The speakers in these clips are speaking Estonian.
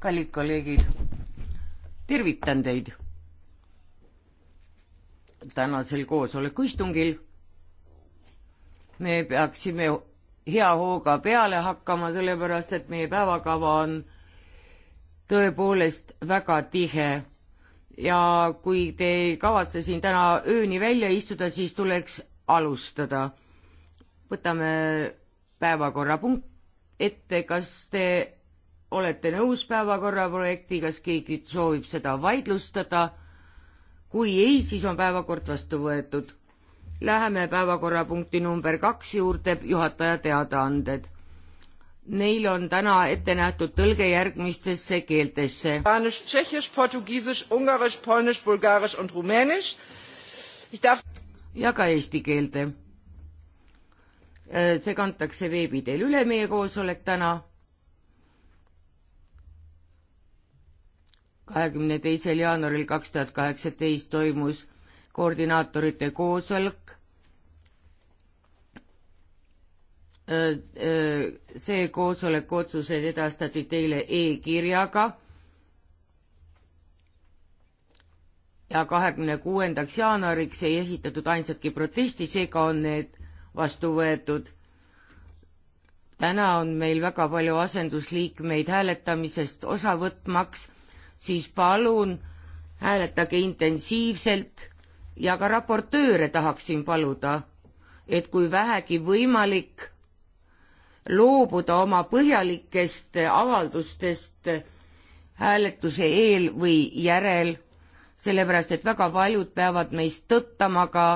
kallid kolleegid, tervitan teid tänasel koosolekuistungil. me peaksime hea hooga peale hakkama, sellepärast et meie päevakava on tõepoolest väga tihe ja kui te ei kavatse siin täna ööni välja istuda, siis tuleks alustada. võtame päevakorrapunkt ette, kas te olete nõus päevakorra projekti, kas keegi soovib seda vaidlustada? kui ei, siis on päevakord vastu võetud. Läheme päevakorrapunkti number kaks juurde, juhataja teadaanded. Neil on täna ette nähtud tõlge järgmistesse keeltesse. ja ka eesti keelde. Äh, see kantakse veebi teel üle, meie koosolek täna kahekümne teisel jaanuaril kaks tuhat kaheksateist toimus koordinaatorite koosolek. see koosoleku otsused edastati teile e-kirjaga ja kahekümne kuuendaks jaanuariks ei esitatud ainsatki protesti, seega on need vastu võetud. täna on meil väga palju asendusliikmeid hääletamisest osa võtmaks siis palun hääletage intensiivselt ja ka raportööre tahaksin paluda, et kui vähegi võimalik, loobuda oma põhjalikest avaldustest hääletuse eel või järel, sellepärast et väga paljud peavad meist tõttama ka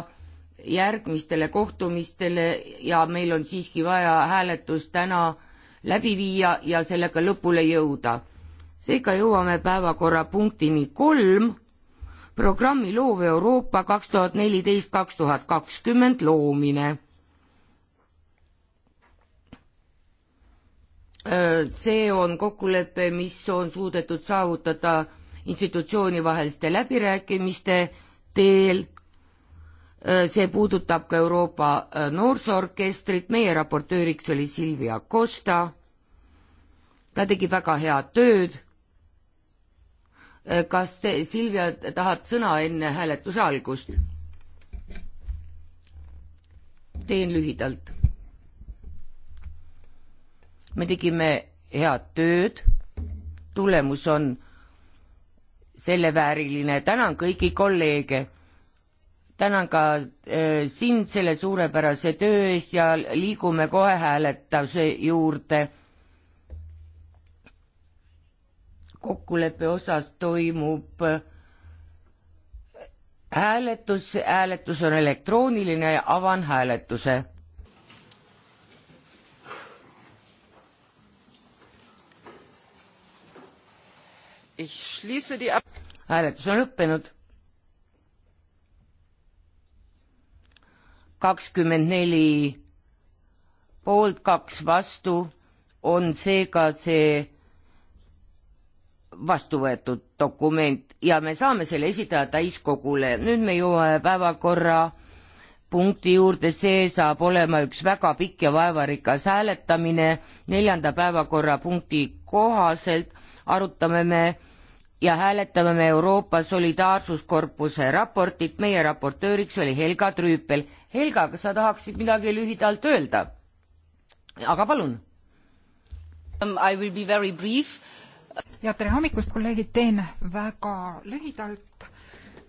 järgmistele kohtumistele ja meil on siiski vaja hääletus täna läbi viia ja sellega lõpule jõuda seega jõuame päevakorrapunktini kolm, programmi Loov Euroopa kaks tuhat neliteist, kaks tuhat kakskümmend loomine. see on kokkulepe, mis on suudetud saavutada institutsioonivaheliste läbirääkimiste teel. see puudutab ka Euroopa Noorsoorkestrit, meie raportööriks oli Silvia Costa. ta tegi väga head tööd Äh, kas te, Silvia, tahad sõna enne hääletuse algust? teen lühidalt. me tegime head tööd, tulemus on selle vääriline, tänan kõiki kolleege, tänan ka äh, sind selle suurepärase töö eest ja liigume kohe hääletuse juurde kokkuleppe osas toimub äh, hääletus, hääletus on elektrooniline ja avan hääletuse. hääletus on lõppenud. kakskümmend neli poolt, kaks vastu on seega see vastu võetud dokument ja me saame selle esitada täiskogule. nüüd me jõuame päevakorra punkti juurde, see saab olema üks väga pikk ja vaevarikas hääletamine. neljanda päevakorrapunkti kohaselt arutame me ja hääletame me Euroopa Solidaarsuskorpuse raportit. meie raportööriks oli Helga Trüüpel. Helga, kas sa tahaksid midagi lühidalt öelda? aga palun um,. I will be very brief ja tere hommikust, kolleegid, teen väga lühidalt.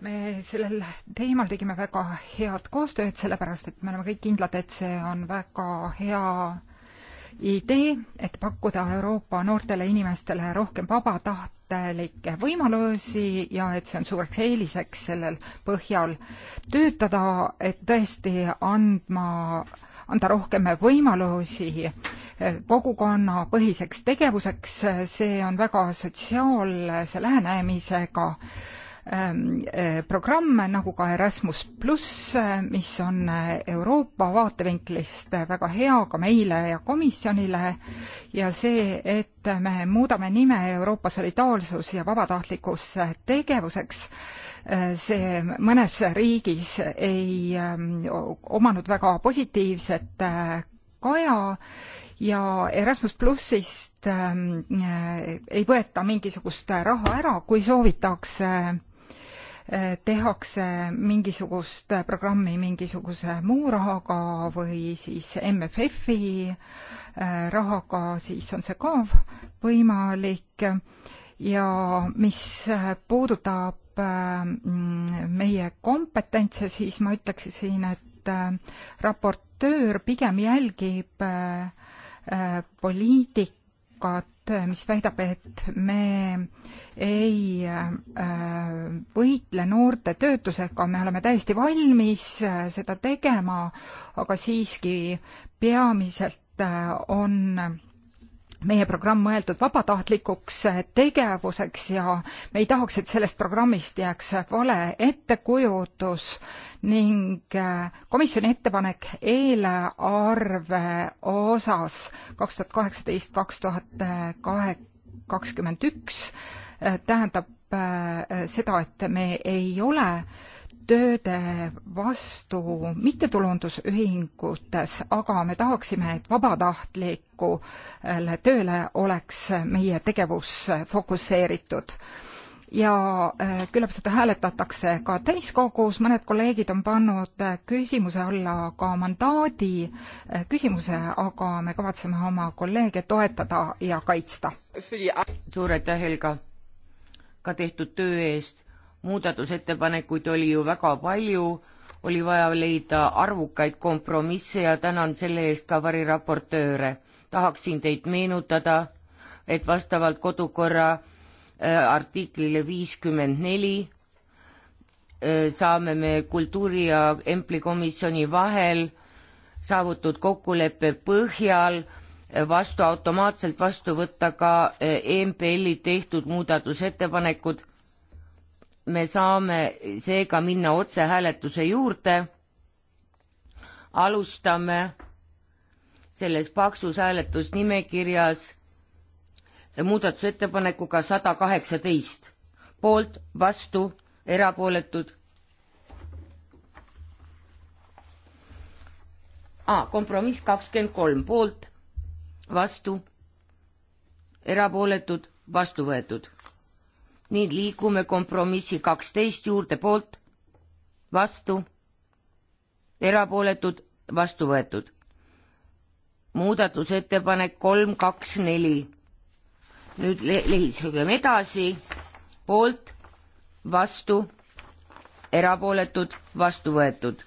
me sellel teemal tegime väga head koostööd, sellepärast et me oleme kõik kindlad, et see on väga hea idee, et pakkuda Euroopa noortele inimestele rohkem vabatahtlikke võimalusi ja et see on suureks eeliseks sellel põhjal töötada, et tõesti andma, anda rohkem võimalusi äh, kogukonnapõhiseks tegevuseks, see on väga sotsiaalse lähenemisega ähm, äh, programm, nagu ka Erasmus pluss, äh, mis on äh, Euroopa vaatevinklist väga hea ka meile ja komisjonile ja see, et me muudame nime Euroopa solidaarsus ja vabatahtlikus tegevuseks, see mõnes riigis ei ähm, omanud väga positiivset kaja ja Erasmus plussist ähm, äh, ei võeta mingisugust raha ära, kui soovitakse äh, tehakse mingisugust programmi mingisuguse muu rahaga või siis MFF-i äh, rahaga, siis on see ka võimalik. ja mis puudutab meie kompetentse, siis ma ütleksin, et raportöör pigem jälgib äh, Äh, poliitikat, mis väidab, et me ei äh, võitle noorte töötusega, me oleme täiesti valmis äh, seda tegema, aga siiski peamiselt on meie programm mõeldud vabatahtlikuks tegevuseks ja me ei tahaks, et sellest programmist jääks vale ettekujutus ning äh, komisjoni ettepanek eelarve osas kaks tuhat kaheksateist, kaks tuhat kahe, kakskümmend üks äh, tähendab äh, seda, et me ei ole äh, tööde vastu mittetulundusühingutes, aga me tahaksime, et vabatahtlikule tööle oleks meie tegevus fokusseeritud. ja äh, küllap seda hääletatakse ka täiskogus, mõned kolleegid on pannud küsimuse alla ka mandaadi äh, küsimuse, aga me kavatseme oma kolleege toetada ja kaitsta. suur aitäh, Helga, ka tehtud töö eest muudatusettepanekuid oli ju väga palju, oli vaja leida arvukaid kompromisse ja tänan selle eest ka variraportööre. tahaksin teid meenutada, et vastavalt kodukorra äh, artiklile viiskümmend neli äh, saame me kultuuri ja emplikomisjoni vahel saavutud kokkuleppe põhjal äh, vastu automaatselt vastu võtta ka EMPL-i tehtud muudatusettepanekud me saame seega minna otse hääletuse juurde. alustame selles paksus hääletusnimekirjas muudatusettepanekuga sada kaheksateist, poolt, vastu, erapooletud. kompromiss kakskümmend kolm, poolt, vastu, erapooletud, vastu võetud nii liigume kompromissi kaksteist juurde poolt, vastu, erapooletud, vastu võetud. muudatusettepanek kolm, kaks, neli. nüüd lehitsegem edasi, poolt, vastu, erapooletud, vastu võetud.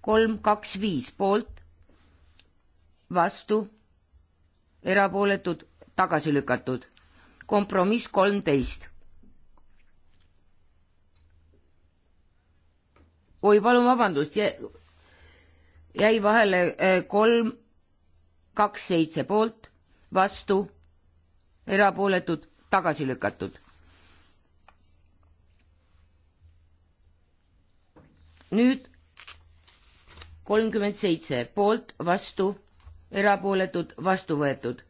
kolm, kaks, viis poolt, vastu, erapooletud, tagasi lükatud kompromiss kolmteist. oi, palun vabandust, jäi vahele äh, kolm, kaks, seitse poolt, vastu, erapooletud, tagasi lükatud. nüüd kolmkümmend seitse poolt, vastu, erapooletud, vastu võetud.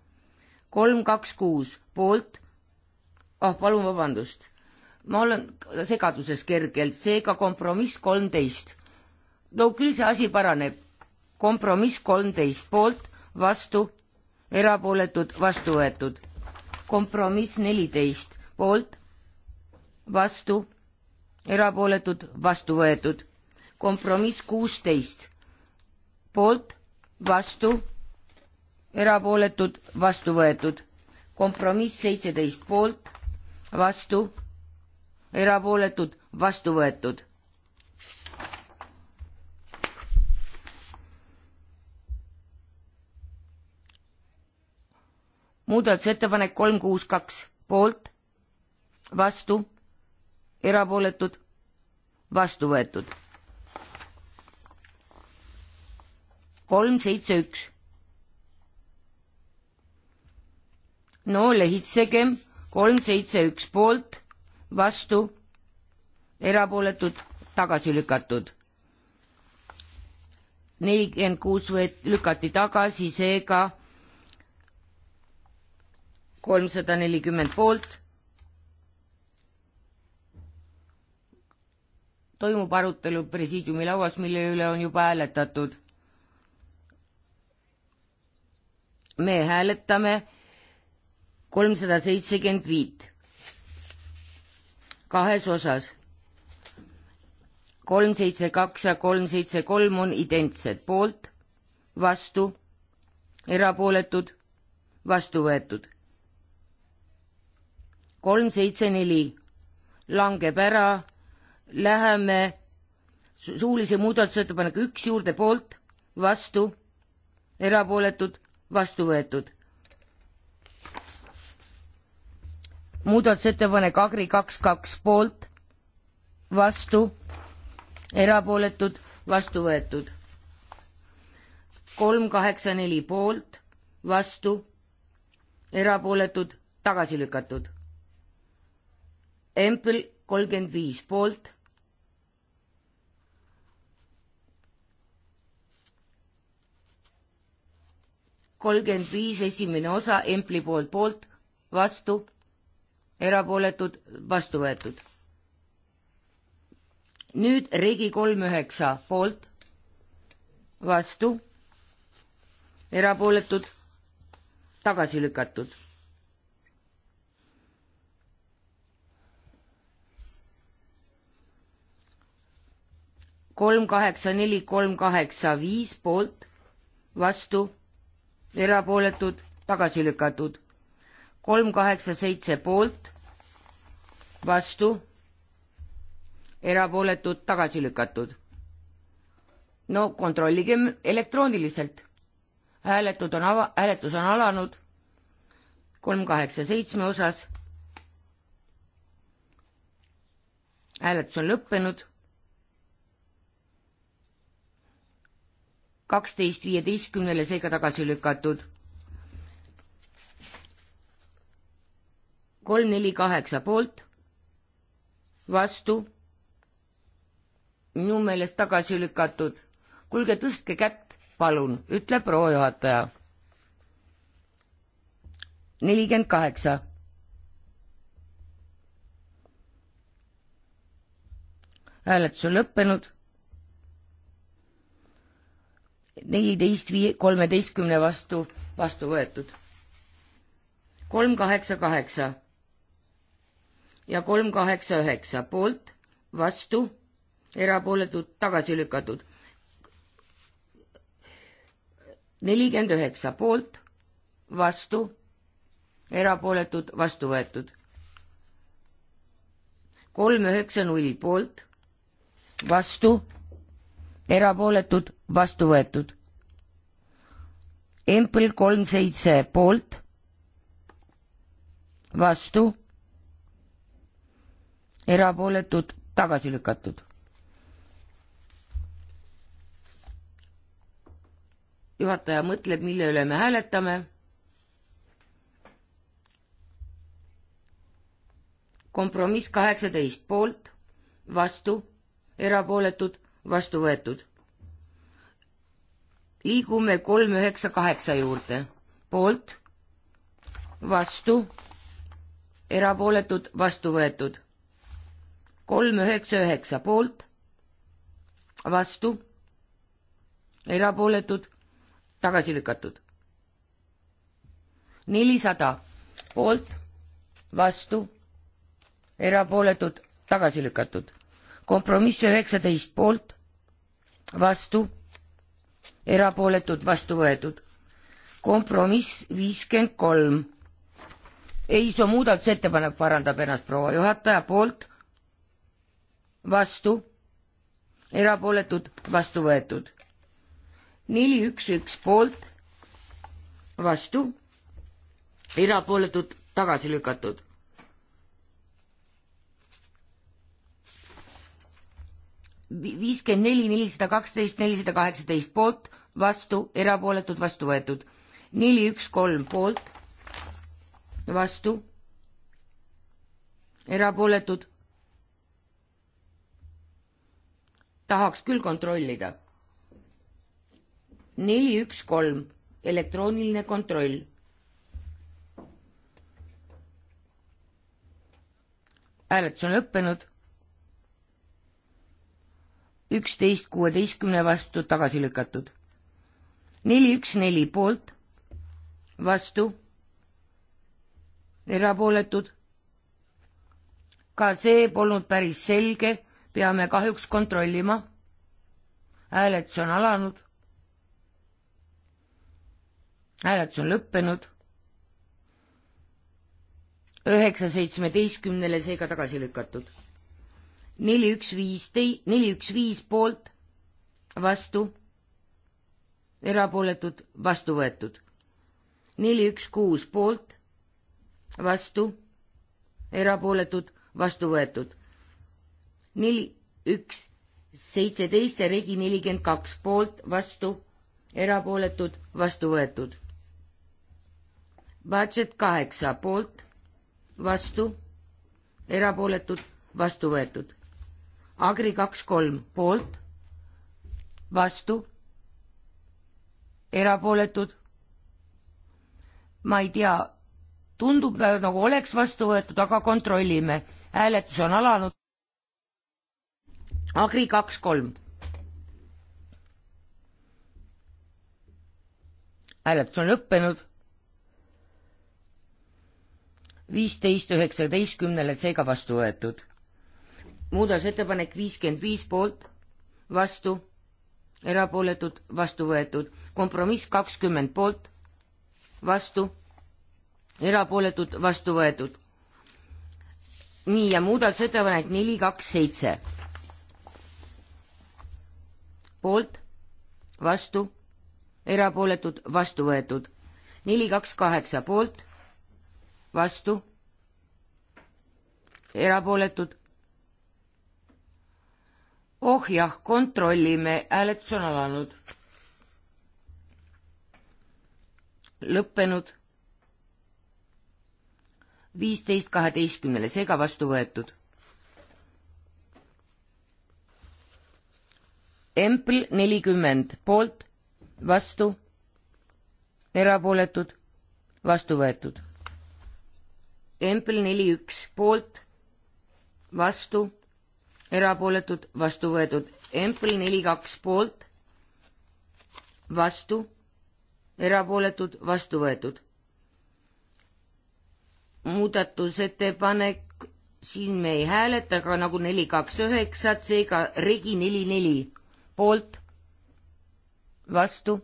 kolm, kaks, kuus poolt, ah oh, palun vabandust, ma olen segaduses kergelt, seega kompromiss kolmteist. no küll see asi paraneb. kompromiss kolmteist poolt, vastu, erapooletud, vastu võetud. kompromiss neliteist poolt, vastu, erapooletud, vastu võetud. kompromiss kuusteist poolt, vastu, erapooletud, vastu võetud. kompromiss seitseteist poolt vastu, erapooletud, vastu võetud. muudatusettepanek kolm kuus kaks, poolt, vastu, erapooletud, vastu võetud. kolm seitse üks. no lehitsegem kolm, seitse, üks poolt, vastu, erapooletud, tagasi lükatud. nelikümmend kuus võet-, lükati tagasi, seega kolmsada nelikümmend poolt. toimub arutelu presiidiumi lauas, mille üle on juba hääletatud. me hääletame kolmsada seitsekümmend viit kahes osas. kolm, seitse, kaks ja kolm, seitse, kolm on identsed, poolt, vastu, erapooletud, vastu võetud. kolm, seitse, neli langeb ära, läheme suulise muudatusettepaneku üks juurde, poolt, vastu, erapooletud, vastu võetud muudatusettepanek Agri kaks kaks poolt, vastu, erapooletud, vastu võetud. kolm kaheksa neli poolt, vastu, erapooletud, tagasi lükatud. Empel kolmkümmend viis poolt kolmkümmend viis esimene osa Empli poolt poolt, vastu, erapooletud, vastu võetud. nüüd Regi kolm üheksa poolt, vastu, erapooletud, tagasi lükatud. kolm kaheksa neli, kolm kaheksa viis poolt, vastu, erapooletud, tagasi lükatud kolm kaheksa seitse poolt, vastu, erapooletud, tagasi lükatud. no kontrollige elektrooniliselt. hääletud on ava-, hääletus on alanud kolm kaheksa seitsme osas. hääletus on lõppenud. kaksteist viieteistkümnele seega tagasi lükatud kolm, neli, kaheksa poolt, vastu, minu meelest tagasi lükatud. kuulge, tõstke kätt, palun, ütleb proua juhataja. nelikümmend kaheksa. hääletus on lõppenud. neliteist viie, kolmeteistkümne vastu, vastu võetud. kolm, kaheksa, kaheksa ja kolm kaheksa üheksa poolt, vastu, erapooletud, tagasi lükatud. nelikümmend üheksa poolt, vastu, erapooletud, vastu võetud. kolm üheksa null poolt, vastu, erapooletud, vastu võetud. Empel kolm seitse poolt, vastu erapooletud, tagasi lükatud. juhataja mõtleb, mille üle me hääletame. kompromiss kaheksateist poolt, vastu, erapooletud, vastu võetud. liigume kolm üheksa kaheksa juurde, poolt, vastu, erapooletud, vastu võetud kolm üheksa üheksa poolt, vastu, erapooletud, tagasi lükatud. nelisada poolt, vastu, erapooletud, tagasi lükatud. kompromiss üheksateist poolt, vastu, erapooletud, vastu võetud. kompromiss viiskümmend kolm ei, see on muudatusettepanek, parandab ennast proua juhataja poolt, vastu, erapooletud, vastu võetud. neli, üks, üks poolt, vastu, erapooletud, tagasi lükatud. viiskümmend neli, nelisada kaksteist, nelisada kaheksateist poolt, vastu, erapooletud, vastu võetud. neli, üks, kolm poolt, vastu, erapooletud, tahaks küll kontrollida. neli, üks, kolm, elektrooniline kontroll. hääletus on lõppenud. üksteist kuueteistkümne vastu tagasi lükatud. neli, üks, neli poolt, vastu, erapooletud. ka see polnud päris selge peame kahjuks kontrollima. hääletus on alanud. hääletus on lõppenud. üheksa seitsmeteistkümnele seega tagasi lükatud. neli, üks, viis tei-, neli, üks, viis poolt, vastu, erapooletud, vastu võetud. neli, üks, kuus poolt, vastu, erapooletud, vastu võetud neli, üks, seitseteist ja regi nelikümmend kaks poolt, vastu, erapooletud, vastu võetud. Budget kaheksa poolt, vastu, erapooletud, vastu võetud. Agri kaks kolm poolt, vastu, erapooletud. ma ei tea, tundub nagu oleks vastu võetud, aga kontrollime. hääletus on alanud. Agri kaks kolm. hääletus on lõppenud. viisteist üheksateistkümnele seega vastu võetud. muudatusettepanek viiskümmend viis poolt, vastu, erapooletud, vastu võetud. kompromiss kakskümmend poolt, vastu, erapooletud, vastu võetud. nii ja muudatusettepanek neli, kaks, seitse poolt, vastu, erapooletud, vastu võetud. neli, kaks, kaheksa poolt, vastu, erapooletud. oh jah, kontrollime, hääletus on alanud. lõppenud. viisteist kaheteistkümnele, seega vastu võetud Empl nelikümmend poolt, vastu, erapooletud, vastu võetud. Empl neli üks poolt, vastu, erapooletud, vastu võetud. Empl neli kaks poolt, vastu, erapooletud, vastu võetud. muudatusettepanek siin me ei hääleta, aga nagu neli, kaks, üheksa, seega regi neli, neli poolt, vastu.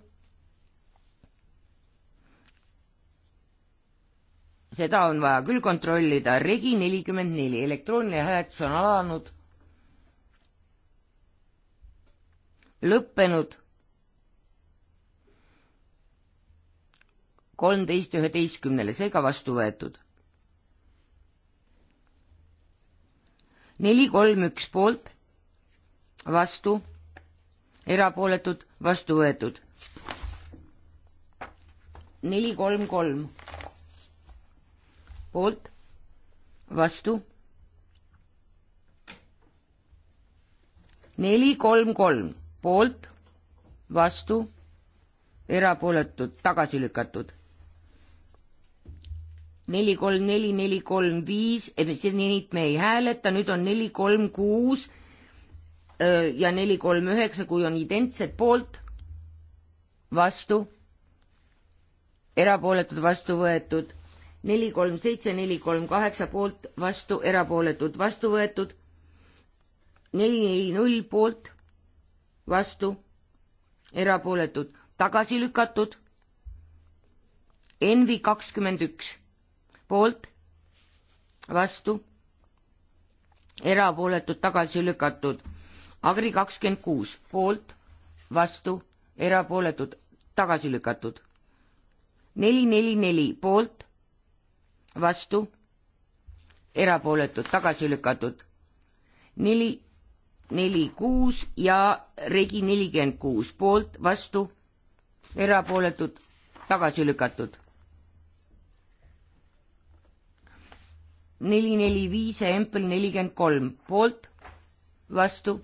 seda on vaja küll kontrollida, regi nelikümmend neli, elektrooniline hääletus on alanud, lõppenud, kolmteist üheteistkümnele, seega vastu võetud. neli, kolm, üks poolt, vastu erapooletud, vastu võetud. neli, kolm, kolm poolt, vastu. neli, kolm, kolm poolt, vastu, erapooletud, tagasi lükatud. neli, kolm, neli, neli, kolm, viis, see neid me ei hääleta, nüüd on neli, kolm, kuus Äh, ja neli, kolm, üheksa, kui on identsed poolt, vastu, erapooletud, vastu võetud, neli, kolm, seitse, neli, kolm, kaheksa poolt, vastu, erapooletud, vastu võetud, neli, neli, null poolt, vastu, erapooletud, tagasi lükatud, Envi kakskümmend üks poolt, vastu, erapooletud, tagasi lükatud Agri kakskümmend kuus poolt, vastu, erapooletud, tagasi lükatud. neli, neli, neli poolt, vastu, erapooletud, tagasi lükatud. neli, neli, kuus ja regi nelikümmend kuus poolt, vastu, erapooletud, tagasi lükatud. neli, neli, viis ja Empel nelikümmend kolm poolt, vastu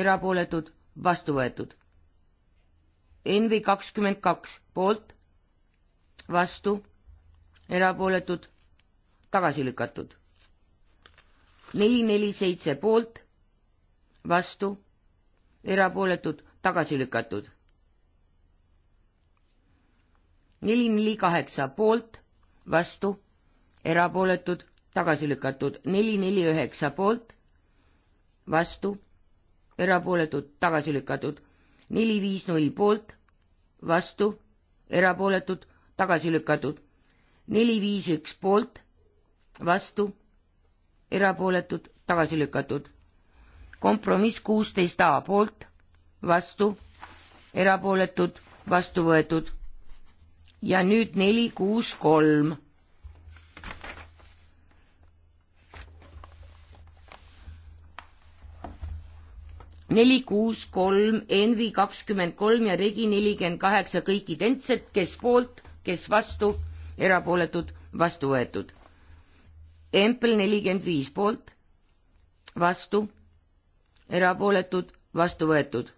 erapooletud, vastu võetud. NV kakskümmend kaks poolt, vastu, erapooletud, tagasi lükatud. neli, neli, seitse poolt, vastu, erapooletud, tagasi lükatud. neli, neli, kaheksa poolt, vastu, erapooletud, tagasi lükatud. neli, neli, üheksa poolt, vastu, erapooletud, tagasi lükatud. neli, viis, null poolt, vastu, erapooletud, tagasi lükatud. neli, viis, üks poolt, vastu, erapooletud, tagasi lükatud. kompromiss kuusteist A poolt, vastu, erapooletud, vastu võetud. ja nüüd neli, kuus, kolm neli, kuus, kolm, Envi kakskümmend kolm ja Regi nelikümmend kaheksa, kõik identsed, kes poolt, kes vastu, erapooletud, vastu võetud. Empel nelikümmend viis poolt, vastu, erapooletud, vastu võetud.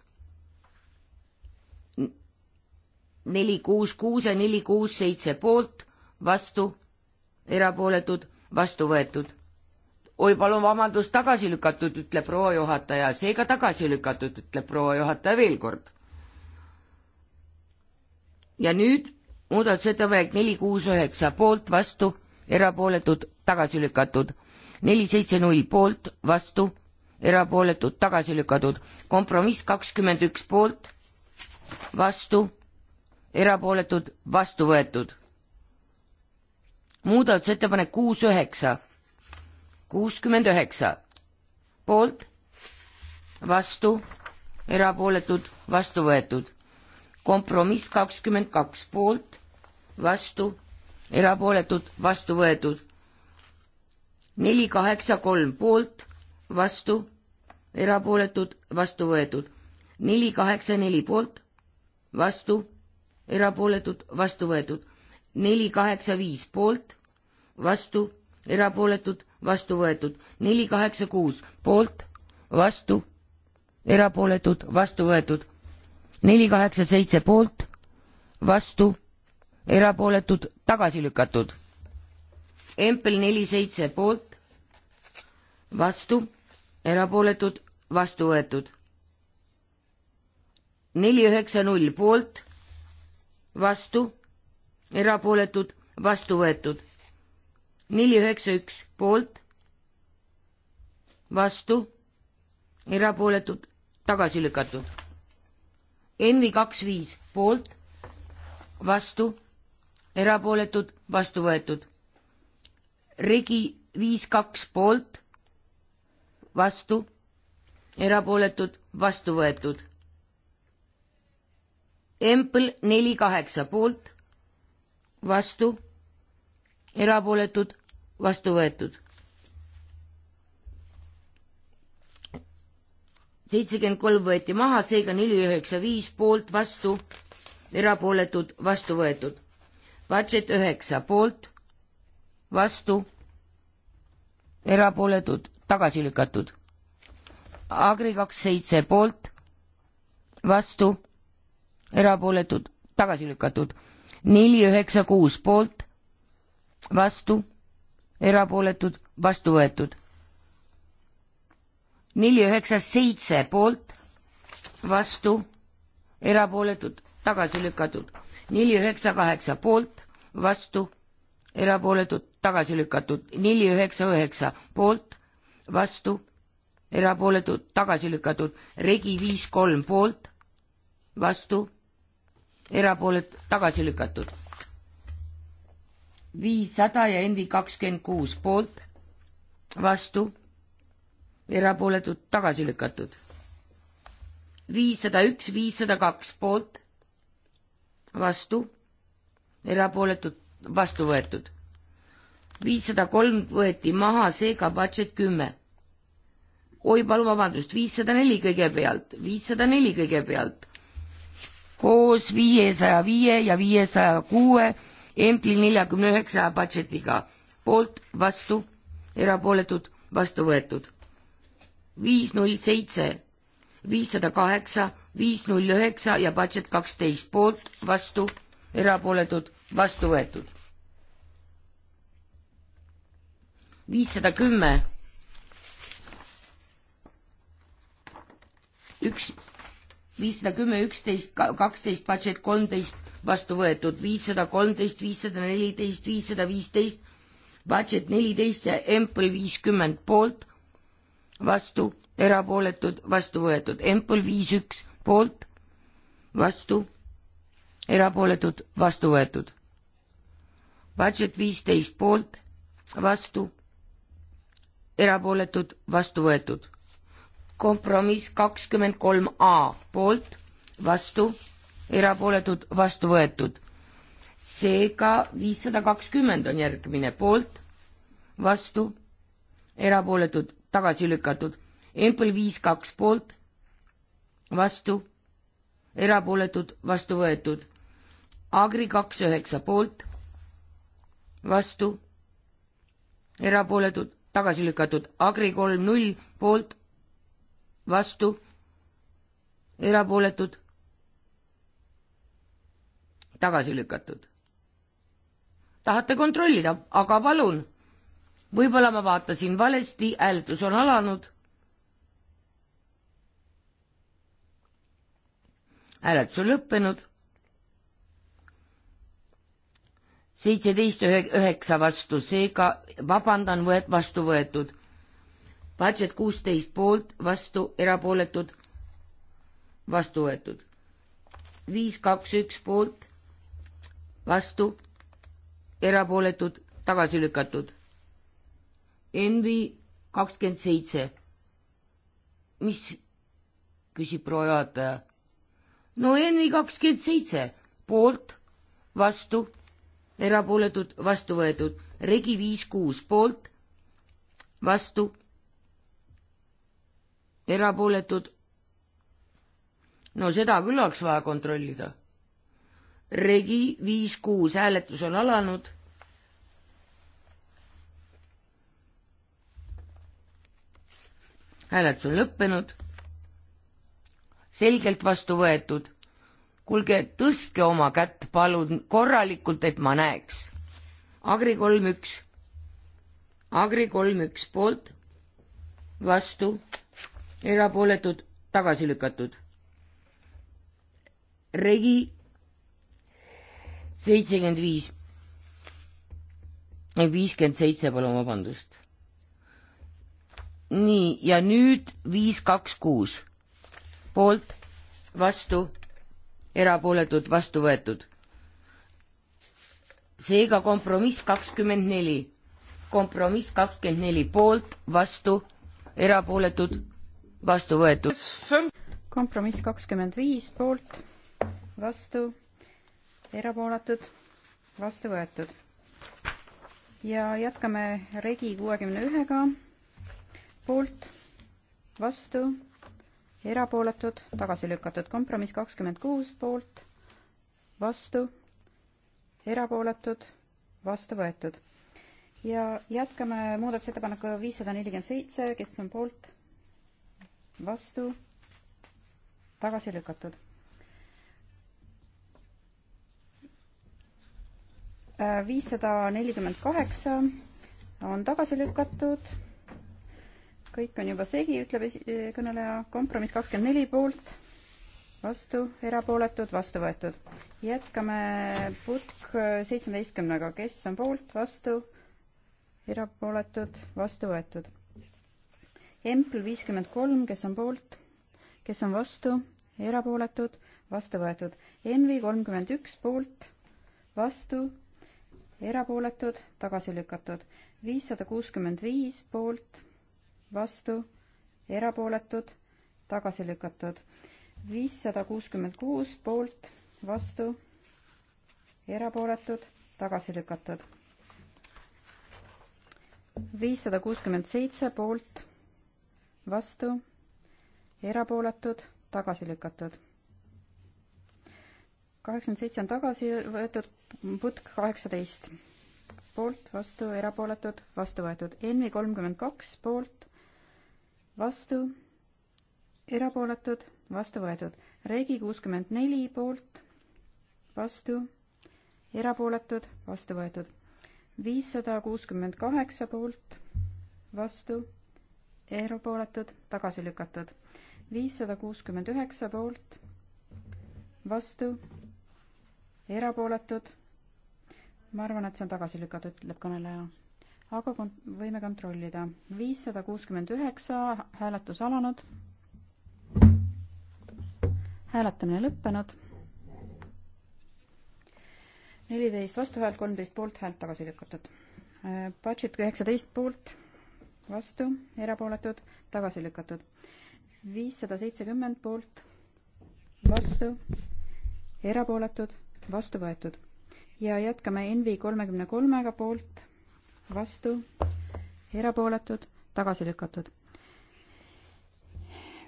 neli, kuus, kuus ja neli, kuus, seitse poolt, vastu, erapooletud, vastu võetud oi, palun vabandust, tagasi lükatud, ütleb proua juhataja, seega tagasi lükatud, ütleb proua juhataja veel kord. ja nüüd muudatusettepanek neli, kuus, üheksa, poolt, vastu, erapooletud, tagasi lükatud. neli, seitse, null, poolt, vastu, erapooletud, tagasi lükatud. kompromiss kakskümmend üks, poolt, vastu, erapooletud, vastu võetud. muudatusettepanek kuus, üheksa kuuskümmend üheksa poolt, vastu, erapooletud, vastu võetud. kompromiss kakskümmend kaks poolt, vastu, erapooletud, vastu võetud. neli kaheksa kolm poolt, vastu, erapooletud, vastu võetud. neli kaheksa neli poolt, vastu, erapooletud, vastu võetud. neli kaheksa viis poolt, vastu, erapooletud, vastu võetud, neli kaheksa kuus poolt, vastu, erapooletud, vastu võetud, neli kaheksa seitse poolt, vastu, erapooletud, tagasi lükatud. Empel neli seitse poolt, vastu, erapooletud, vastu võetud. neli üheksa null poolt, vastu, erapooletud, vastu võetud neli üheksa üks poolt, vastu, erapooletud, tagasi lükatud. Envi kaks viis poolt, vastu, erapooletud, vastu võetud. Regi viis kaks poolt, vastu, erapooletud, vastu võetud. Empel neli kaheksa poolt, vastu erapooletud, vastu võetud. seitsekümmend kolm võeti maha, seega neli üheksa viis poolt, vastu, erapooletud, vastu võetud. Budget üheksa poolt, vastu, erapooletud, tagasi lükatud. Agri kaks seitse poolt, vastu, erapooletud, tagasi lükatud. neli üheksa kuus poolt, vastu, erapooletud, vastu võetud. neli üheksa seitse poolt, vastu, erapooletud, tagasi lükatud. neli üheksa kaheksa poolt, vastu, erapooletud, tagasi lükatud. neli üheksa üheksa poolt, vastu, erapooletud, tagasi lükatud. regi viis kolm poolt, vastu, erapooletud, tagasi lükatud viissada ja Envi kakskümmend kuus poolt, vastu, erapooletud, tagasi lükatud. viissada üks, viissada kaks poolt, vastu, erapooletud, vastu võetud. viissada kolm võeti maha, seega budget kümme. oi, palun vabandust, viissada neli kõigepealt, viissada neli kõigepealt koos viiesaja viie ja viiesaja kuue Empli neljakümne üheksa patsetiga, poolt, vastu, erapooletud, vastu võetud. viis null seitse, viissada kaheksa, viis null üheksa ja patset kaksteist, poolt, vastu, erapooletud, vastu võetud. viissada kümme, üks, viissada kümme, üksteist, kaksteist, patset kolmteist, vastu võetud viissada kolmteist, viissada neliteist, viissada viisteist, budget neliteist ja Empel viiskümmend poolt, vastu, erapooletud, vastu võetud, Empel viis üks poolt, vastu, erapooletud, vastu võetud. Budget viisteist poolt, vastu, erapooletud, vastu võetud. kompromiss kakskümmend kolm A poolt, vastu erapooletud, vastu võetud. seega viissada kakskümmend on järgmine poolt, vastu, erapooletud, tagasi lükatud. Empel viis kaks poolt, vastu, erapooletud, vastu võetud. Agri kaks üheksa poolt, vastu, erapooletud, tagasi lükatud. Agri kolm null poolt, vastu, erapooletud tagasi lükatud. tahate kontrollida, aga palun. võib-olla ma vaatasin valesti, hääletus on alanud. hääletus on lõppenud. seitseteist ühe, üheksa vastu, seega vabandan, võet-, vastu võetud. Budget kuusteist poolt, vastu, erapooletud, vastu võetud. viis, kaks, üks poolt, vastu, erapooletud, tagasi lükatud. Envi kakskümmend seitse. mis, küsib proua juhataja. no Envi kakskümmend seitse, poolt, vastu, erapooletud, vastu võetud, regi viis kuus, poolt, vastu, erapooletud. no seda küll oleks vaja kontrollida regi viis kuus, hääletus on alanud. hääletus on lõppenud. selgelt vastu võetud. kuulge, tõstke oma kätt, palun, korralikult, et ma näeks. Agri kolm üks. Agri kolm üks poolt, vastu, erapooletud, tagasi lükatud. Regi seitsekümmend viis, viiskümmend seitse, palun vabandust. nii, ja nüüd viis, kaks, kuus. poolt, vastu, erapooletud, vastu võetud. seega kompromiss kakskümmend neli kompromiss kakskümmend neli poolt, vastu, erapooletud, vastu võetud. kompromiss kakskümmend viis poolt, vastu, erapooletud, vastu võetud. ja jätkame regi kuuekümne ühega, poolt, vastu, erapooletud, tagasi lükatud, kompromiss kakskümmend kuus, poolt, vastu, erapooletud, vastu võetud. ja jätkame muudatusettepanekuga viissada nelikümmend seitse, kes on poolt, vastu, tagasi lükatud viissada nelikümmend kaheksa on tagasi lükatud. kõik on juba segi, ütleb kõneleja. kompromiss kakskümmend neli poolt, vastu, erapooletud, vastu võetud. jätkame putk seitsmeteistkümnega, kes on poolt, vastu, erapooletud, vastu võetud. Empl viiskümmend kolm, kes on poolt, kes on vastu, erapooletud, vastu võetud. Envi kolmkümmend üks poolt, vastu erapooletud, tagasi lükatud. viissada kuuskümmend viis poolt, vastu, erapooletud, tagasi lükatud. viissada kuuskümmend kuus poolt, vastu, erapooletud, tagasi lükatud. viissada kuuskümmend seitse poolt, vastu, erapooletud, tagasi lükatud. kaheksakümmend seitse on tagasi võetud putk kaheksateist, poolt, vastu, erapooletud, vastu võetud. ENMi kolmkümmend kaks, poolt, vastu, erapooletud, vastu võetud. Regi kuuskümmend neli, poolt, vastu, erapooletud, vastu võetud. viissada kuuskümmend kaheksa poolt, vastu, erapooletud, tagasi lükatud. viissada kuuskümmend üheksa poolt, vastu erapooletud. ma arvan, et see on tagasi lükatud, ütleb kõneleja. aga kont-, võime kontrollida. viissada kuuskümmend üheksa, hääletus alanud. hääletamine lõppenud. neliteist vastuhäält, kolmteist poolthäält tagasi lükatud. Budget üheksateist poolt, vastu, erapooletud, tagasi lükatud. viissada seitsekümmend poolt, vastu, erapooletud vastu võetud. ja jätkame NV kolmekümne kolmega poolt, vastu, erapooletud, tagasi lükatud.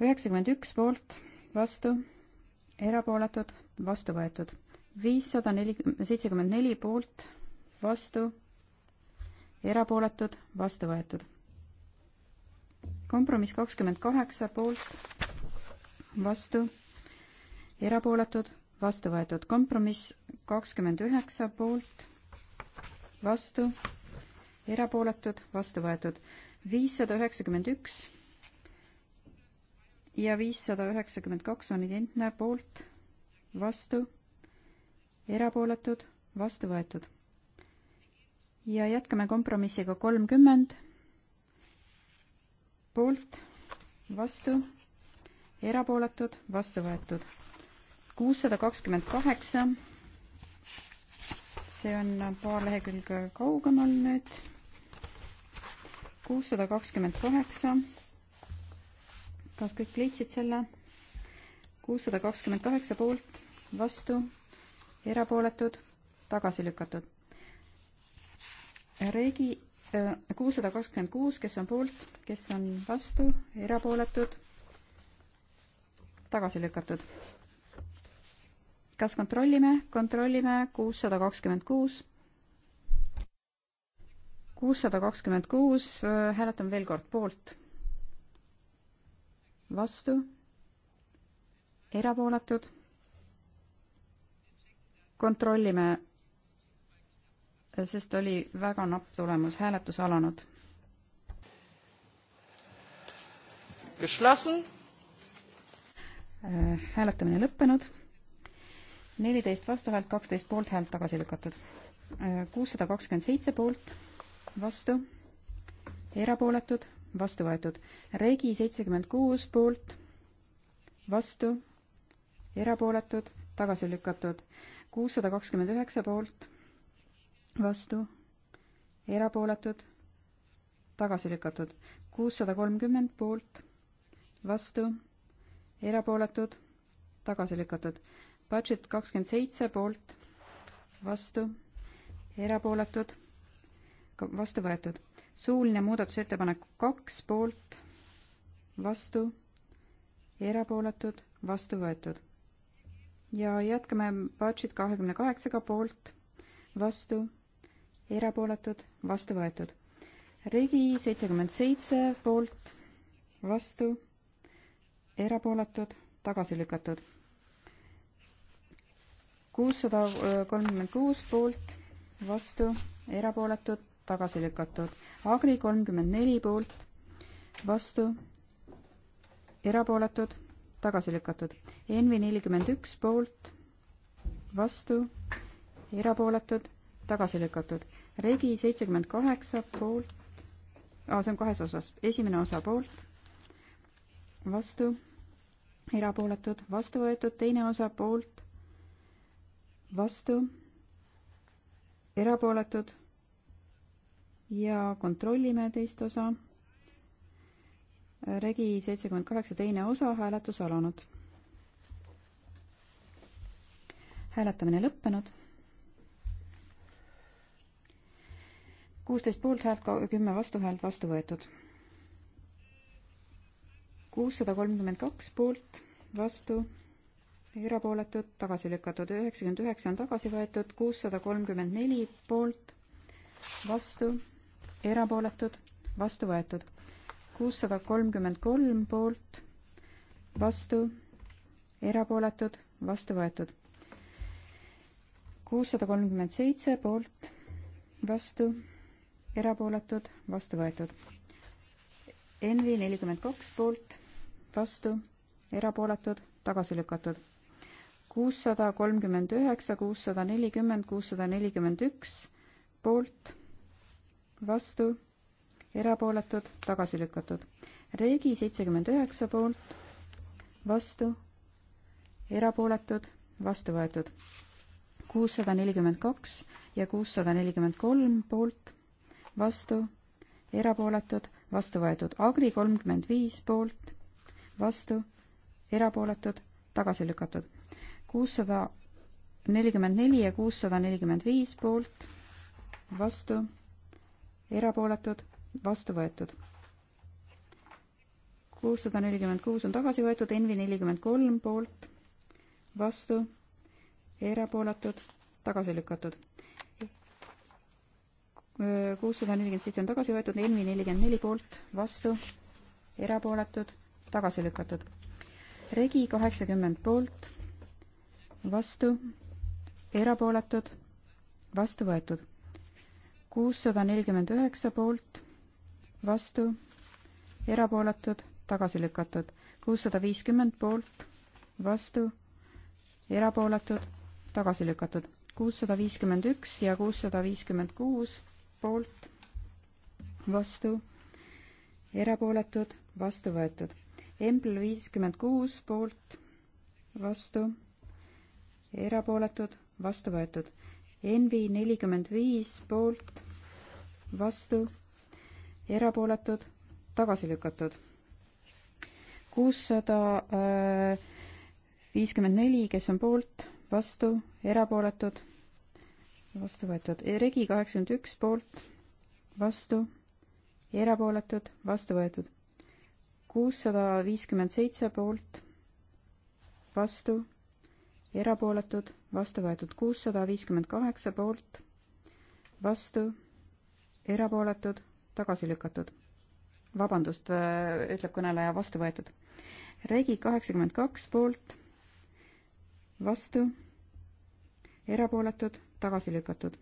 üheksakümmend üks poolt, vastu, erapooletud, vastu võetud. viissada neli, seitsekümmend neli poolt, vastu, erapooletud, vastu võetud. kompromiss kakskümmend kaheksa poolt, vastu, erapooletud vastu võetud kompromiss kakskümmend üheksa poolt, vastu, erapooletud, vastu võetud viissada üheksakümmend üks ja viissada üheksakümmend kaks on identne poolt, vastu, erapooletud, vastu võetud. ja jätkame kompromissiga kolmkümmend poolt, vastu, erapooletud, vastu võetud kuussada kakskümmend kaheksa. see on paar lehekülge kaugemal nüüd. kuussada kakskümmend kaheksa. kas kõik leidsid selle? kuussada kakskümmend kaheksa poolt, vastu, erapooletud, tagasi lükatud. Regi äh, kuussada kakskümmend kuus, kes on poolt, kes on vastu, erapooletud, tagasi lükatud kas kontrollime? kontrollime kuussada kakskümmend kuus. kuussada kakskümmend kuus, hääletame veel kord poolt. vastu. erapooletud. kontrollime, sest oli väga napp tulemus, hääletus alanud. Geschlossen. Äh, hääletamine lõppenud neliteist vastuhäält, kaksteist poolthäält tagasi lükatud. kuussada kakskümmend seitse poolt, vastu, erapooletud, vastu võetud. Regi seitsekümmend kuus poolt, vastu, erapooletud, tagasi lükatud. kuussada kakskümmend üheksa poolt, vastu, erapooletud, tagasi lükatud. kuussada kolmkümmend poolt, vastu, erapooletud, tagasi lükatud budget kakskümmend seitse poolt, vastu, erapooletud, vastu võetud. suuline muudatusettepanek kaks poolt, vastu, erapooletud, vastu võetud. ja jätkame budget kahekümne kaheksaga poolt, vastu, erapooletud, vastu võetud. regi seitsekümmend seitse poolt, vastu, erapooletud, tagasi lükatud kuussada kolmkümmend kuus poolt, vastu, erapooletud, tagasi lükatud. Agri kolmkümmend neli poolt, vastu, erapooletud, tagasi lükatud. Envi nelikümmend üks poolt, vastu, erapooletud, tagasi lükatud. Regi seitsekümmend kaheksa poolt, aa, see on kahes osas, esimene osa poolt, vastu, erapooletud, vastu võetud, teine osa poolt, vastu, erapooletud ja kontrollime teist osa. regi seitsekümmend kaheksa teine osa, hääletus alanud. hääletamine lõppenud. kuusteist poolthäält, kümme vastuhäält, vastu võetud. kuussada kolmkümmend kaks poolt, vastu erapooletud, tagasi lükatud, üheksakümmend üheksa on tagasi võetud, kuussada kolmkümmend neli poolt, vastu, erapooletud, vastu võetud. kuussada kolmkümmend kolm poolt, vastu, erapooletud, vastu võetud. kuussada kolmkümmend seitse poolt, vastu, erapooletud, vastu võetud. NV nelikümmend kaks poolt, vastu, erapooletud, tagasi lükatud kuussada kolmkümmend üheksa, kuussada nelikümmend, kuussada nelikümmend üks poolt, vastu, erapooletud, tagasi lükatud. Regi seitsekümmend üheksa poolt, vastu, erapooletud, vastu võetud. kuussada nelikümmend kaks ja kuussada nelikümmend kolm poolt, vastu, erapooletud, vastu võetud. Agri kolmkümmend viis poolt, vastu, erapooletud, tagasi lükatud kuussada nelikümmend neli ja kuussada nelikümmend viis poolt, vastu, erapooletud, vastu võetud. kuussada nelikümmend kuus on tagasi võetud, Envi nelikümmend kolm poolt, vastu, erapooletud, tagasi lükatud. kuussada nelikümmend seitse on tagasi võetud, Envi nelikümmend neli poolt, vastu, erapooletud, tagasi lükatud. Regi kaheksakümmend poolt vastu, erapooletud, vastu võetud. kuussada nelikümmend üheksa poolt, vastu, erapooletud, tagasi lükatud. kuussada viiskümmend poolt, vastu, erapooletud, tagasi lükatud. kuussada viiskümmend üks ja kuussada viiskümmend kuus poolt, vastu, erapooletud, vastu võetud. Embl viiskümmend kuus poolt, vastu erapooletud, vastu võetud. NV nelikümmend viis poolt, vastu, erapooletud, tagasi lükatud. kuussada äh, viiskümmend neli, kes on poolt, vastu, erapooletud, vastu võetud. E, Regi kaheksakümmend üks poolt, vastu, erapooletud, vastu võetud. kuussada viiskümmend seitse poolt, vastu erapooletud, vastu võetud kuussada viiskümmend kaheksa poolt, vastu, erapooletud, tagasi lükatud. vabandust, äh, ütleb kõneleja, vastu võetud. regi kaheksakümmend kaks poolt, vastu, erapooletud, tagasi lükatud.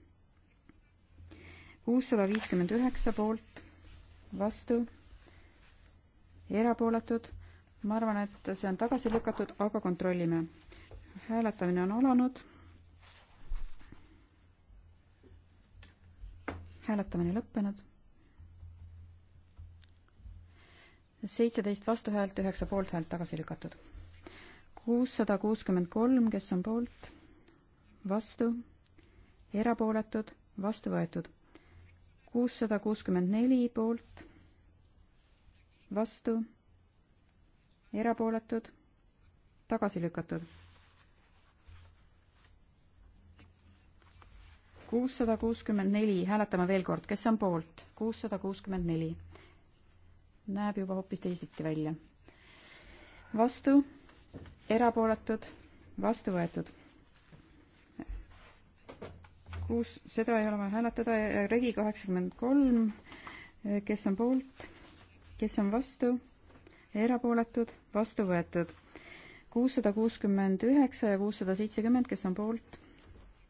kuussada viiskümmend üheksa poolt, vastu, erapooletud, ma arvan, et see on tagasi lükatud, aga kontrollime hääletamine on alanud. hääletamine lõppenud. seitseteist vastuhäält, üheksa poolthäält tagasi lükatud. kuussada kuuskümmend kolm, kes on poolt, vastu, erapooletud, vastu võetud. kuussada kuuskümmend neli poolt, vastu, erapooletud, tagasi lükatud kuussada kuuskümmend neli, hääletame veel kord, kes on poolt? kuussada kuuskümmend neli. näeb juba hoopis teisiti välja. vastu, erapooletud, vastu võetud. kuus, seda ei ole vaja hääletada, regi kaheksakümmend kolm, kes on poolt, kes on vastu, erapooletud, vastu võetud. kuussada kuuskümmend üheksa ja kuussada seitsekümmend, kes on poolt,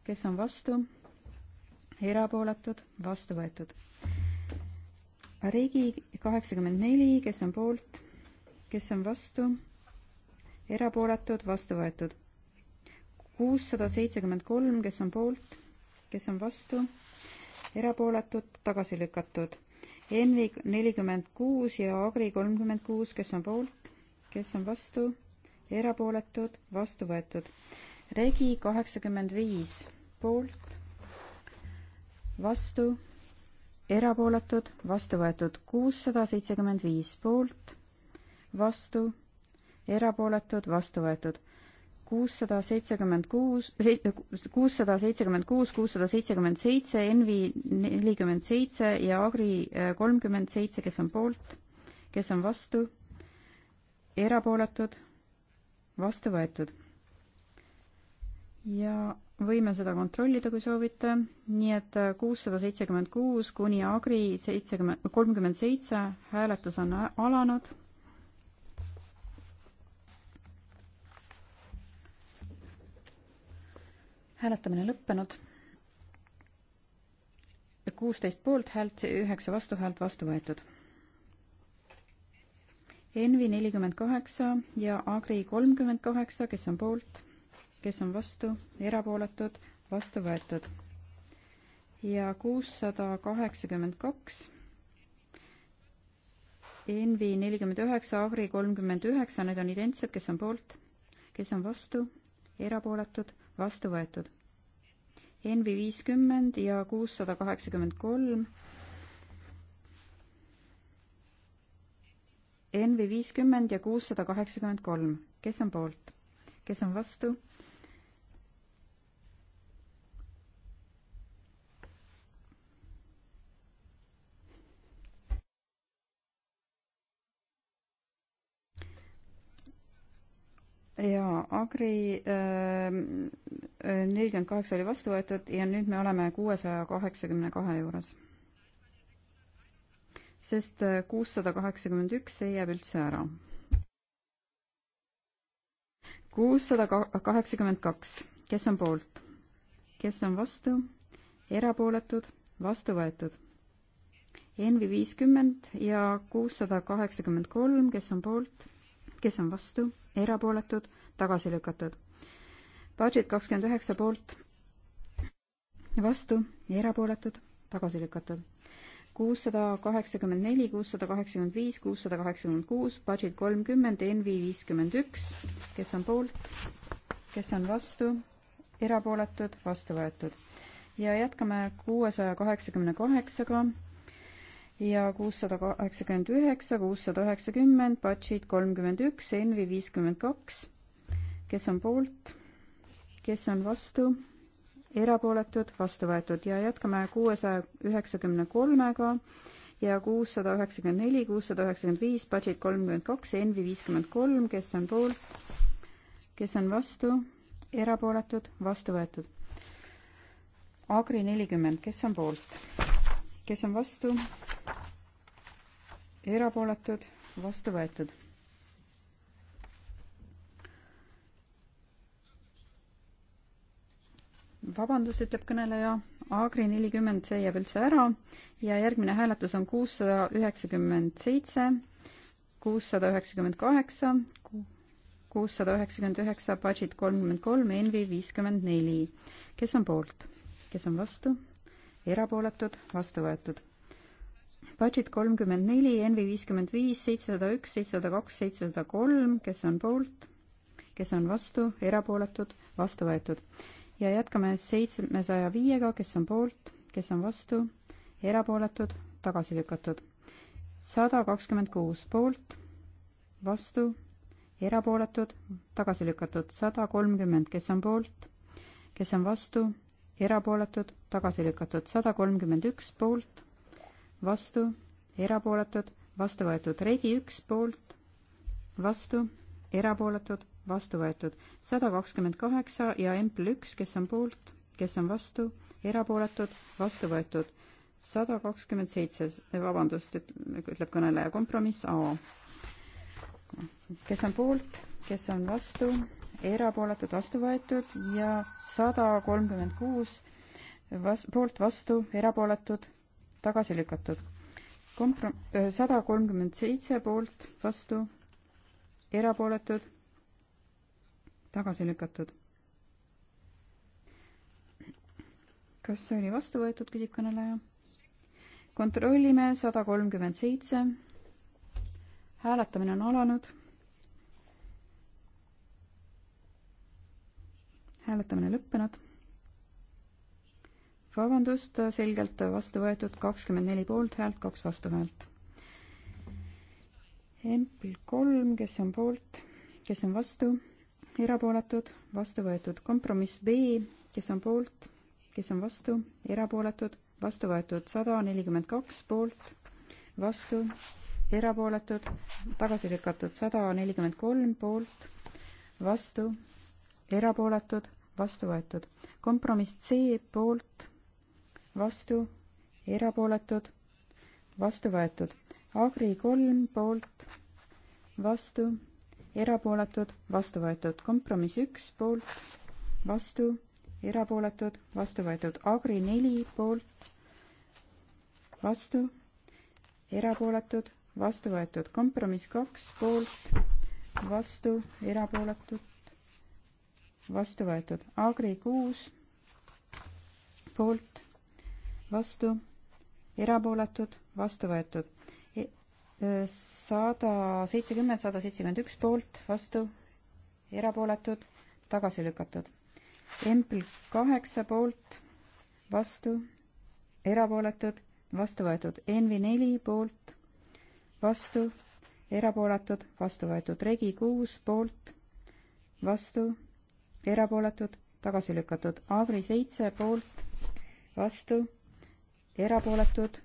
kes on vastu erapooletud, vastu võetud. Regi kaheksakümmend neli, kes on poolt, kes on vastu, erapooletud, vastu võetud. kuussada seitsekümmend kolm, kes on poolt, kes on vastu, erapooletud, tagasi lükatud. Envi nelikümmend kuus ja Agri kolmkümmend kuus, kes on poolt, kes on vastu, erapooletud, vastu võetud. Regi kaheksakümmend viis, poolt vastu, erapooletud, vastu võetud kuussada seitsekümmend viis poolt, vastu, erapooletud, vastu võetud kuussada seitsekümmend kuus, kuussada seitsekümmend kuus, kuussada seitsekümmend seitse, Envi nelikümmend seitse ja Agri äh, kolmkümmend seitse, kes on poolt, kes on vastu, erapooletud, vastu võetud. ja võime seda kontrollida, kui soovite, nii et kuussada seitsekümmend kuus kuni Agri seitsekümmend, kolmkümmend seitse hääletus on alanud. hääletamine lõppenud. kuusteist poolthäält, üheksa vastuhäält vastu võetud. Envi nelikümmend kaheksa ja Agri kolmkümmend kaheksa, kes on poolt kes on vastu, erapooletud, vastu võetud. ja kuussada kaheksakümmend kaks, Envi nelikümmend üheksa, Agri kolmkümmend üheksa, need on identsed, kes on poolt, kes on vastu, erapooletud, vastu võetud. Envi viiskümmend ja kuussada kaheksakümmend kolm, NV viiskümmend ja kuussada kaheksakümmend kolm. kes on poolt? kes on vastu? jaa, Agri ähm, äh, nelikümmend kaheksa oli vastu võetud ja nüüd me oleme kuuesaja kaheksakümne kahe juures. sest äh, kuussada kaheksakümmend üks, see jääb üldse ära. kuussada kaheksakümmend kaks, kes on poolt? kes on vastu? erapooletud, vastu võetud. Envi viiskümmend ja kuussada kaheksakümmend kolm, kes on poolt kes on vastu, erapooletud, tagasi lükatud. Budget kakskümmend üheksa poolt, vastu, erapooletud, tagasi lükatud. kuussada kaheksakümmend neli, kuussada kaheksakümmend viis, kuussada kaheksakümmend kuus, budget kolmkümmend, NV viiskümmend üks, kes on poolt, kes on vastu, erapooletud, vastu võetud. ja jätkame kuuesaja kaheksakümne kaheksaga ja kuussada kaheksakümmend üheksa, kuussada üheksakümmend, Batšid kolmkümmend üks, Envi viiskümmend kaks. kes on poolt, kes on vastu, erapooletud, vastu võetud ja jätkame kuuesaja üheksakümne kolmega ja kuussada üheksakümmend neli, kuussada üheksakümmend viis, Batšid kolmkümmend kaks, Envi viiskümmend kolm, kes on poolt, kes on vastu, erapooletud, vastu võetud. Agri nelikümmend, kes on poolt, kes on vastu, erapooletud, vastu võetud. vabandust, ütleb kõneleja, Agri nelikümmend, see jääb üldse ära ja järgmine hääletus on kuussada üheksakümmend seitse, kuussada üheksakümmend kaheksa, kuussada üheksakümmend üheksa, budget kolmkümmend kolm, Envi viiskümmend neli. kes on poolt, kes on vastu, erapooletud, vastu võetud. Budget kolmkümmend neli, NV viiskümmend viis, seitsesada üks, seitsesada kaks, seitsesada kolm, kes on poolt, kes on vastu, erapooletud, vastu võetud. ja jätkame seitsmesaja viiega, kes on poolt, kes on vastu, erapooletud, tagasi lükatud. sada kakskümmend kuus poolt, vastu, erapooletud, tagasi lükatud. sada kolmkümmend, kes on poolt, kes on vastu, erapooletud, tagasi lükatud. sada kolmkümmend üks poolt vastu, erapooletud, vastu võetud. Regi üks poolt, vastu, erapooletud, vastu võetud. sada kakskümmend kaheksa ja Empl üks, kes on poolt, kes on vastu, erapooletud, vastu võetud. sada kakskümmend seitse, vabandust, ütleb kõneleja, kompromiss A. kes on poolt, kes on vastu, erapooletud, vastu võetud ja sada kolmkümmend kuus, vas-, poolt, vastu, erapooletud tagasi lükatud. komprom-, sada kolmkümmend seitse poolt, vastu, erapooletud, tagasi lükatud. kas see oli vastu võetud, küsib kõneleja. kontrollime sada kolmkümmend seitse. hääletamine on alanud. hääletamine lõppenud vabandust, selgelt vastu võetud kakskümmend neli poolthäält, kaks vastuhäält. Empl kolm, kes on poolt, kes on vastu, erapooletud, vastu võetud. kompromiss B, kes on poolt, kes on vastu, erapooletud, vastu võetud. sada nelikümmend kaks poolt, vastu, erapooletud, tagasi lükatud. sada nelikümmend kolm poolt, vastu, erapooletud vastu võetud. kompromiss C poolt, vastu, erapooletud, vastu võetud. Agri kolm poolt, vastu, erapooletud, vastu võetud. kompromiss üks poolt, vastu, erapooletud, vastu võetud. Agri neli poolt, vastu, erapooletud, vastu võetud. kompromiss kaks poolt, vastu, erapooletud, vastu võetud. Agri kuus poolt, vastu, erapooletud, vastu võetud. E, e, sada seitsekümmend, sada seitsekümmend üks poolt, vastu, erapooletud, tagasi lükatud. Empl kaheksa poolt, vastu, erapooletud, vastu võetud. Envi neli poolt, vastu, erapooletud, vastu võetud. Regi kuus poolt, vastu, erapooletud, tagasi lükatud. Agri seitse poolt, vastu erapooletud.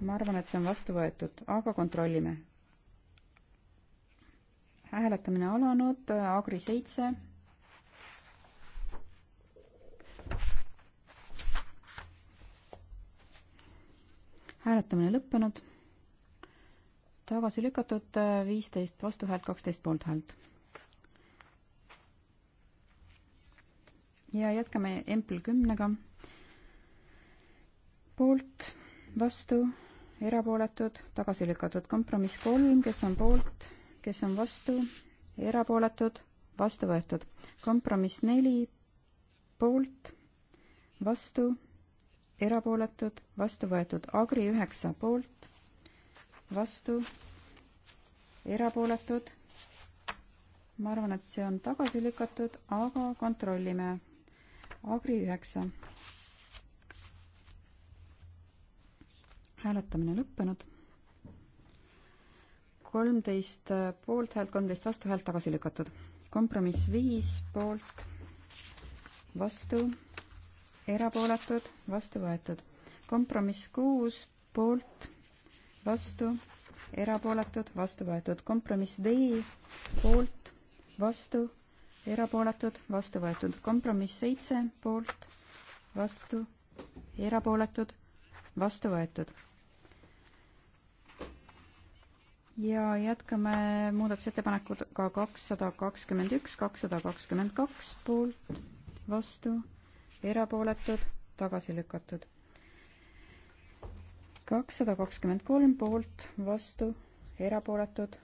ma arvan, et see on vastu võetud, aga kontrollime. hääletamine alanud, Agri seitse. hääletamine lõppenud. tagasi lükatud viisteist vastuhäält, kaksteist poolthäält. ja jätkame Empl kümnega poolt, vastu, erapooletud, tagasi lükatud. kompromiss kolm, kes on poolt, kes on vastu, erapooletud, vastu võetud. kompromiss neli, poolt, vastu, erapooletud, vastu võetud. Agri üheksa poolt, vastu, erapooletud. ma arvan, et see on tagasi lükatud, aga kontrollime. Agri üheksa. hääletamine lõppenud. kolmteist poolthäält, kolmteist vastuhäält tagasi lükatud. kompromiss viis poolt, vastu, erapooletud, vastu võetud. kompromiss kuus poolt, vastu, erapooletud, vastu võetud. kompromiss D poolt, vastu, erapooletud, vastu võetud. kompromiss seitse poolt, vastu, erapooletud, vastu võetud ja jätkame muudatusettepanekuga kakssada kakskümmend üks, kakssada kakskümmend kaks poolt, vastu, erapooletud, tagasi lükatud. kakssada kakskümmend kolm poolt, vastu, erapooletud,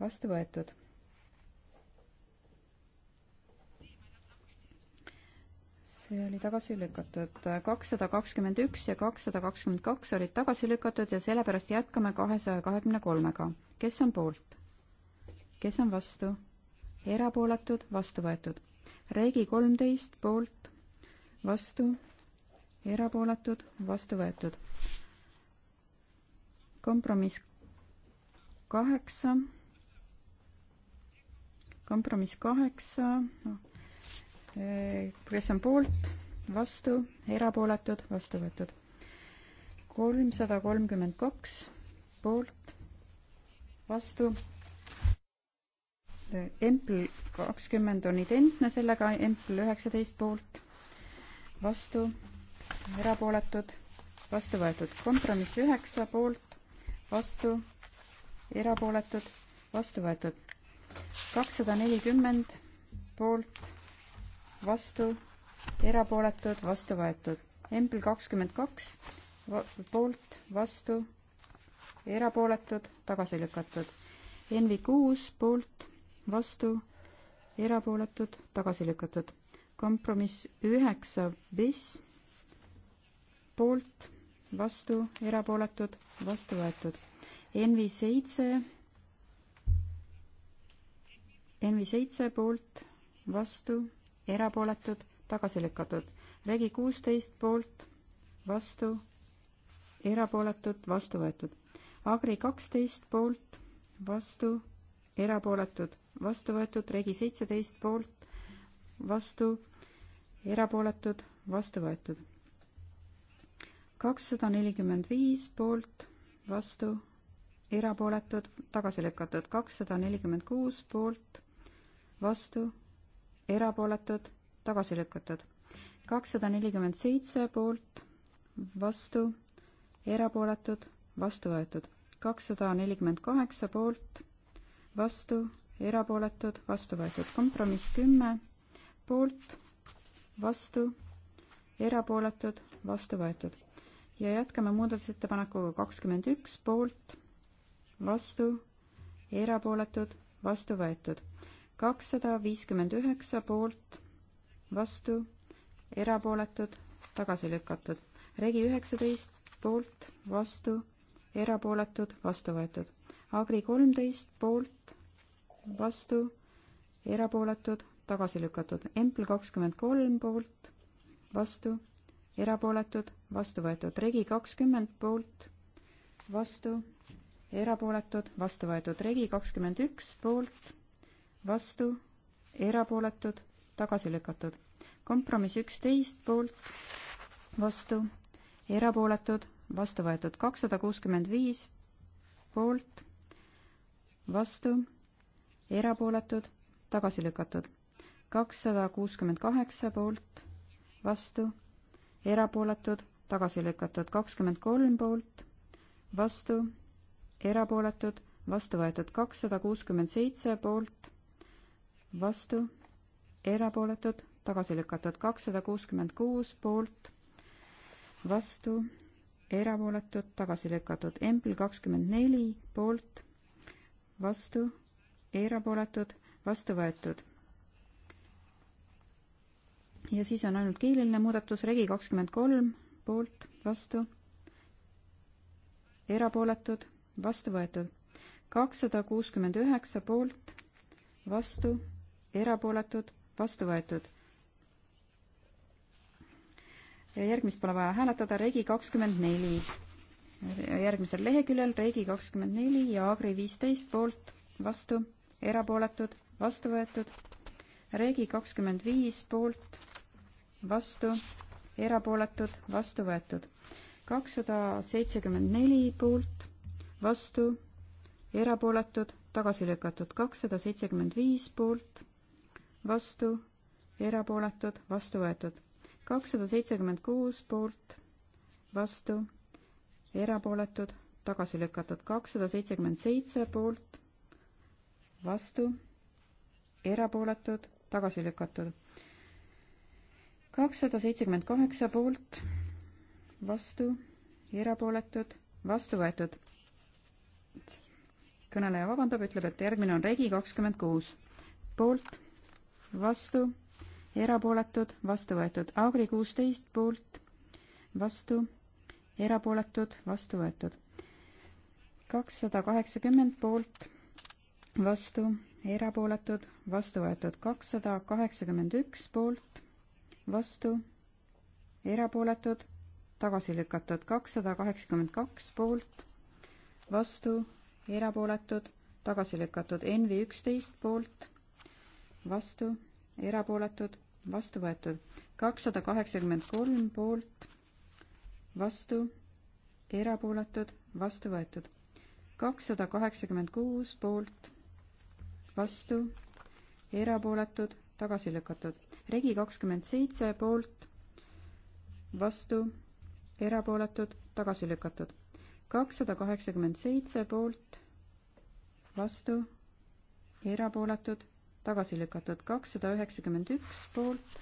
vastu võetud. see oli tagasi lükatud. kakssada kakskümmend üks ja kakssada kakskümmend kaks olid tagasi lükatud ja sellepärast jätkame kahesaja kahekümne kolmega. kes on poolt? kes on vastu? erapooletud, vastu võetud. Reigi kolmteist poolt, vastu, erapooletud, vastu võetud. kompromiss kaheksa, kompromiss kaheksa, noh, kes on poolt, vastu, erapooletud, vastu võetud. kolmsada kolmkümmend kaks poolt, vastu. Empl kakskümmend on identne sellega, Empl üheksateist poolt, vastu, erapooletud, vastu võetud. kompromiss üheksa poolt, vastu, erapooletud, vastu võetud. kakssada nelikümmend poolt vastu, erapooletud, vastu võetud. Empl kakskümmend kaks, poolt, vastu, erapooletud, tagasi lükatud. Envi kuus, poolt, vastu, erapooletud, tagasi lükatud. kompromiss üheksa, bis, poolt, vastu, erapooletud, vastu võetud. Envi seitse, NV7 poolt, vastu, erapooletud, tagasi lükatud. regi kuusteist poolt, vastu, erapooletud, vastu võetud. Agri kaksteist poolt, vastu, erapooletud, vastu võetud. regi seitseteist poolt, vastu, erapooletud, vastu võetud. kakssada nelikümmend viis poolt, vastu, erapooletud, tagasi lükatud. kakssada nelikümmend kuus poolt, vastu erapooletud, tagasi lükatud. kakssada nelikümmend seitse poolt, vastu, erapooletud, vastu võetud. kakssada nelikümmend kaheksa poolt, vastu, erapooletud, vastu võetud. kompromiss kümme poolt, vastu, erapooletud, vastu võetud. ja jätkame muudatusettepanekuga kakskümmend üks poolt, vastu, erapooletud, vastu võetud kakssada viiskümmend üheksa poolt, vastu, erapooletud, tagasi lükatud. regi üheksateist poolt, vastu, erapooletud, vastu võetud. Agri kolmteist poolt, vastu, erapooletud, tagasi lükatud. Empl kakskümmend kolm poolt, vastu, erapooletud, vastu võetud. regi kakskümmend poolt, vastu, erapooletud, vastu võetud. regi kakskümmend üks poolt vastu, erapooletud, tagasi lükatud. kompromiss üksteist poolt, vastu, erapooletud, vastu võetud kakssada kuuskümmend viis poolt, vastu, erapooletud, tagasi lükatud. kakssada kuuskümmend kaheksa poolt, vastu, erapooletud, tagasi lükatud. kakskümmend kolm poolt, vastu, erapooletud, vastu võetud. kakssada kuuskümmend seitse poolt, vastu, erapooletud, tagasi lükatud kakssada kuuskümmend kuus poolt, vastu, erapooletud, tagasi lükatud, Empl kakskümmend neli poolt, vastu, erapooletud, vastu võetud. ja siis on ainult keeleline muudatus, regi kakskümmend kolm poolt, vastu, erapooletud, vastu võetud, kakssada kuuskümmend üheksa poolt, vastu erapooletud, vastu võetud. järgmist pole vaja hääletada, regi kakskümmend neli. järgmisel leheküljel regi kakskümmend neli ja agri viisteist poolt, vastu, erapooletud, vastu võetud. regi kakskümmend viis poolt, vastu, erapooletud, vastu võetud. kakssada seitsekümmend neli poolt, vastu, erapooletud, tagasi lükatud. kakssada seitsekümmend viis poolt, vastu, erapooletud, vastu võetud. kakssada seitsekümmend kuus poolt, vastu, erapooletud, tagasi lükatud. kakssada seitsekümmend seitse poolt, vastu, erapooletud, tagasi lükatud. kakssada seitsekümmend kaheksa poolt, vastu, erapooletud, vastu võetud. kõneleja vabandab, ütleb, et järgmine on regi kakskümmend kuus poolt vastu, erapooletud, vastu võetud. Agri kuusteist poolt, vastu, erapooletud, vastu võetud. kakssada kaheksakümmend poolt, vastu, erapooletud, vastu võetud. kakssada kaheksakümmend üks poolt, vastu, erapooletud, tagasi lükatud. kakssada kaheksakümmend kaks poolt, vastu, erapooletud, tagasi lükatud. NV üksteist poolt vastu, erapooletud, vastu võetud. kakssada kaheksakümmend kolm poolt, vastu, erapooletud, vastu võetud. kakssada kaheksakümmend kuus poolt, vastu, erapooletud, tagasi lükatud. regi kakskümmend seitse poolt, vastu, erapooletud, tagasi lükatud. kakssada kaheksakümmend seitse poolt, vastu, erapooletud, tagasi lükatud kakssada üheksakümmend üks poolt,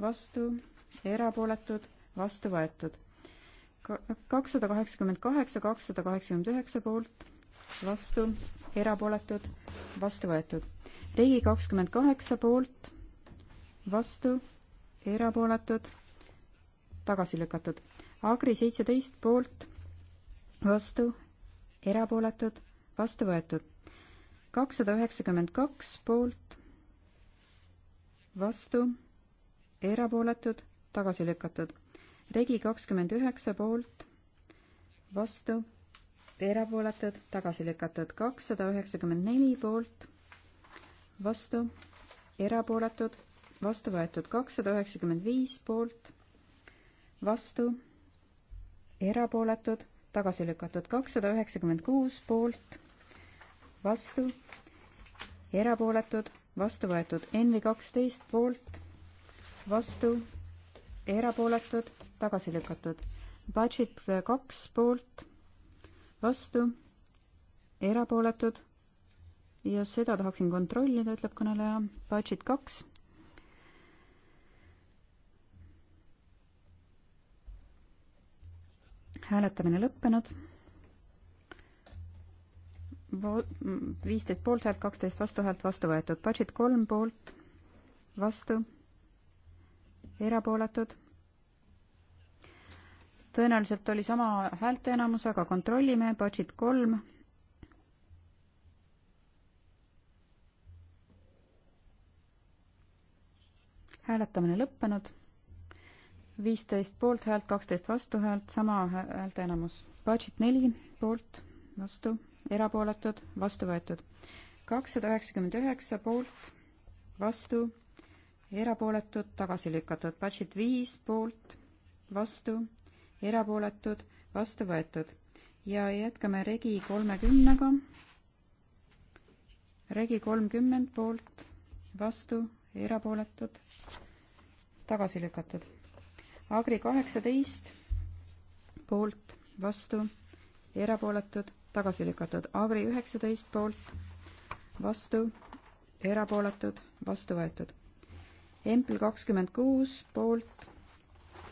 vastu, erapooletud, vastu võetud. kakssada kaheksakümmend kaheksa, kakssada kaheksakümmend üheksa poolt, vastu, erapooletud, vastu võetud. ligi kakskümmend kaheksa poolt, vastu, erapooletud, tagasi lükatud. Agri seitseteist poolt, vastu, erapooletud, vastu võetud kakssada üheksakümmend kaks poolt, vastu, erapooletud, tagasi lükatud. regi kakskümmend üheksa poolt, vastu, erapooletud, tagasi lükatud. kakssada üheksakümmend neli poolt, vastu, erapooletud, vastu võetud. kakssada üheksakümmend viis poolt, vastu, erapooletud, tagasi lükatud. kakssada üheksakümmend kuus poolt vastu, erapooletud, vastu võetud. NV kaksteist poolt, vastu, erapooletud, tagasi lükatud. Budget kaks poolt, vastu, erapooletud ja seda tahaksin kontrollida, ütleb kõneleja. Budget kaks. hääletamine lõppenud Mm, viisteist poolthäält, kaksteist vastuhäält vastu võetud. Budget kolm poolt, vastu, erapooletud. tõenäoliselt oli sama häälte enamus, aga kontrollime. Budget kolm. hääletamine lõppenud. viisteist poolthäält, kaksteist vastuhäält, sama häälte enamus. Budget neli poolt, vastu erapooletud, vastu võetud. kakssada üheksakümmend üheksa poolt, vastu, erapooletud, tagasi lükatud. Budget viis poolt, vastu, erapooletud, vastu võetud. ja jätkame regi kolmekümnega. regi kolmkümmend poolt, vastu, erapooletud, tagasi lükatud. Agri kaheksateist poolt, vastu, erapooletud, tagasi lükatud. Agri üheksateist poolt, vastu, erapooletud, vastu võetud. Empl kakskümmend kuus poolt,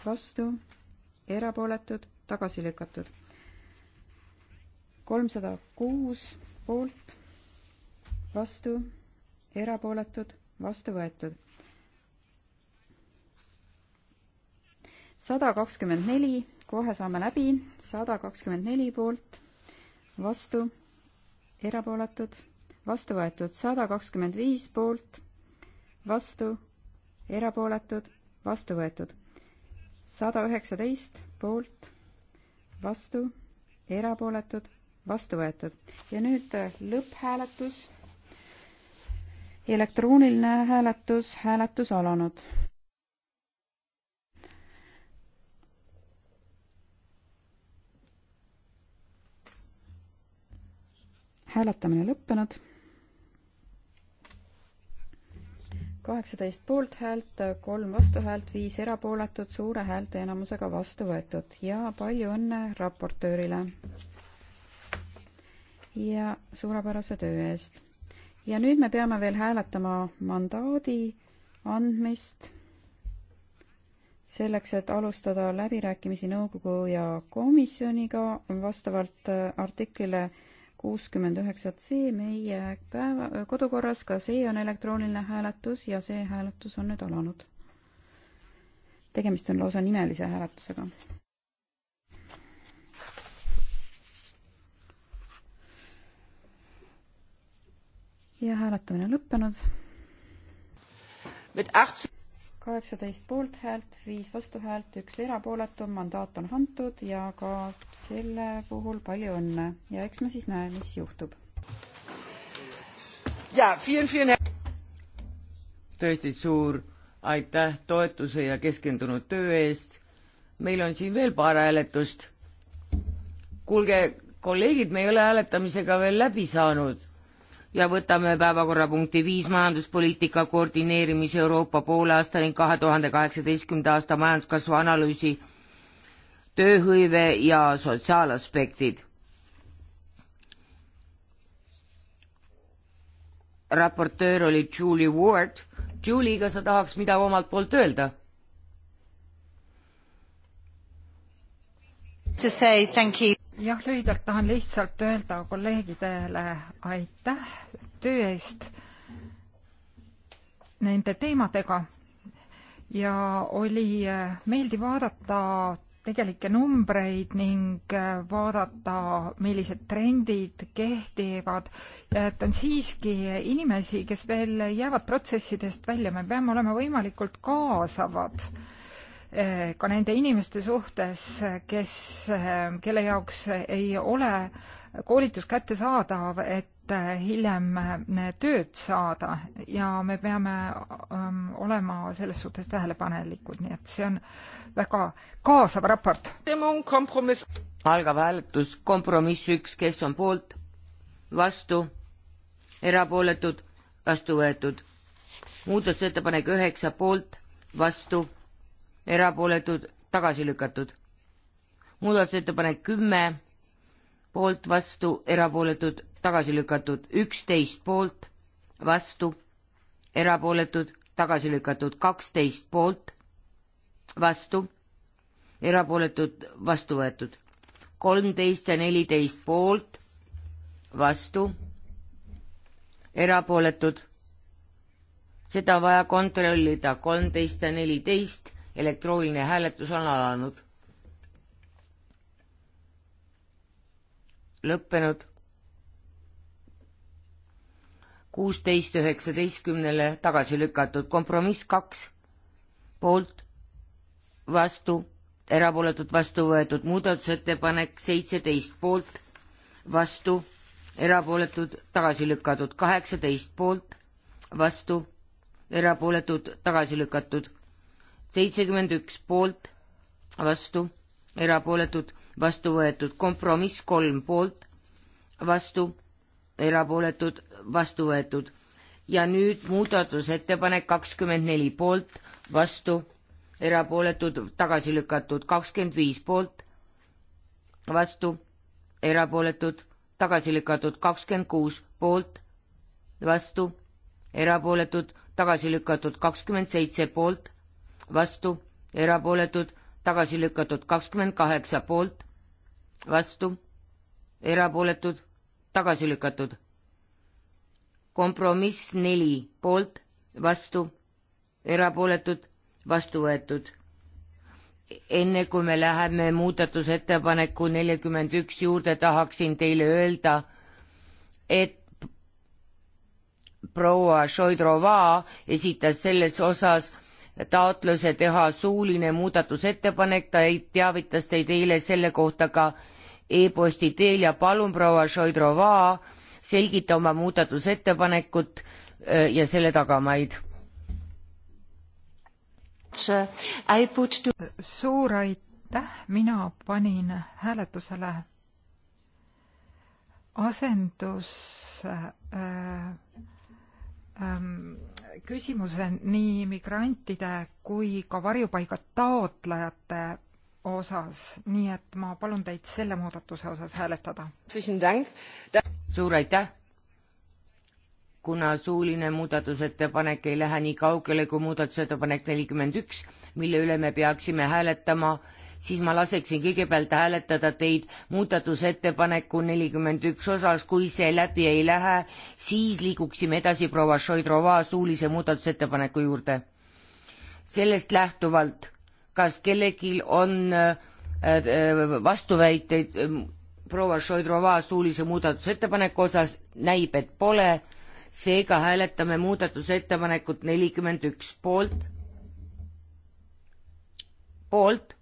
vastu, erapooletud, tagasi lükatud. kolmsada kuus poolt, vastu, erapooletud, vastu võetud. sada kakskümmend neli, kohe saame läbi, sada kakskümmend neli poolt vastu, erapooletud, vastu võetud sada kakskümmend viis poolt, vastu, erapooletud, vastu võetud sada üheksateist poolt, vastu, erapooletud, vastu võetud. ja nüüd äh, lõpphääletus, elektrooniline hääletus, hääletus alanud hääletamine lõppenud. kaheksateist poolthäält, kolm vastuhäält, viis erapooletut, suure häälteenamusega vastu võetud ja palju õnne raportöörile ja suurepärase töö eest. ja nüüd me peame veel hääletama mandaadi andmist selleks, et alustada läbirääkimisi nõukogu ja komisjoniga vastavalt artiklile kakssada kuuskümmend üheksa C meie päeva, kodukorras, ka see on elektrooniline hääletus ja see hääletus on nüüd alanud. tegemist on lausa nimelise hääletusega. ja hääletamine on lõppenud kaheksateist poolthäält, viis vastuhäält, üks erapooletu, mandaat on antud ja ka selle puhul palju õnne ja eks me siis näe, mis juhtub. ja, tõesti suur aitäh toetuse ja keskendunud töö eest. meil on siin veel paar hääletust. kuulge, kolleegid, me ei ole hääletamisega veel läbi saanud ja võtame päevakorrapunkti viis majanduspoliitika koordineerimise Euroopa poolaasta ning kahe tuhande kaheksateistkümnenda aasta majanduskasvu analüüsi tööhõive ja sotsiaalaspektid. raportöör oli Julie Ward. Julie, kas sa tahaks midagi omalt poolt öelda? To say thank you jah, lühidalt tahan lihtsalt öelda kolleegidele aitäh töö eest nende teemadega ja oli äh, meeldiv vaadata tegelikke numbreid ning äh, vaadata, millised trendid kehtivad ja et on siiski inimesi, kes veel jäävad protsessidest välja, me peame olema võimalikult kaasavad Eh, ka nende inimeste suhtes, kes, eh, kelle jaoks ei ole koolitus kättesaadav, et eh, hiljem tööd saada ja me peame ähm, olema selles suhtes tähelepanelikud, nii et see on väga kaasav raport. algab hääletus, kompromiss üks, kes on poolt, vastu, erapooletud, vastu võetud. muudatusettepanek üheksa poolt, vastu erapooletud, tagasi lükatud. muudatusettepanek kümme, poolt, vastu, erapooletud, tagasi lükatud, üksteist poolt, vastu, erapooletud, tagasi lükatud, kaksteist poolt, vastu, erapooletud, vastu võetud, kolmteist ja neliteist poolt, vastu, erapooletud seda on vaja kontrollida, kolmteist ja neliteist elektrooniline hääletus on alanud. lõppenud. kuusteist üheksateistkümnele tagasi lükatud, kompromiss kaks, poolt, vastu, erapooletult vastu võetud, muudatusettepanek seitseteist poolt, vastu, erapooletud, tagasi lükatud, kaheksateist poolt, vastu, erapooletud, tagasi lükatud seitsekümmend üks poolt, vastu, erapooletud, vastu võetud, kompromiss kolm poolt, vastu, erapooletud, vastu võetud. ja nüüd muudatusettepanek kakskümmend neli poolt, vastu, erapooletud, tagasi lükatud, kakskümmend viis poolt, vastu, erapooletud, tagasi lükatud, kakskümmend kuus poolt, vastu, erapooletud, tagasi lükatud, kakskümmend seitse poolt, vastu, erapooletud, tagasi lükatud kakskümmend kaheksa poolt, vastu, erapooletud, tagasi lükatud. kompromiss neli poolt, vastu, erapooletud, vastu võetud. enne kui me läheme muudatusettepaneku nelikümmend üks juurde, tahaksin teile öelda, et proua Šoidrova esitas selles osas taotluse teha suuline muudatusettepanek, ta ei teavitas teid eile selle kohta ka e-posti teel ja palun, proua Šoidrova, selgita oma muudatusettepanekut äh, ja selle tagamaid. suur aitäh, mina panin hääletusele asendus äh, Ehm, küsimuse nii migrantide kui ka varjupaiga taotlejate osas, nii et ma palun teid selle muudatuse osas hääletada. suur aitäh! kuna suuline muudatusettepanek ei lähe nii kaugele kui muudatusettepanek nelikümmend üks, mille üle me peaksime hääletama äh, siis ma laseksin kõigepealt hääletada teid muudatusettepaneku nelikümmend üks osas, kui see läbi ei lähe, siis liiguksime edasi proua Šoidrova suulise muudatusettepaneku juurde. sellest lähtuvalt, kas kellelgi on äh, äh, vastuväiteid ähm, proua Šoidrova suulise muudatusettepaneku osas, näib, et pole, seega hääletame muudatusettepanekut nelikümmend üks poolt, poolt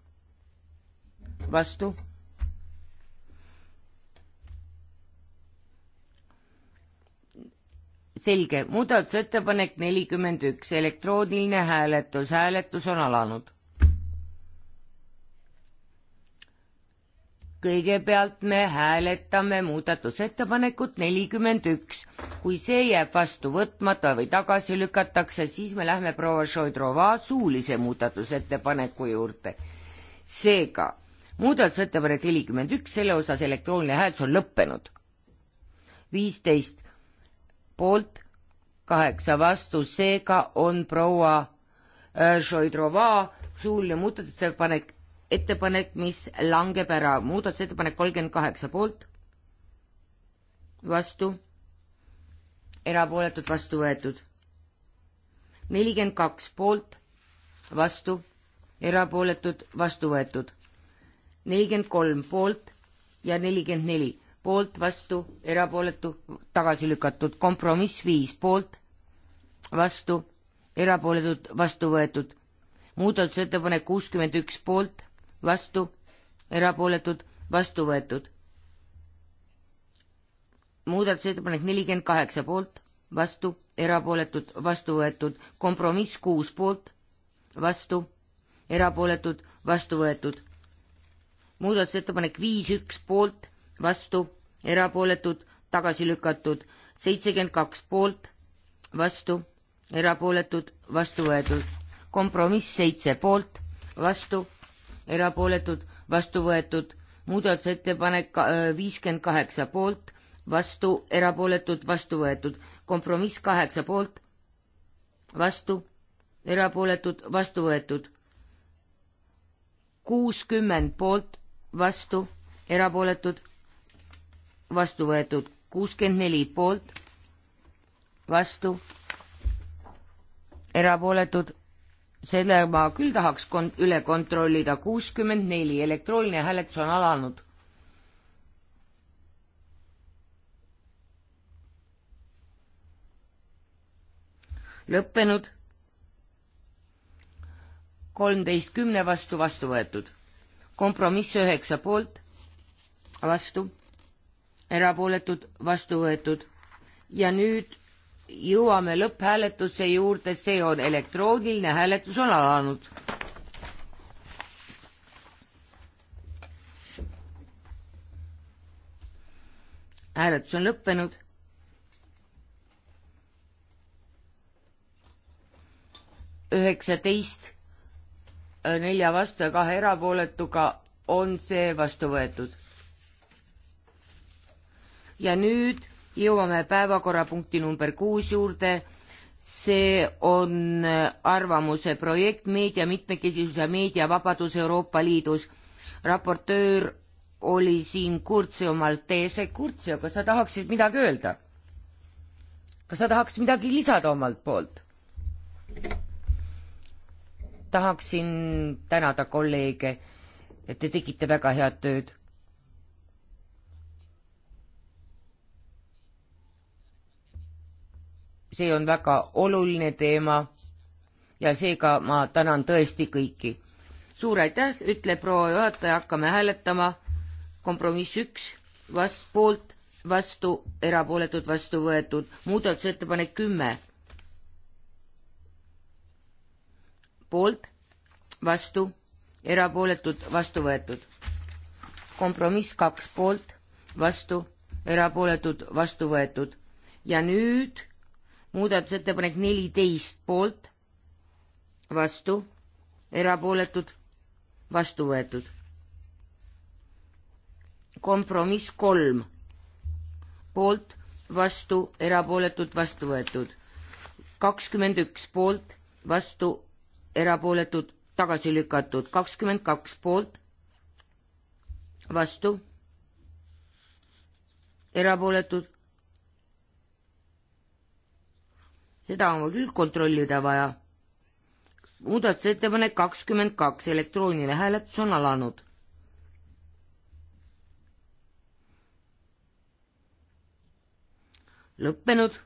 vastu. selge, muudatusettepanek nelikümmend üks, elektrooniline hääletus, hääletus on alanud. kõigepealt me hääletame muudatusettepanekut nelikümmend üks. kui see jääb vastu võtmata või tagasi lükatakse, siis me lähme proua Šoidrova suulise muudatusettepaneku juurde. seega muudatusettepanek nelikümmend üks, selle osas elektrooniline hääletus on lõppenud. viisteist poolt, kaheksa vastu, seega on proua äh, Šoidrova suuline muudatusettepanek, ettepanek, mis langeb ära, muudatusettepanek kolmkümmend kaheksa poolt, vastu, erapooletud, vastu võetud nelikümmend kaks poolt, vastu, erapooletud, vastu võetud nelikümmend kolm poolt ja nelikümmend neli poolt, vastu, erapooletu, tagasi lükatud, kompromiss viis poolt, vastu, erapooletud, vastu võetud. muudatusettepanek kuuskümmend üks poolt, vastu, erapooletud, vastu võetud. muudatusettepanek nelikümmend kaheksa poolt, vastu, erapooletud, vastu võetud, kompromiss kuus poolt, vastu, erapooletud, vastu võetud muudatusettepanek viis üks poolt, vastu, erapooletud, tagasi lükatud, seitsekümmend kaks poolt, vastu, erapooletud, vastu võetud. kompromiss seitse poolt, vastu, erapooletud, vastu võetud, muudatusettepanek äh, viiskümmend kaheksa poolt, vastu, erapooletud, vastu võetud, kompromiss kaheksa poolt, vastu, erapooletud, vastu võetud, kuuskümmend poolt vastu, erapooletud, vastu võetud kuuskümmend neli poolt, vastu, erapooletud, selle ma küll tahaks kon-, üle kontrollida, kuuskümmend neli, elektrooniline hääletus on alanud. lõppenud, kolmteist kümne vastu vastu võetud kompromiss üheksa poolt, vastu, erapooletud, vastu võetud. ja nüüd jõuame lõpphääletuse juurde, see on elektrooniline hääletus on alanud. hääletus on lõppenud. üheksateist nelja vastu ja kahe erapooletuga on see vastu võetud. ja nüüd jõuame päevakorrapunkti number kuus juurde. see on arvamuse projekt Meedia mitmekesisus ja meediavabadus Euroopa Liidus. raportöör oli siin Kurtsio Maltese. Kurtsio, kas sa tahaksid midagi öelda? kas sa tahaks midagi lisada omalt poolt? tahaksin tänada kolleege, et te tegite väga head tööd. see on väga oluline teema ja seega ma tänan tõesti kõiki. suur aitäh, ütleb proua juhataja, hakkame hääletama. kompromiss üks, vast-, poolt, vastu, erapooletud, vastu võetud, muudatusettepanek kümme poolt, vastu, erapooletud, vastu võetud. kompromiss kaks poolt, vastu, erapooletud, vastu võetud. ja nüüd muudatusettepanek neliteist poolt, vastu, erapooletud, vastu võetud. kompromiss kolm poolt, vastu, erapooletud, vastu võetud. kakskümmend üks poolt, vastu, erapooletud, tagasi lükatud, kakskümmend kaks poolt, vastu, erapooletud. seda on küll kontrollida vaja. muudatusettepanek kakskümmend kaks, elektrooniline hääletus on alanud. lõppenud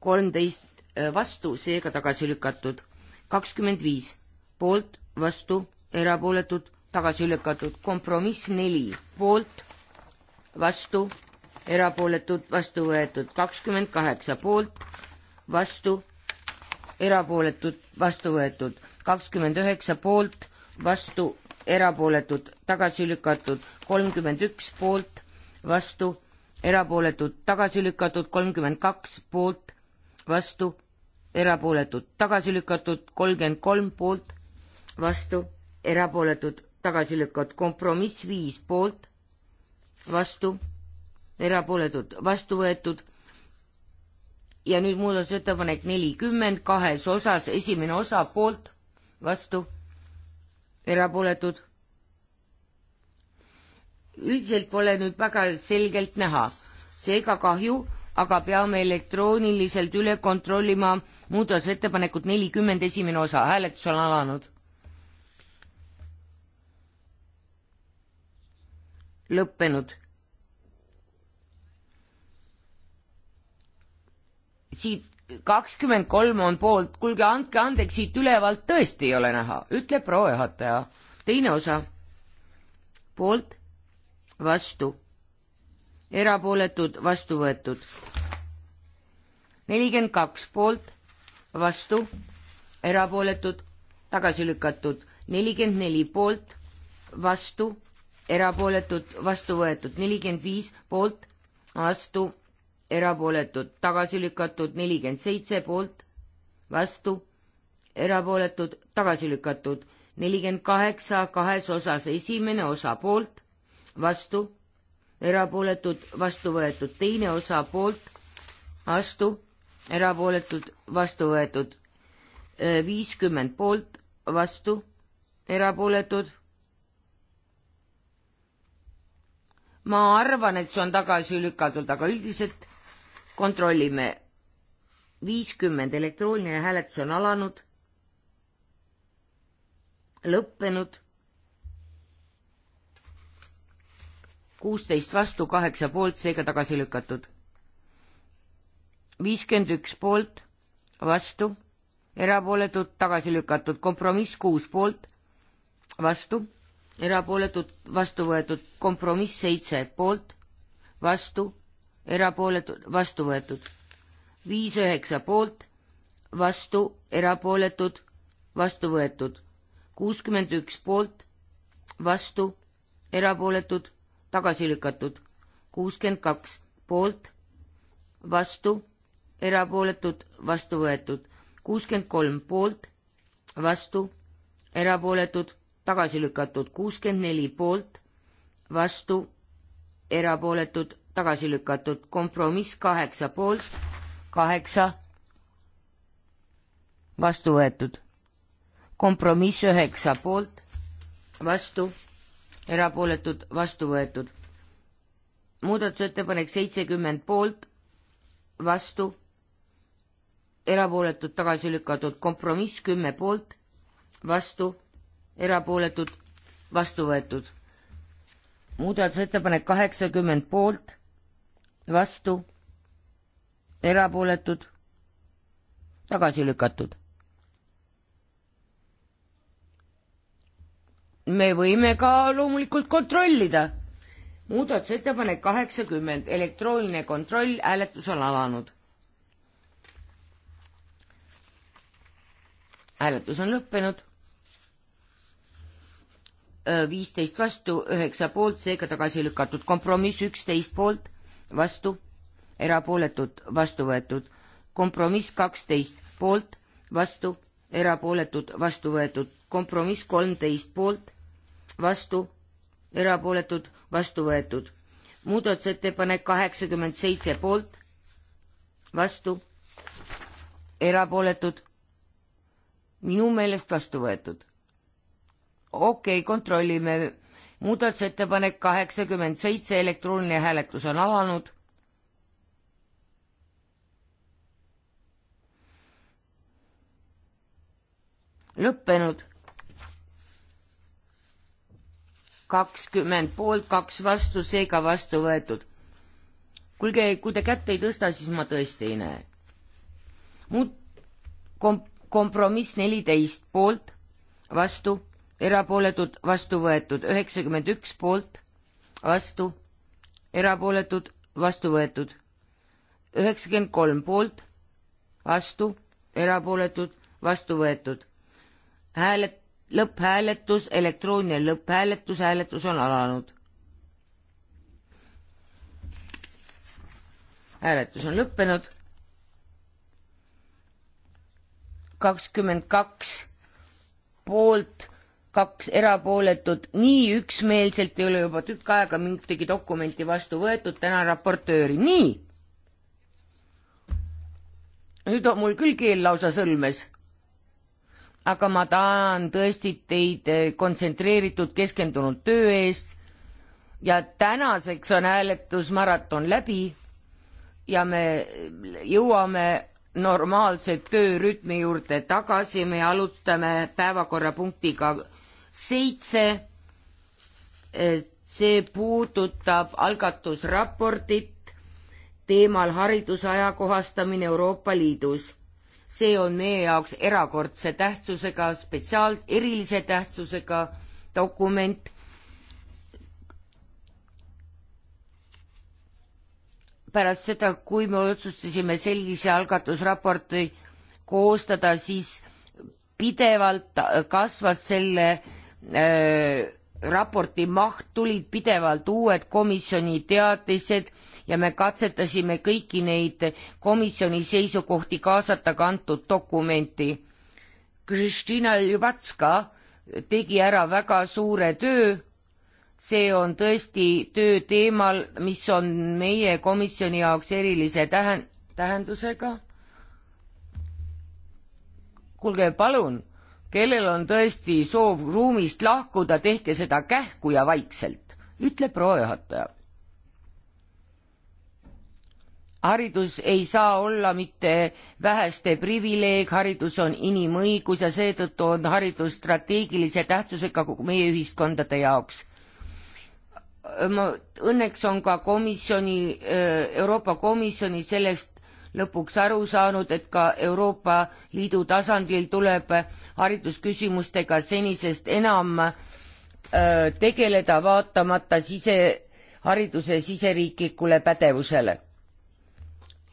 kolmteist Äh, vastu, seega tagasi lükatud. kakskümmend viis poolt, vastu, erapooletud, tagasi lükatud. kompromiss neli poolt, vastu, erapooletud, vastu võetud. kakskümmend kaheksa poolt, vastu, erapooletud, vastu võetud. kakskümmend üheksa poolt, vastu, erapooletud, tagasi lükatud. kolmkümmend üks poolt, vastu, erapooletud, tagasi lükatud. kolmkümmend kaks poolt, vastu, erapooletud, tagasi lükatud, kolmkümmend kolm poolt, vastu, erapooletud, tagasi lükatud, kompromiss viis poolt, vastu, erapooletud, vastu võetud. ja nüüd muudatusettepanek nelikümmend kahes osas, esimene osa poolt, vastu, erapooletud. üldiselt pole nüüd väga selgelt näha, seega kahju aga peame elektrooniliselt üle kontrollima muudatusettepanekut nelikümmend esimene osa, hääletus on alanud. lõppenud. siit kakskümmend kolm on poolt, kuulge, andke andeks, siit ülevalt tõesti ei ole näha, ütleb proua juhataja. teine osa, poolt, vastu erapooletud, vastu võetud. nelikümmend kaks poolt, vastu, erapooletud, tagasi lükatud. nelikümmend neli poolt, vastu, erapooletud, vastu võetud. nelikümmend viis poolt, vastu, erapooletud, tagasi lükatud. nelikümmend seitse poolt, vastu, erapooletud, tagasi lükatud. nelikümmend kaheksa kahes osas, esimene osa poolt, vastu erapooletud, vastu võetud, teine osa poolt, vastu, erapooletud, vastu võetud, äh, viiskümmend poolt, vastu, erapooletud. ma arvan, et see on tagasi lükatud, aga üldiselt kontrollime. viiskümmend elektrooniline hääletus on alanud, lõppenud kuusteist vastu, kaheksa poolt, seega tagasi lükatud. viiskümmend üks poolt, vastu, erapooletud, tagasi lükatud, kompromiss kuus poolt, vastu, erapooletud, vastu võetud, kompromiss seitse poolt, vastu, erapooletud, vastu võetud, viis üheksa poolt, vastu, erapooletud, vastu võetud, kuuskümmend üks poolt, vastu, erapooletud tagasi lükatud. kuuskümmend kaks poolt, vastu, erapooletud, vastu võetud. kuuskümmend kolm poolt, vastu, erapooletud, tagasi lükatud. kuuskümmend neli poolt, vastu, erapooletud, tagasi lükatud. kompromiss kaheksa poolt, kaheksa, vastu võetud. kompromiss üheksa poolt, vastu erapooletud, vastu võetud. muudatusettepanek seitsekümmend poolt, vastu, erapooletud, tagasi lükatud, kompromiss kümme poolt, vastu, erapooletud, vastu võetud. muudatusettepanek kaheksakümmend poolt, vastu, erapooletud, tagasi lükatud me võime ka loomulikult kontrollida. muudatusettepanek kaheksakümmend, elektrooniline kontroll, hääletus on alanud. hääletus on lõppenud. Äh, viisteist vastu, üheksa poolt, seega tagasi lükatud kompromiss, üksteist poolt, vastu, erapooletud, vastu võetud. kompromiss kaksteist poolt, vastu, erapooletud, vastu võetud kompromiss kolmteist poolt, vastu, erapooletud, vastu võetud. muudatusettepanek kaheksakümmend seitse poolt, vastu, erapooletud, minu meelest vastu võetud. okei okay,, kontrollime. muudatusettepanek kaheksakümmend seitse, elektrooniline hääletus on alanud lõppenud kakskümmend poolt, kaks vastu, seega vastu võetud. kuulge, kui te kätt ei tõsta, siis ma tõesti ei näe. muud kom-, kompromiss neliteist poolt, vastu, erapooletud, vastu võetud, üheksakümmend üks poolt, vastu, erapooletud, vastu võetud, üheksakümmend kolm poolt, vastu, erapooletud, vastu võetud. hääled lõpphääletus, elektrooniline lõpphääletus, hääletus on alanud. hääletus on lõppenud. kakskümmend kaks poolt, kaks erapooletut, nii üksmeelselt ei ole juba tükk aega mingitegi dokumenti vastu võetud, tänan raportööri, nii. nüüd on mul küll keel lausa sõlmes aga ma tahan tõesti teid eh, kontsentreeritud, keskendunud töö eest ja tänaseks on hääletusmaraton läbi ja me jõuame normaalse töörütmi juurde tagasi, me alustame päevakorrapunktiga seitse. Eh, see puudutab algatusraportit teemal hariduse ajakohastamine Euroopa Liidus see on meie jaoks erakordse tähtsusega, spetsiaal-, erilise tähtsusega dokument. pärast seda, kui me otsustasime sellise algatusraporti koostada, siis pidevalt kasvas selle äh, raporti maht, tulid pidevalt uued komisjoni teatised äh, ja me katsetasime kõiki neid komisjoni seisukohti kaasata ka antud dokumenti. Kristina Ljubatska tegi ära väga suure töö, see on tõesti töö teemal, mis on meie komisjoni jaoks erilise tähen-, tähendusega. kuulge, palun, kellel on tõesti soov ruumist lahkuda, tehke seda kähku ja vaikselt, ütleb proua juhataja haridus ei saa olla mitte väheste privileeg, haridus on inimõigus ja seetõttu on haridus strateegilise tähtsusega meie ühiskondade jaoks. ma, õnneks on ka komisjoni, äh, Euroopa Komisjoni sellest lõpuks aru saanud, et ka Euroopa Liidu tasandil tuleb haridusküsimustega senisest enam äh, tegeleda, vaatamata sisehariduse siseriiklikule pädevusele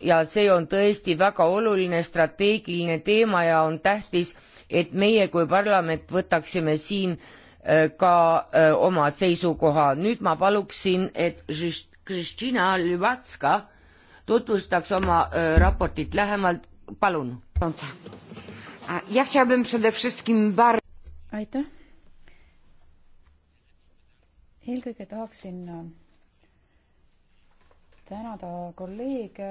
ja see on tõesti väga oluline strateegiline teema ja on tähtis, et meie kui parlament võtaksime siin äh, ka äh, oma seisukoha. nüüd ma paluksin, et Kristina Lüvatska tutvustaks oma äh, raportit lähemalt, palun. aitäh. eelkõige tahaksin tänada kolleege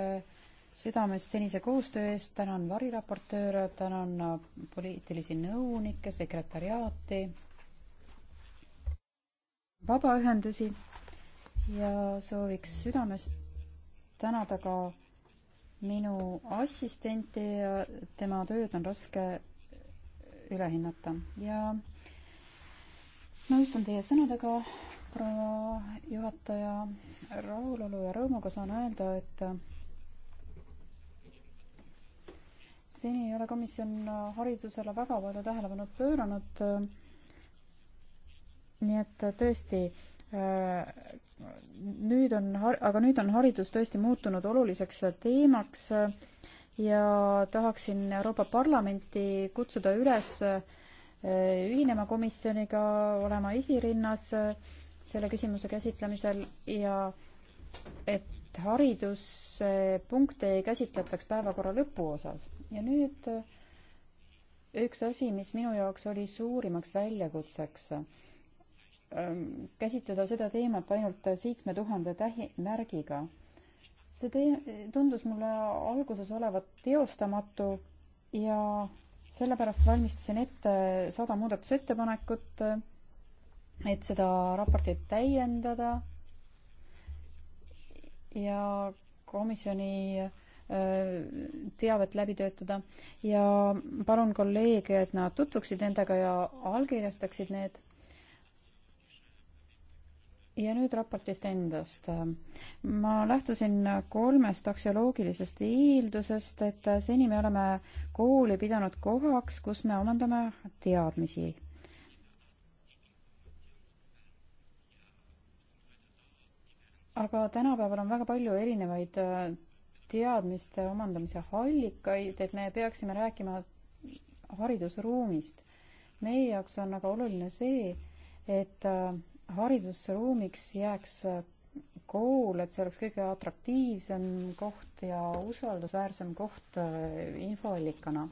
südamest senise koostöö eest, tänan variraportööre, tänan äh, poliitilisi nõunikke, sekretäriaati, vabaühendusi ja sooviks südamest tänada ka minu assistenti ja tema tööd on raske üle hinnata ja nõustun teie sõnadega, proua juhataja, rahulolu ja rõõmuga saan öelda, et seni ei ole komisjon haridusele väga palju tähelepanu pööranud. nii et tõesti, äh, nüüd on, aga nüüd on haridus tõesti muutunud oluliseks teemaks ja tahaksin Euroopa Parlamenti kutsuda üles äh, ühinema komisjoniga, olema esirinnas äh, selle küsimuse käsitlemisel ja et et hariduspunkte ei käsitletaks päevakorra lõpuosas. ja nüüd äh, üks asi, mis minu jaoks oli suurimaks väljakutseks, ähm, käsitleda seda teemat ainult seitsme tuhande tähi-, märgiga. see tee-, tundus mulle alguses olevat teostamatu ja sellepärast valmistasin ette sada muudatusettepanekut, et seda raportit täiendada ja komisjoni äh, teavet läbi töötada ja palun kolleege, et nad tutvuksid nendega ja allkirjastaksid need. ja nüüd raportist endast. ma lähtusin kolmest aksioloogilisest eeldusest, et seni me oleme kooli pidanud kohaks, kus me omandame teadmisi aga tänapäeval on väga palju erinevaid äh, teadmiste omandamise allikaid, et me peaksime rääkima haridusruumist. meie jaoks on aga oluline see, et äh, haridusruumiks jääks äh, kool, et see oleks kõige atraktiivsem koht ja usaldusväärsem koht infoallikana.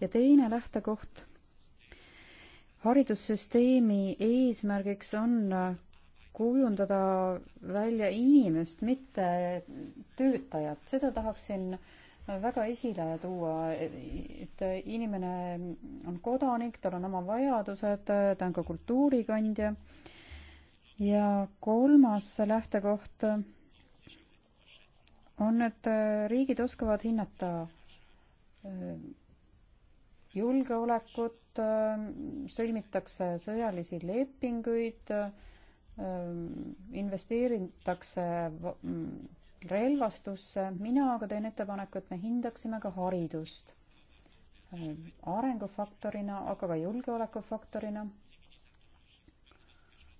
ja teine lähtekoht haridussüsteemi eesmärgiks on kujundada välja inimest, mitte töötajat, seda tahaksin väga esile tuua, et inimene on kodanik, tal on oma vajadused, ta on ka kultuurikandja. ja kolmas lähtekoht on, et riigid oskavad hinnata äh, julgeolekut, äh, sõlmitakse sõjalisi lepinguid investeeritakse relvastusse, mina aga teen ettepaneku, et me hindaksime ka haridust arengufaktorina, aga ka julgeolekufaktorina.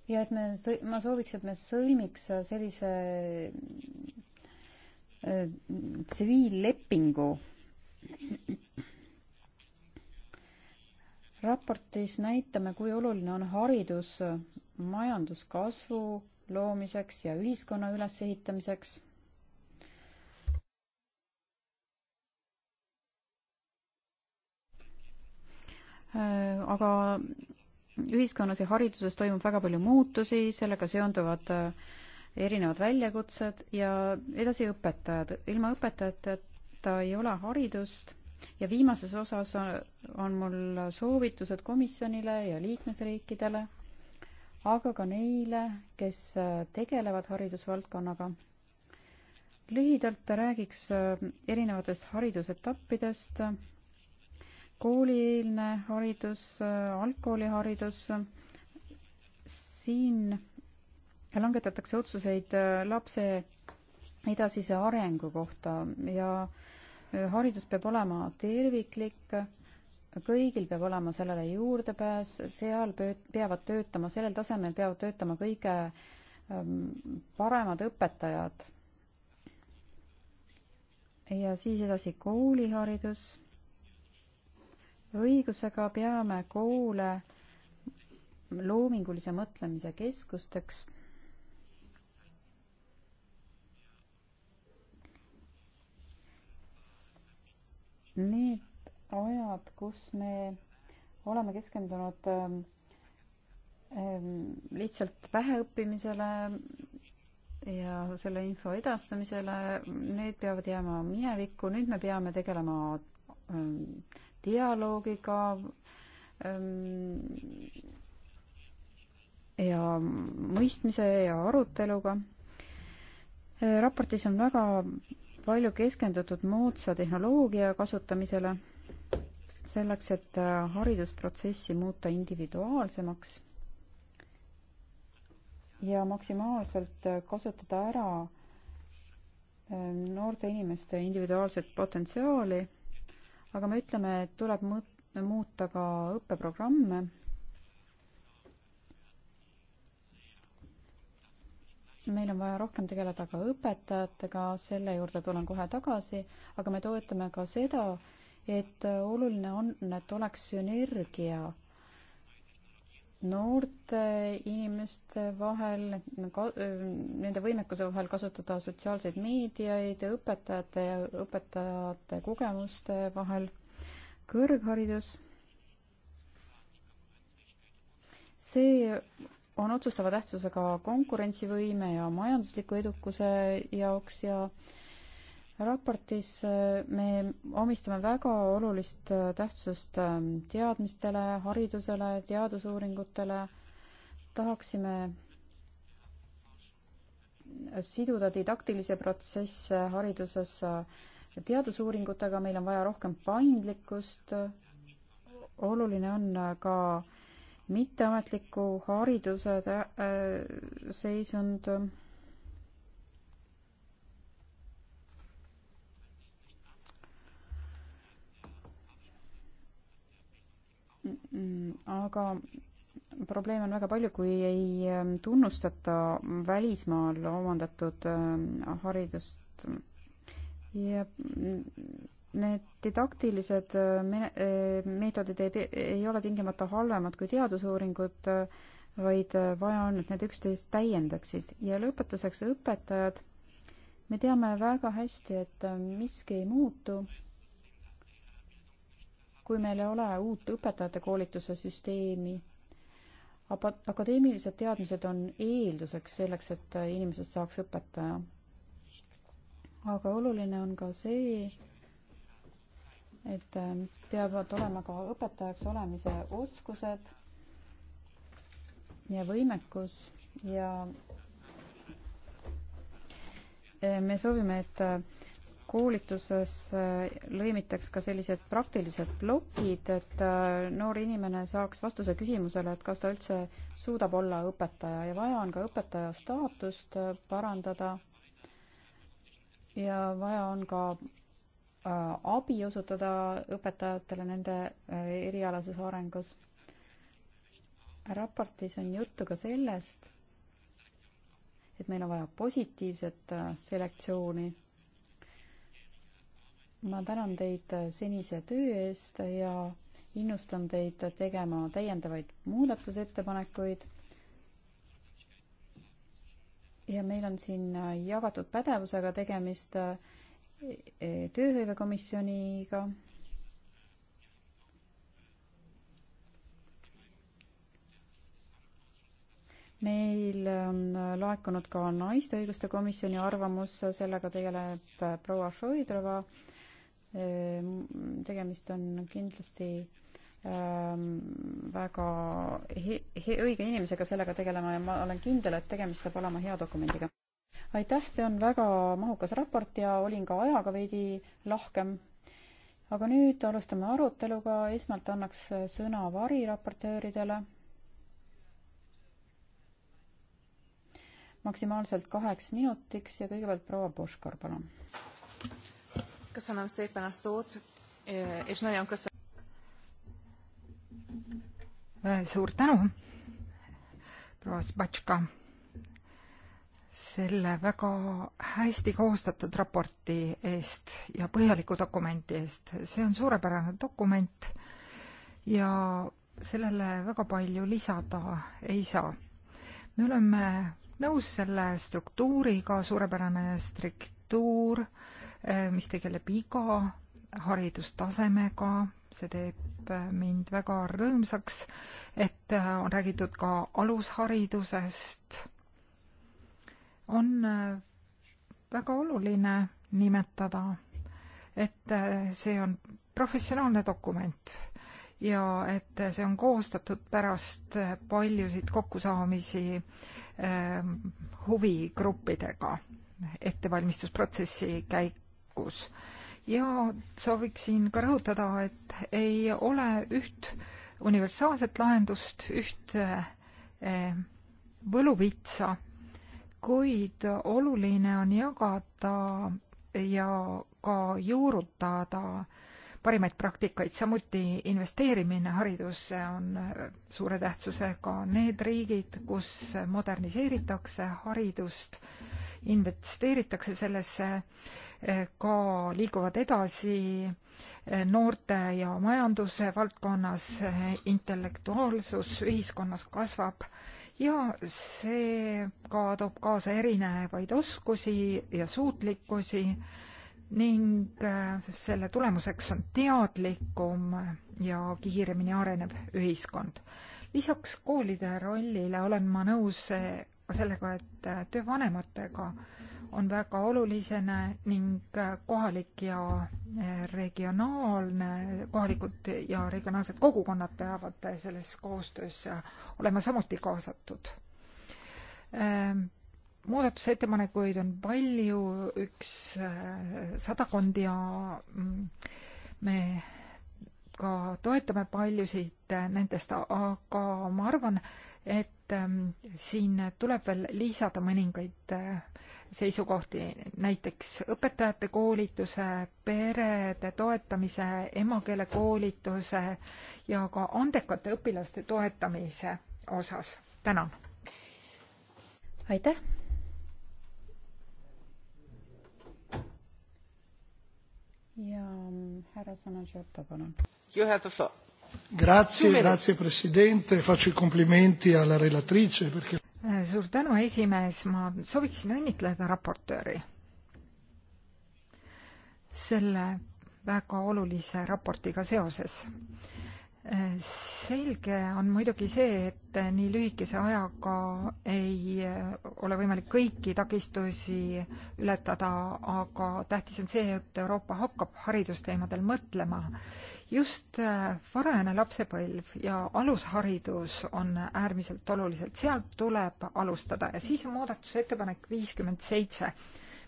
ja et me, ma sooviks, et me sõlmiks sellise tsiviillepingu äh, raportis näitame, kui oluline on haridus majanduskasvu loomiseks ja ühiskonna ülesehitamiseks. aga ühiskonnas ja hariduses toimub väga palju muutusi, sellega seonduvad äh, erinevad väljakutsed ja edasi õpetajad. ilma õpetajateta ei ole haridust ja viimases osas on, on mul soovitused komisjonile ja liikmesriikidele, aga ka neile, kes äh, tegelevad haridusvaldkonnaga. lühidalt räägiks äh, erinevatest haridusetappidest, koolieelne haridus, äh, algkooliharidus, siin langetatakse otsuseid lapse edasise arengu kohta ja äh, haridus peab olema terviklik, kõigil peab olema sellele juurdepääs, seal peavad töötama, sellel tasemel peavad töötama kõige ähm, paremad õpetajad. ja siis edasi kooliharidus. õigusega peame koole loomingulise mõtlemise keskusteks need ajad, kus me oleme keskendunud ähm, ähm, lihtsalt päheõppimisele ja selle info edastamisele, need peavad jääma minevikku, nüüd me peame tegelema ähm, dialoogiga ja mõistmise ja aruteluga. Äh, raportis on väga palju keskendutud moodsa tehnoloogia kasutamisele, selleks, et äh, haridusprotsessi muuta individuaalsemaks ja maksimaalselt äh, kasutada ära äh, noorte inimeste individuaalset potentsiaali, aga me ütleme, et tuleb muuta ka õppeprogramme meil on vaja rohkem tegeleda ka õpetajatega, selle juurde tulen kohe tagasi, aga me toetame ka seda, et oluline on, et oleks sünergia noorte inimeste vahel, nende võimekuse vahel kasutada sotsiaalseid meediaid, õpetajate ja õpetajate kogemuste vahel, kõrgharidus, see on otsustava tähtsusega konkurentsivõime ja majandusliku edukuse jaoks ja raportis äh, me omistame väga olulist äh, tähtsust ähm, teadmistele, haridusele, teadusuuringutele, tahaksime äh, siduda didaktilisi protsesse hariduses teadusuuringutega, meil on vaja rohkem paindlikkust, oluline on ka äh, mitteametliku hariduse äh, seisund aga probleeme on väga palju, kui ei ähm, tunnustata välismaal omandatud ähm, haridust ja mm, need didaktilised äh, äh, meetodid ei, ei ole tingimata halvemad kui teadusuuringud, äh, vaid vaja on, et need üksteist täiendaksid. ja lõpetuseks õpetajad. me teame väga hästi, et miski ei muutu, kui meil ei ole uut õpetajate koolituse süsteemi. akadeemilised teadmised on eelduseks selleks, et inimesest saaks õpetaja. aga oluline on ka see, et äh, peavad olema ka õpetajaks olemise oskused ja võimekus ja äh, me soovime, et äh, koolituses lõimitaks ka sellised praktilised plokid, et noor inimene saaks vastuse küsimusele, et kas ta üldse suudab olla õpetaja ja vaja on ka õpetaja staatust parandada. ja vaja on ka Äh, abi osutada õpetajatele nende äh, erialases arengus. raportis on juttu ka sellest, et meil on vaja positiivset äh, selektsiooni. ma tänan teid senise töö eest ja innustan teid tegema täiendavaid muudatusettepanekuid. ja meil on siin jagatud pädevusega tegemist äh, E, tööhõivekomisjoniga. meil on laekunud ka naiste õiguste komisjoni arvamus, sellega tegeleb proua Šoidrova. E, tegemist on kindlasti ähm, väga he, he, õige inimesega sellega tegelema ja ma olen kindel, et tegemist saab olema hea dokumendiga aitäh, see on väga mahukas raport ja olin ka ajaga veidi lahkem. aga nüüd alustame aruteluga, esmalt annaks sõna variraportööridele. maksimaalselt kaheks minutiks ja kõigepealt proua Puškar, palun. köszönöm szépen a szót, és nagyon köszönöm. suur tänu, proua Spatška selle väga hästi koostatud raporti eest ja põhjaliku dokumenti eest. see on suurepärane dokument ja sellele väga palju lisada ei saa. me oleme nõus selle struktuuriga, suurepärane struktuur, eh, mis tegeleb iga haridustasemega, see teeb mind väga rõõmsaks, et eh, on räägitud ka alusharidusest on äh, väga oluline nimetada, et äh, see on professionaalne dokument ja et see on koostatud pärast äh, paljusid kokkusaamisi ähm, huvigruppidega ettevalmistusprotsessi käigus. ja sooviksin ka rõhutada, et ei ole üht universaalset lahendust, üht võluvitsa kuid oluline on jagada ja ka juurutada parimaid praktikaid, samuti investeerimine haridusse on suure tähtsusega. Need riigid, kus moderniseeritakse haridust, investeeritakse sellesse, ka liiguvad edasi noorte ja majanduse valdkonnas, intellektuaalsus ühiskonnas kasvab ja see ka toob kaasa erinevaid oskusi ja suutlikkusi ning äh, selle tulemuseks on teadlikum ja kiiremini arenev ühiskond. lisaks koolide rollile olen ma nõus äh, sellega, et äh, töövanematega äh, on väga olulisena ning kohalik ja eh, regionaalne, kohalikud ja regionaalsed kogukonnad peavad selles koostöös olema samuti kaasatud. Eh, muudatusettepanekuid on palju, üks eh, sadakond ja mm, me ka toetame paljusid nendest, aga ma arvan, et siin tuleb veel lisada mõningaid seisukohti, näiteks õpetajate koolituse, perede toetamise, emakeelekoolituse ja ka andekate õpilaste toetamise osas. tänan! aitäh! ja mm, härra Sanagiotta, palun. You have the floor. Grazie, grazie Presidente, faccio i complimenti alla relatrice perché suur tänu, esimees, ma sooviksin õnnitleda raportööri selle väga olulise raportiga seoses. selge on muidugi see, et nii lühikese ajaga ei ole võimalik kõiki takistusi ületada, aga tähtis on see, et Euroopa hakkab haridusteemadel mõtlema just äh, varajane lapsepõlv ja alusharidus on äärmiselt olulised, sealt tuleb alustada ja siis on muudatusettepanek viiskümmend seitse,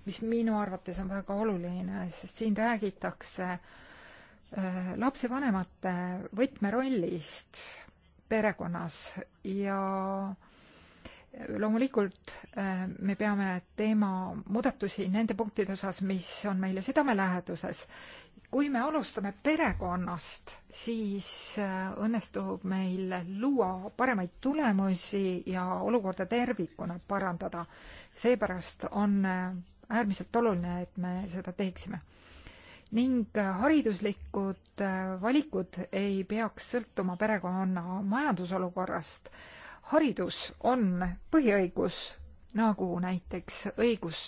mis minu arvates on väga oluline, sest siin räägitakse äh, lapsevanemate võtmerollist perekonnas ja loomulikult äh, me peame teema muudatusi nende punktide osas, mis on meile südamelähedases kui me alustame perekonnast, siis äh, õnnestub meil luua paremaid tulemusi ja olukorda tervikuna parandada. seepärast on äh, äärmiselt oluline, et me seda teeksime. ning äh, hariduslikud valikud ei peaks sõltuma perekonna majandusolukorrast. haridus on põhiõigus, nagu näiteks õigus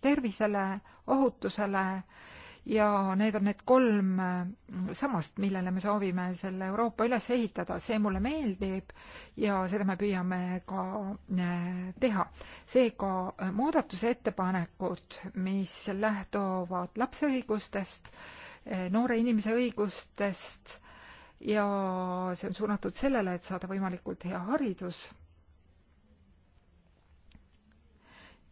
tervisele, ohutusele, ja need on need kolm mm, sammast, millele me soovime selle Euroopa üles ehitada, see mulle meeldib ja seda me püüame ka eh, teha. seega eh, muudatusettepanekud, mis lähtuvad lapse õigustest, eh, noore inimese õigustest ja see on suunatud sellele, et saada võimalikult hea haridus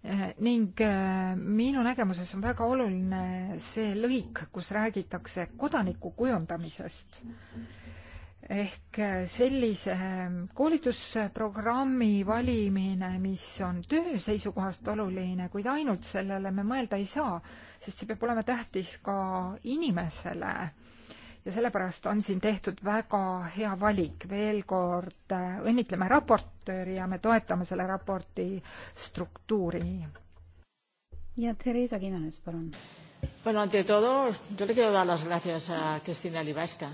Eh, ning eh, minu nägemuses on väga oluline see lõik, kus räägitakse kodaniku kujundamisest. ehk eh, sellise koolitusprogrammi valimine, mis on töö seisukohast oluline, kuid ainult sellele me mõelda ei saa, sest see peab olema tähtis ka inimesele ja sellepärast on siin tehtud väga hea valik. veel kord äh, õnnitleme raportööri ja me toetame selle raporti struktuuri. ja Theresa Kimenes, palun. Bueno, ante todo, yo le quiero dar las gracias a Cristina Libaska,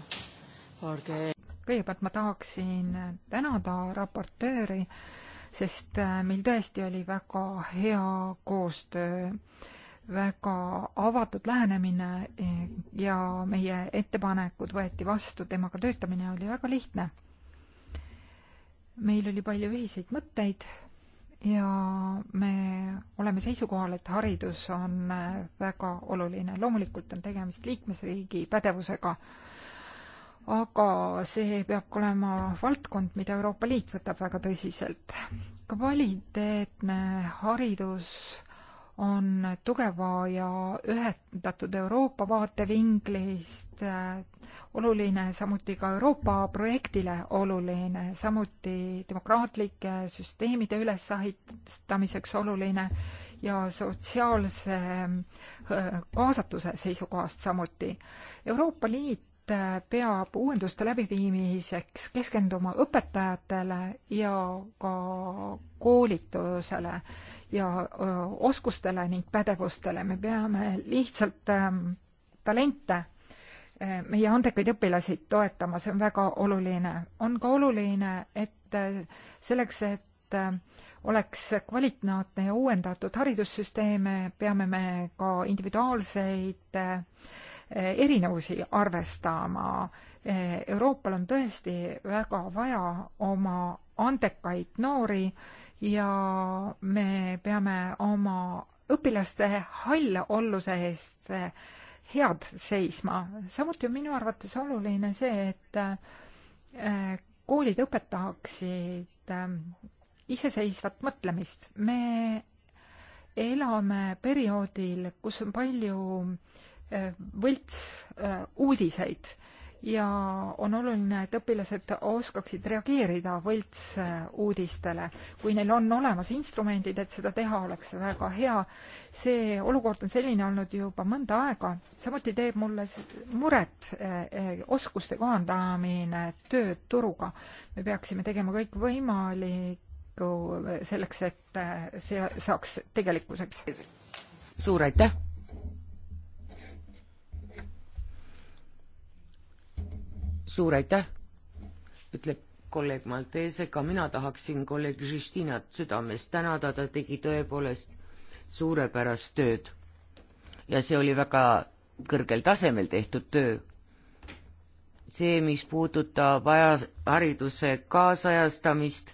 porque... kõigepealt ma tahaksin tänada raportööri, sest äh, meil tõesti oli väga hea koostöö äh, väga avatud lähenemine eh, ja meie ettepanekud võeti vastu, temaga töötamine oli väga lihtne. meil oli palju ühiseid mõtteid ja me oleme seisukohal, et haridus on eh, väga oluline. loomulikult on tegemist liikmesriigi pädevusega, aga see peab olema valdkond, mida Euroopa Liit võtab väga tõsiselt. kvaliteetne haridus on tugeva ja ühendatud Euroopa vaatevinklist äh, oluline, samuti ka Euroopa projektile oluline, samuti demokraatlike süsteemide ülesehitamiseks oluline ja sotsiaalse äh, kaasatuse seisukohast samuti. Euroopa Liit Äh, peab uuenduste läbiviimiseks keskenduma õpetajatele ja ka koolitusele ja oskustele ning pädevustele. me peame lihtsalt ähm, talente, äh, meie andekaid õpilasi toetama, see on väga oluline. on ka oluline, et äh, selleks, et oleks kvalitaatne ja uuendatud haridussüsteeme, peame me ka individuaalseid erinevusi arvestama. Euroopal on tõesti väga vaja oma andekaid noori ja me peame oma õpilaste halle olluse eest head seisma. samuti on minu arvates oluline see, et äh, koolid õpetaksid äh, iseseisvat mõtlemist. me elame perioodil, kus on palju äh, võltsuudiseid äh, ja on oluline, et õpilased oskaksid reageerida võltsuudistele. Äh, kui neil on olemas instrumendid, et seda teha, oleks see väga hea. see olukord on selline olnud juba mõnda aega, samuti teeb mulle muret äh, oskuste kohandamine tööturuga. me peaksime tegema kõik võimalikku selleks, et see saaks tegelikkuseks. suur aitäh! suur aitäh, ütleb kolleeg Maltese, ka mina tahaksin kolleeg Žistinat südamest tänada, ta tegi tõepoolest suurepärast tööd. ja see oli väga kõrgel tasemel tehtud töö. see, mis puudutab aja, hariduse kaasajastamist,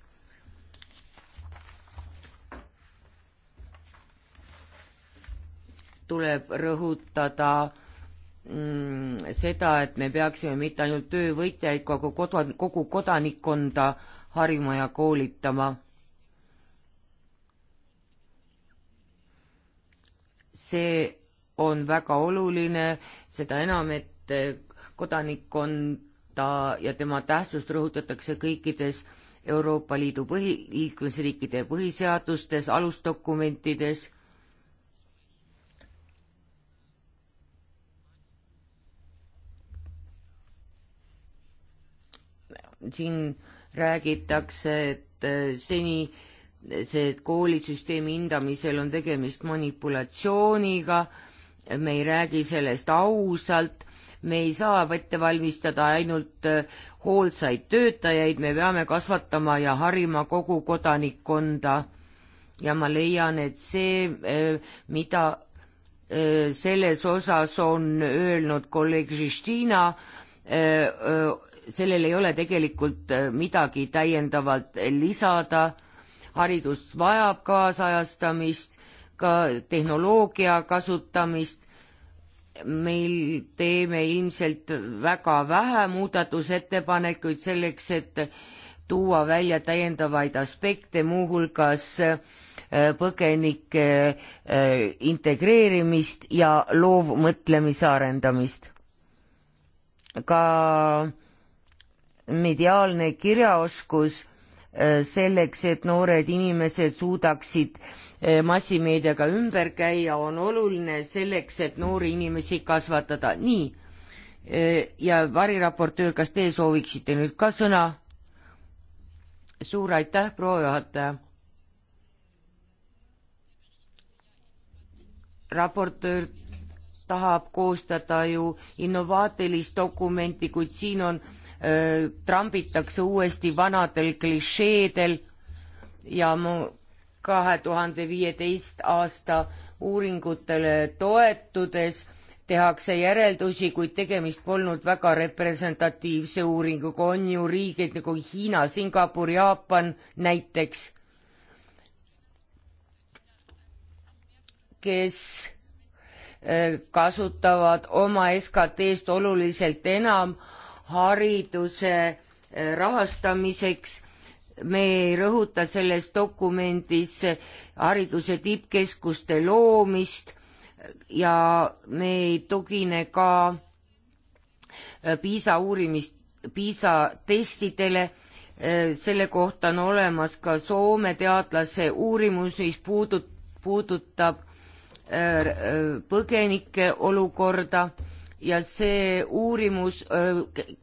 tuleb rõhutada mm, seda, et me peaksime mitte ainult töövõtjaid, kogu kodan-, kogu kodanikkonda harima ja koolitama. see on väga oluline, seda enam, et eh, kodanikkonda ja tema tähtsust rõhutatakse kõikides Euroopa Liidu põhi, liikmesriikide põhiseadustes, alusdokumentides siin räägitakse, et äh, seni see koolisüsteemi hindamisel on tegemist manipulatsiooniga, me ei räägi sellest ausalt, me ei saa ette valmistada ainult äh, hoolsaid töötajaid, me peame kasvatama ja harima kogu kodanikkonda. ja ma leian, et see, äh, mida selles osas on öelnud kolleeg Žistina, sellel ei ole tegelikult äh, midagi täiendavalt lisada, haridus vajab kaasajastamist, ka tehnoloogia kasutamist, meil teeme ilmselt väga vähe muudatusettepanekuid selleks, et tuua välja täiendavaid aspekte, muuhulgas äh, põgenike äh, integreerimist ja loovmõtlemise arendamist. ka mediaalne kirjaoskus äh, selleks, et noored inimesed suudaksid äh, massimeediaga ümber käia, on oluline selleks, et noori inimesi kasvatada. nii, äh, ja variraportöör, kas teie sooviksite nüüd ka sõna? suur aitäh, proua juhataja. raportöör tahab koostada ju innovaatilist dokumenti, kuid siin on äh, trambitakse uuesti vanadel klišeedel ja mu kahe tuhande viieteist aasta uuringutele toetudes tehakse järeldusi, kuid tegemist polnud väga representatiivse uuringuga, on ju riigid nagu Hiina, Singapur, Jaapan näiteks, kes kasutavad oma SKT-st oluliselt enam hariduse eh, rahastamiseks. me ei rõhuta selles dokumendis eh, hariduse tippkeskuste loomist ja me ei tugine ka eh, PISA uurimist, PISA testidele, selle kohta on olemas ka Soome teadlase uurimus, mis puudut-, puudutab põgenike olukorda ja see uurimus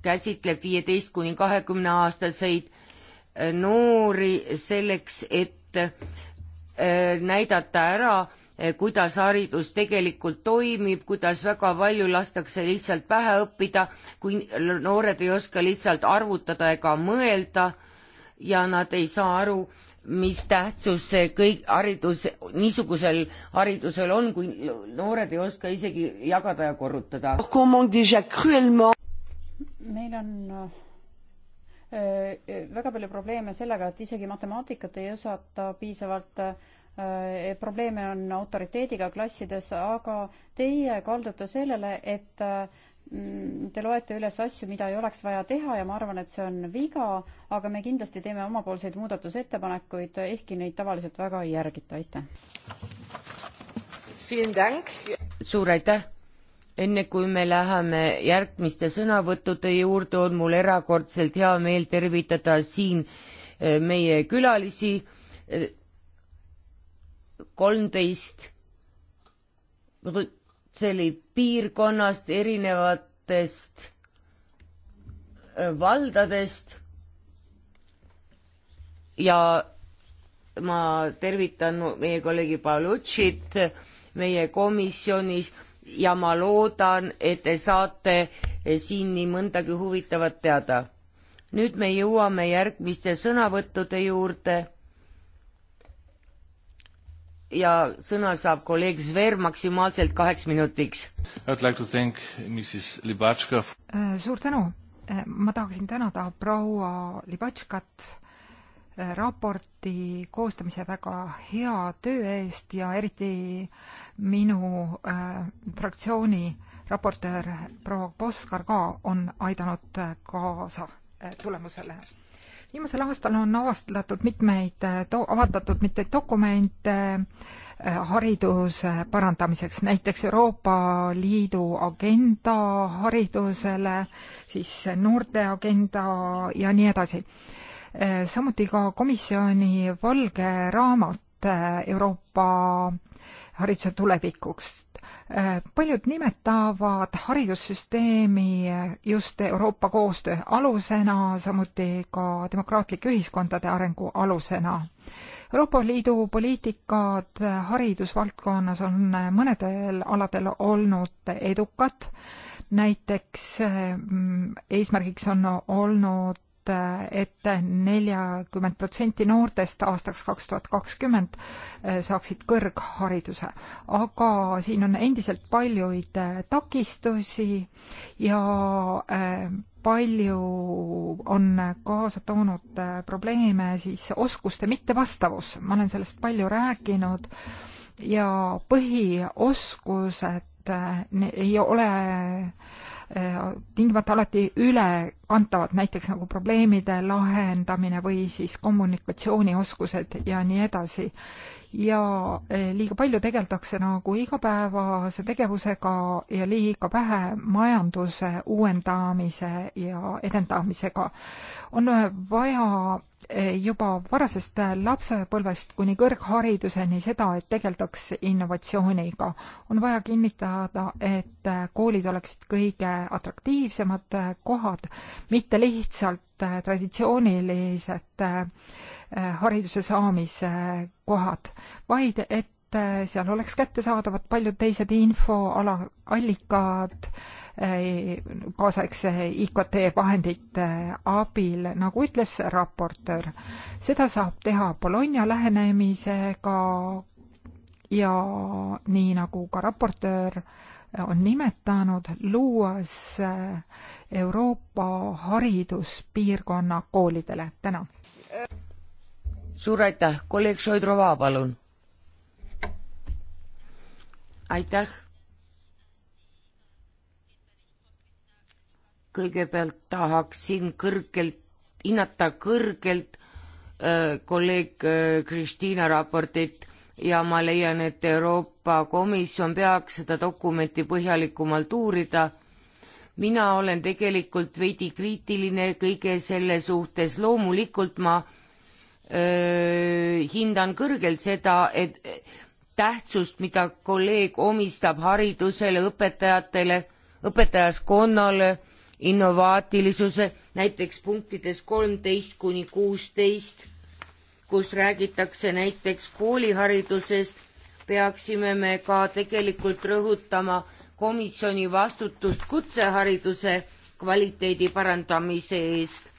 käsitleb viieteist kuni kahekümne aastaseid noori selleks, et näidata ära, kuidas haridus tegelikult toimib, kuidas väga palju lastakse lihtsalt pähe õppida, kui noored ei oska lihtsalt arvutada ega mõelda ja nad ei saa aru, mis tähtsus see kõik haridus, niisugusel haridusel on, kui noored ei oska isegi jagada ja korrutada. meil on äh, äh, väga palju probleeme sellega, et isegi matemaatikat ei osata piisavalt äh, probleeme on autoriteediga klassides, aga teie kaldute sellele, et Mm, te loete üles asju, mida ei oleks vaja teha ja ma arvan, et see on viga, aga me kindlasti teeme omapoolseid muudatusettepanekuid, ehkki neid tavaliselt väga ei järgita, aitäh. suur aitäh. enne kui me läheme järgmiste sõnavõttude juurde, on mul erakordselt hea meel tervitada siin eh, meie külalisi. Eh, kolmteist Tseli piirkonnast, erinevatest äh, valdadest ja ma tervitan meie kolleegi Balutšit meie komisjonis ja ma loodan, et te saate äh, siin nii mõndagi huvitavat teada. nüüd me jõuame järgmiste sõnavõttude juurde ja sõna saab kolleeg Zver maksimaalselt kaheks minutiks. Like äh, suur tänu, äh, ma tahaksin tänada proua Libatškat äh, raporti koostamise väga hea töö eest ja eriti minu äh, fraktsiooni raportöör proua Poskar ka on aidanud kaasa tulemusele viimasel aastal on avastatud mitmeid, avaldatud mitmeid dokumente eh, hariduse parandamiseks, näiteks Euroopa Liidu agenda haridusele, siis noorte agenda ja nii edasi. Eh, samuti ka komisjoni valge raamat eh, Euroopa hariduse tulevikuks paljud nimetavad haridussüsteemi just Euroopa koostöö alusena, samuti ka demokraatlike ühiskondade arengu alusena. Euroopa Liidu poliitikad haridusvaldkonnas on mõnedel aladel olnud edukad, näiteks mm, eesmärgiks on olnud et neljakümmend protsenti noortest aastaks kaks tuhat kakskümmend eh, saaksid kõrghariduse. aga siin on endiselt paljuid eh, takistusi ja eh, palju on kaasa toonud probleeme siis oskuste mittevastavus, ma olen sellest palju rääkinud ja põhioskused ei ole tingimata alati üle kantavad, näiteks nagu probleemide lahendamine või siis kommunikatsioonioskused ja nii edasi. ja eh, liiga palju tegeldakse nagu igapäevase tegevusega ja liiga vähe majanduse uuendamise ja edendamisega. on eh, vaja eh, juba varasest lapsepõlvest kuni kõrghariduseni seda, et tegeldaks innovatsiooniga. on vaja kinnitada, et koolid oleksid kõige atraktiivsemad kohad mitte lihtsalt äh, traditsioonilised äh, äh, hariduse saamise kohad, vaid et seal oleks kättesaadavad paljud teised infoala, allikad kaasaegse IKT vahendite abil, nagu ütles raportöör. seda saab teha Bologna lähenemisega ja nii, nagu ka raportöör on nimetanud, luues Euroopa hariduspiirkonna koolidele, tänan. suur aitäh, kolleeg Šoidrova, palun. aitäh. kõigepealt tahaksin kõrgelt, hinnata kõrgelt äh, kolleeg äh, Kristiina äh, raportit ja ma leian, et Euroopa Komisjon peaks seda dokumenti põhjalikumalt uurida mina olen tegelikult veidi kriitiline kõige selle suhtes, loomulikult ma öö, hindan kõrgelt seda, et tähtsust, mida kolleeg omistab haridusele, õpetajatele, õpetajaskonnale, innovaatilisuse, näiteks punktides kolmteist kuni kuusteist, kus räägitakse näiteks kooliharidusest, peaksime me ka tegelikult rõhutama komisjoni vastutust kutsehariduse kvaliteedi parandamise eest.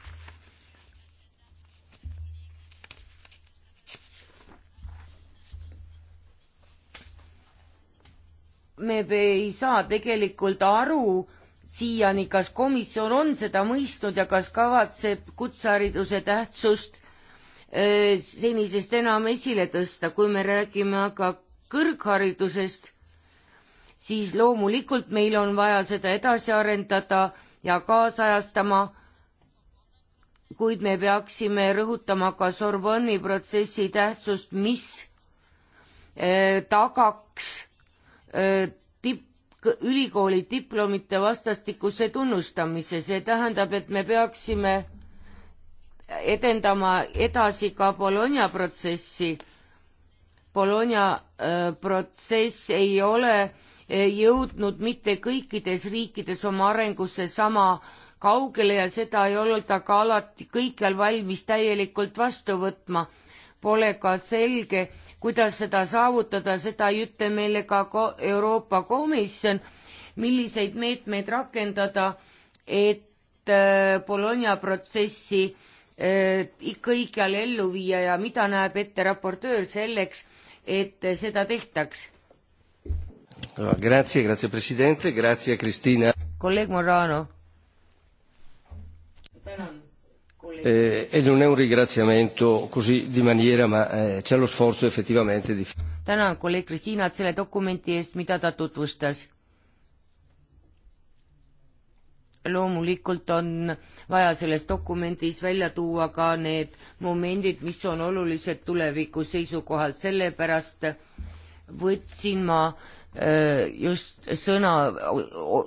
me ei saa tegelikult aru siiani, kas komisjon on seda mõistnud ja kas kavatseb kutsehariduse tähtsust eh, senisest enam esile tõsta, kui me räägime aga kõrgharidusest siis loomulikult meil on vaja seda edasi arendada ja kaasajastama, kuid me peaksime rõhutama ka Sorbonni protsessi tähtsust, mis eh, tagaks eh, tipp, ülikooli diplomite vastastikuse tunnustamise, see tähendab, et me peaksime edendama edasi ka Bologna protsessi. Bologna eh, protsess ei ole Eh, jõudnud mitte kõikides riikides oma arengusse sama kaugele ja seda ei olda ka alati kõikjal valmis täielikult vastu võtma. Pole ka selge, kuidas seda saavutada, seda ei ütle meile ka Euroopa Komisjon, milliseid meetmeid rakendada, et äh, Bologna protsessi äh, kõikjal ellu viia ja mida näeb ette raportöör selleks, et seda tehtaks? Allora, grazie, grazie Presidente, grazie Cristina. Kolleeg Morano. tänan. Eh, e non è un ringraziamento così di maniera, ma eh, c'è lo sforzo effettivamente di. tänan kolleeg Kristiinat selle dokumenti eest, mida ta tutvustas. loomulikult on vaja selles dokumendis välja tuua ka need momendid, mis on olulised tuleviku seisukohalt, sellepärast võtsin ma äh, Äh, just sõna,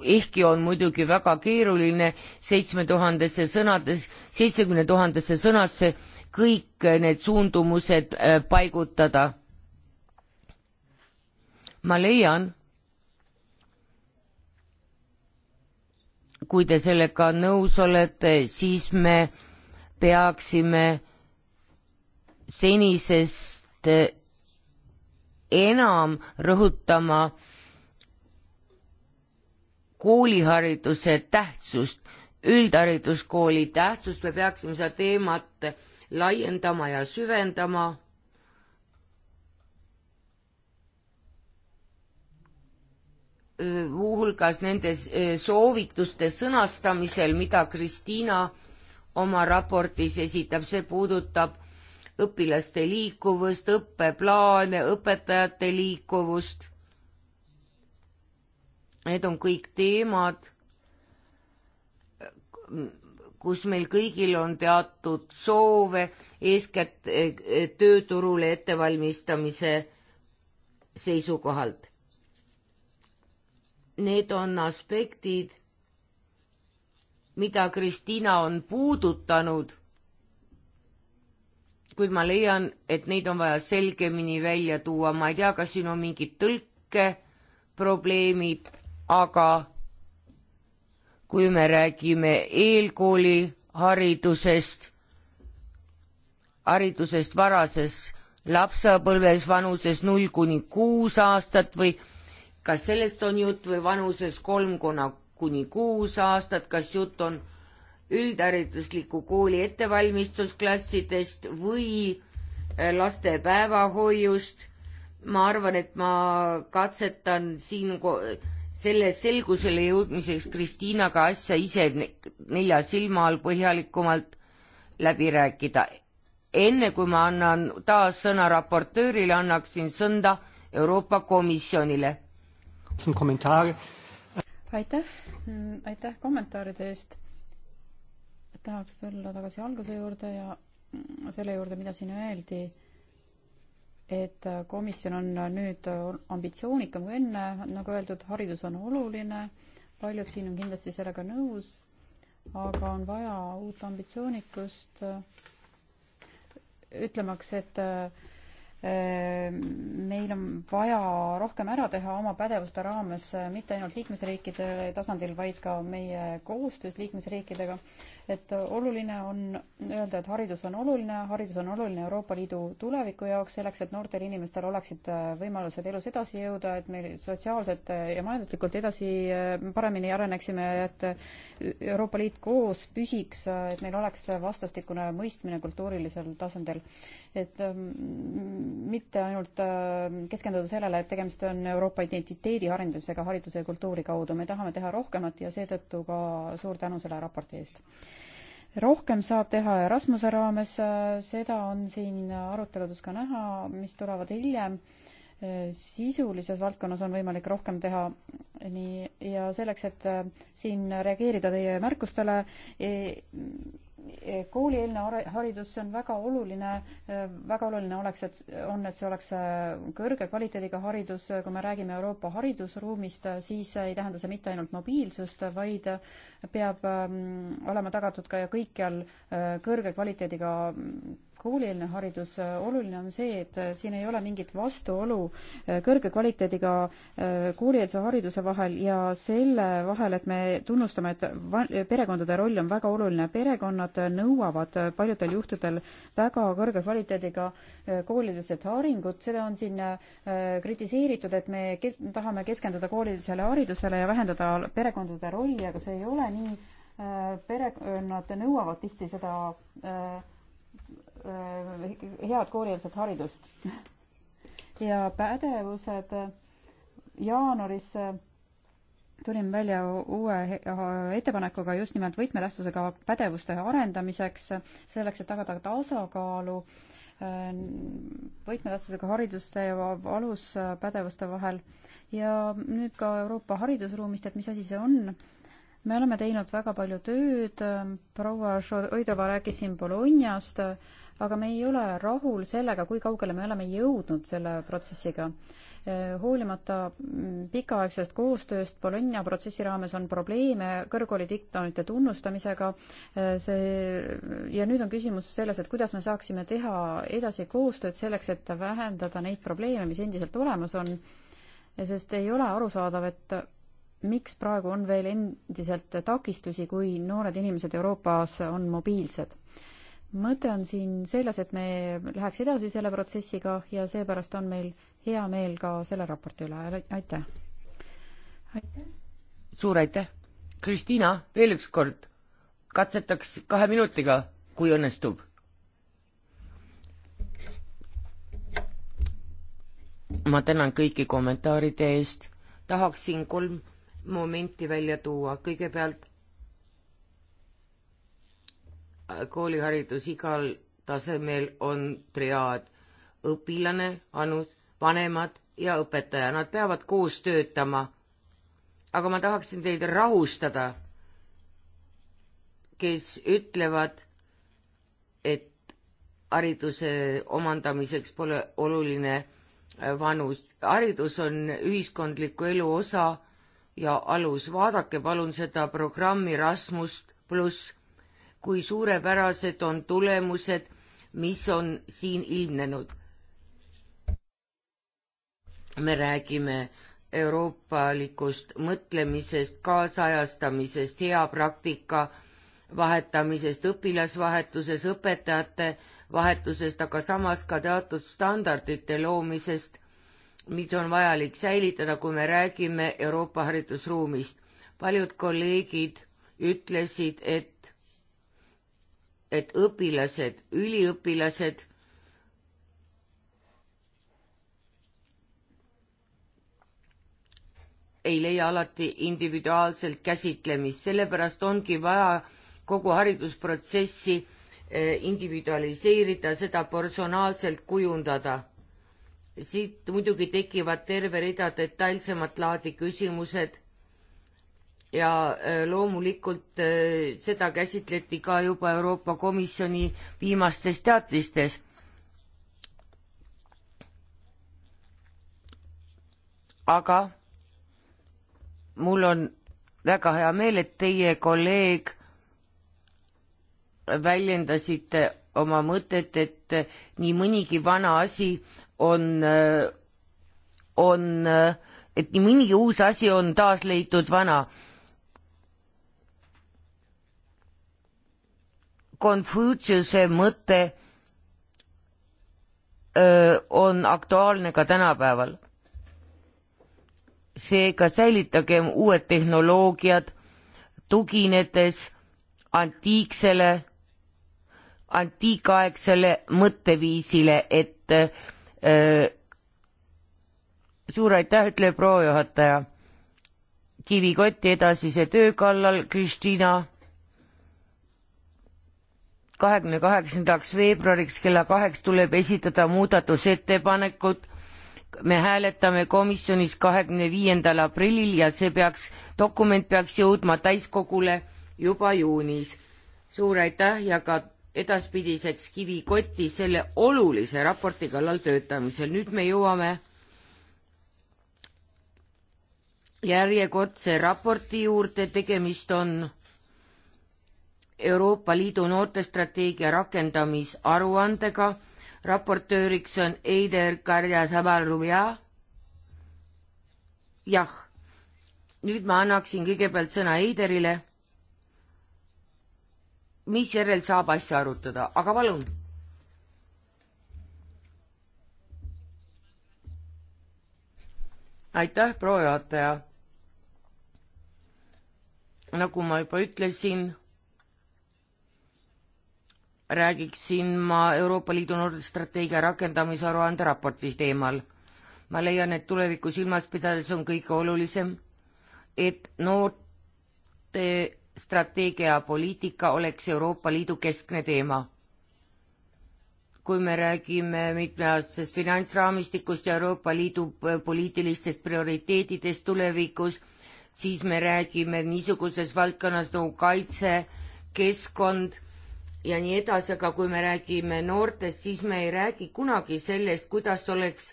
ehkki on muidugi väga keeruline seitsme tuhandesse sõnades, seitsmekümne tuhandesse sõnasse kõik need suundumused äh, paigutada. ma leian, kui te sellega nõus olete, siis me peaksime senisest enam rõhutama koolihariduse tähtsust, üldhariduskooli tähtsust, me peaksime seda teemat laiendama ja süvendama. muuhulgas nendes soovituste sõnastamisel, mida Kristiina oma raportis esitab, see puudutab õpilaste liikuvust, õppeplaane, õpetajate liikuvust. Need on kõik teemad, kus meil kõigil on teatud soove, eeskätt eh, tööturule ettevalmistamise seisukohalt. Need on aspektid, mida Kristina on puudutanud kuid ma leian, et neid on vaja selgemini välja tuua, ma ei tea, kas siin on mingid tõlkeprobleemid, aga kui me räägime eelkooliharidusest, haridusest varases lapsepõlves vanuses null kuni kuus aastat või kas sellest on jutt või vanuses kolm kuni kuus aastat, kas jutt on üldharidusliku kooli ettevalmistusklassidest või äh, laste päevahoiust. ma arvan, et ma katsetan siin selle selgusele jõudmiseks Kristiinaga asja ise nelja silma all põhjalikumalt läbi rääkida. enne kui ma annan taas sõna raportöörile, annaksin sõnda Euroopa Komisjonile. aitäh, aitäh kommentaaride eest tahaks tulla tagasi alguse juurde ja selle juurde, mida siin öeldi, et komisjon on nüüd ambitsioonikam kui enne, nagu öeldud, haridus on oluline, paljud siin on kindlasti sellega nõus, aga on vaja uut ambitsioonikust, ütlemaks, et äh, meil on vaja rohkem ära teha oma pädevuste raames, mitte ainult liikmesriikide tasandil, vaid ka meie koostöös liikmesriikidega et oluline on öelda, et haridus on oluline, haridus on oluline Euroopa Liidu tuleviku jaoks, selleks et noortel inimestel oleksid äh, võimalused elus edasi jõuda, et meil sotsiaalselt äh, ja majanduslikult edasi äh, paremini areneksime, et Euroopa Liit koos püsiks, et meil oleks vastastikune mõistmine kultuurilisel tasandil et ähm, mitte ainult ähm, keskenduda sellele, et tegemist on Euroopa identiteedi arendamisega hariduse ja kultuuri kaudu, me tahame teha rohkemat ja seetõttu ka suur tänu selle raporti eest rohkem saab teha Erasmuse raames, äh, seda on siin aruteludes ka näha, mis tulevad hiljem. Äh, sisulises valdkonnas on võimalik rohkem teha nii ja selleks, et äh, siin reageerida teie märkustele, e, koolieelne haridus, see on väga oluline, väga oluline oleks, et on, et see oleks äh, kõrge kvaliteediga haridus, kui me räägime Euroopa haridusruumist, siis ei tähenda see mitte ainult mobiilsust, vaid peab ähm, olema tagatud ka kõikjal äh, kõrge kvaliteediga koolieelne haridus, äh, oluline on see, et äh, siin ei ole mingit vastuolu äh, kõrge kvaliteediga koolieelse hariduse vahel ja selle vahel, et me tunnustame, et perekondade roll on väga oluline. perekonnad nõuavad paljudel juhtudel väga kõrge kvaliteediga kooliliselt haringut, seda on siin kritiseeritud, et me kes-, tahame keskenduda koolilisele haridusele ja vähendada perekondade rolli, aga see ei ole nii perekonnad nõuavad tihti seda Äh, head koolieelset haridust. ja pädevused jaanuaris äh, tulin välja uue ettepanekuga just nimelt võtmetähtsusega pädevuste arendamiseks, selleks, et tagada tasakaalu äh, võtmetähtsusega hariduste ja aluspädevuste vahel. ja nüüd ka Euroopa haridusruumist, et mis asi see on. me oleme teinud väga palju tööd, proua Šoidrova rääkis siin Bolognast, aga me ei ole rahul sellega, kui kaugele me oleme jõudnud selle protsessiga. Eh, hoolimata mm, pikaaegsest koostööst Bologna protsessi raames on probleeme kõrgkoolidiktorite tunnustamisega, eh, see, ja nüüd on küsimus selles, et kuidas me saaksime teha edasi koostööd selleks, et vähendada neid probleeme, mis endiselt olemas on, sest ei ole arusaadav, et miks praegu on veel endiselt takistusi, kui noored inimesed Euroopas on mobiilsed mõte on siin selles, et me läheks edasi selle protsessiga ja seepärast on meil hea meel ka selle raporti üle, aitäh! aitäh! suur aitäh! Kristiina, veel üks kord, katsetaks kahe minutiga, kui õnnestub. ma tänan kõiki kommentaaride eest, tahaksin kolm momenti välja tuua, kõigepealt kooliharidus igal tasemel on triaad, õpilane, vanus, vanemad ja õpetaja, nad peavad koos töötama. aga ma tahaksin teid rahustada, kes ütlevad, et hariduse omandamiseks pole oluline äh, vanus, haridus on ühiskondliku elu osa ja alus, vaadake palun seda programmi Rasmus pluss kui suurepärased on tulemused, mis on siin ilmnenud. me räägime euroopalikust mõtlemisest, kaasajastamisest, hea praktika vahetamisest, õpilasvahetuses, õpetajate vahetusest, aga samas ka teatud standardite loomisest, mis on vajalik säilitada, kui me räägime Euroopa haridusruumist. paljud kolleegid ütlesid, et et õpilased, üliõpilased ei leia alati individuaalselt käsitlemist, sellepärast ongi vaja kogu haridusprotsessi eh, individualiseerida, seda personaalselt kujundada. siit muidugi tekivad terve rida detailsemat laadi küsimused ja äh, loomulikult äh, seda käsitleti ka juba Euroopa Komisjoni viimastes teatistes. aga mul on väga hea meel, et teie kolleeg väljendasite oma mõtet, et äh, nii mõnigi vana asi on, on, et nii mõnigi uus asi on taas leitud vana Konfutsiuse mõte öö, on aktuaalne ka tänapäeval. seega säilitagem uued tehnoloogiad, tuginedes antiiksele, antiikaegsele mõtteviisile, et öö, suur aitäh, ütleb proua juhataja. kivikotti edasise töö kallal, Kristina kahekümne kaheksandaks veebruariks kella kaheks tuleb esitada muudatusettepanekud. me hääletame komisjonis kahekümne viiendal aprillil ja see peaks, dokument peaks jõudma täiskogule juba juunis. suur aitäh ja ka edaspidiseks kivikotti selle olulise raporti kallal töötamisel. nüüd me jõuame järjekordse raporti juurde, tegemist on Euroopa Liidu noortestrateegia rakendamisaruandega. raportööriks on Eider Karja Sabal-Rubia. jah, nüüd ma annaksin kõigepealt sõna Eiderile, misjärel saab asja arutada, aga palun aitäh, proua juhataja. nagu ma juba ütlesin, räägiksin ma Euroopa Liidu Nord strateegia rakendamise aruande raporti teemal. ma leian, et tulevikku silmas pidades on kõige olulisem, et noorte strateegia poliitika oleks Euroopa Liidu keskne teema. kui me räägime mitmeaastasest finantsraamistikust ja Euroopa Liidu poliitilistest prioriteetidest tulevikus, siis me räägime niisuguses valdkonnas nagu kaitse, keskkond ja nii edasi, aga kui me räägime noortest, siis me ei räägi kunagi sellest, kuidas oleks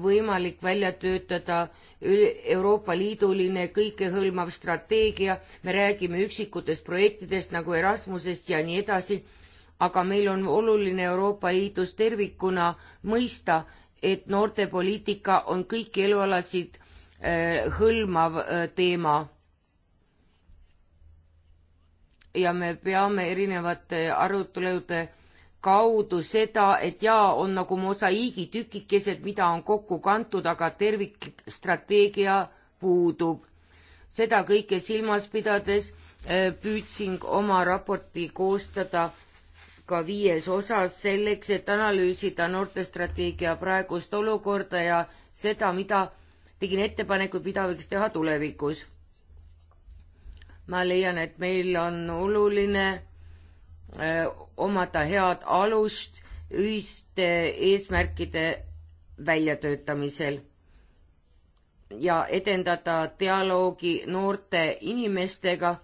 võimalik välja töötada Euroopa Liiduline kõikehõlmav strateegia, me räägime üksikutest projektidest nagu Erasmusest ja nii edasi, aga meil on oluline Euroopa Liidus tervikuna mõista, et noortepoliitika on kõiki elualasid äh, hõlmav äh, teema ja me peame erinevate arutelude kaudu seda, et jaa, on nagu mosaiigi tükikesed, mida on kokku kantud, aga tervikstrateegia puudub. seda kõike silmas pidades äh, püüdsin oma raporti koostada ka viies osas selleks, et analüüsida noortestrateegia praegust olukorda ja seda, mida, tegin ettepanekud, mida võiks teha tulevikus ma leian, et meil on oluline öö, äh, omada head alust ühiste eesmärkide väljatöötamisel ja edendada dialoogi noorte inimestega.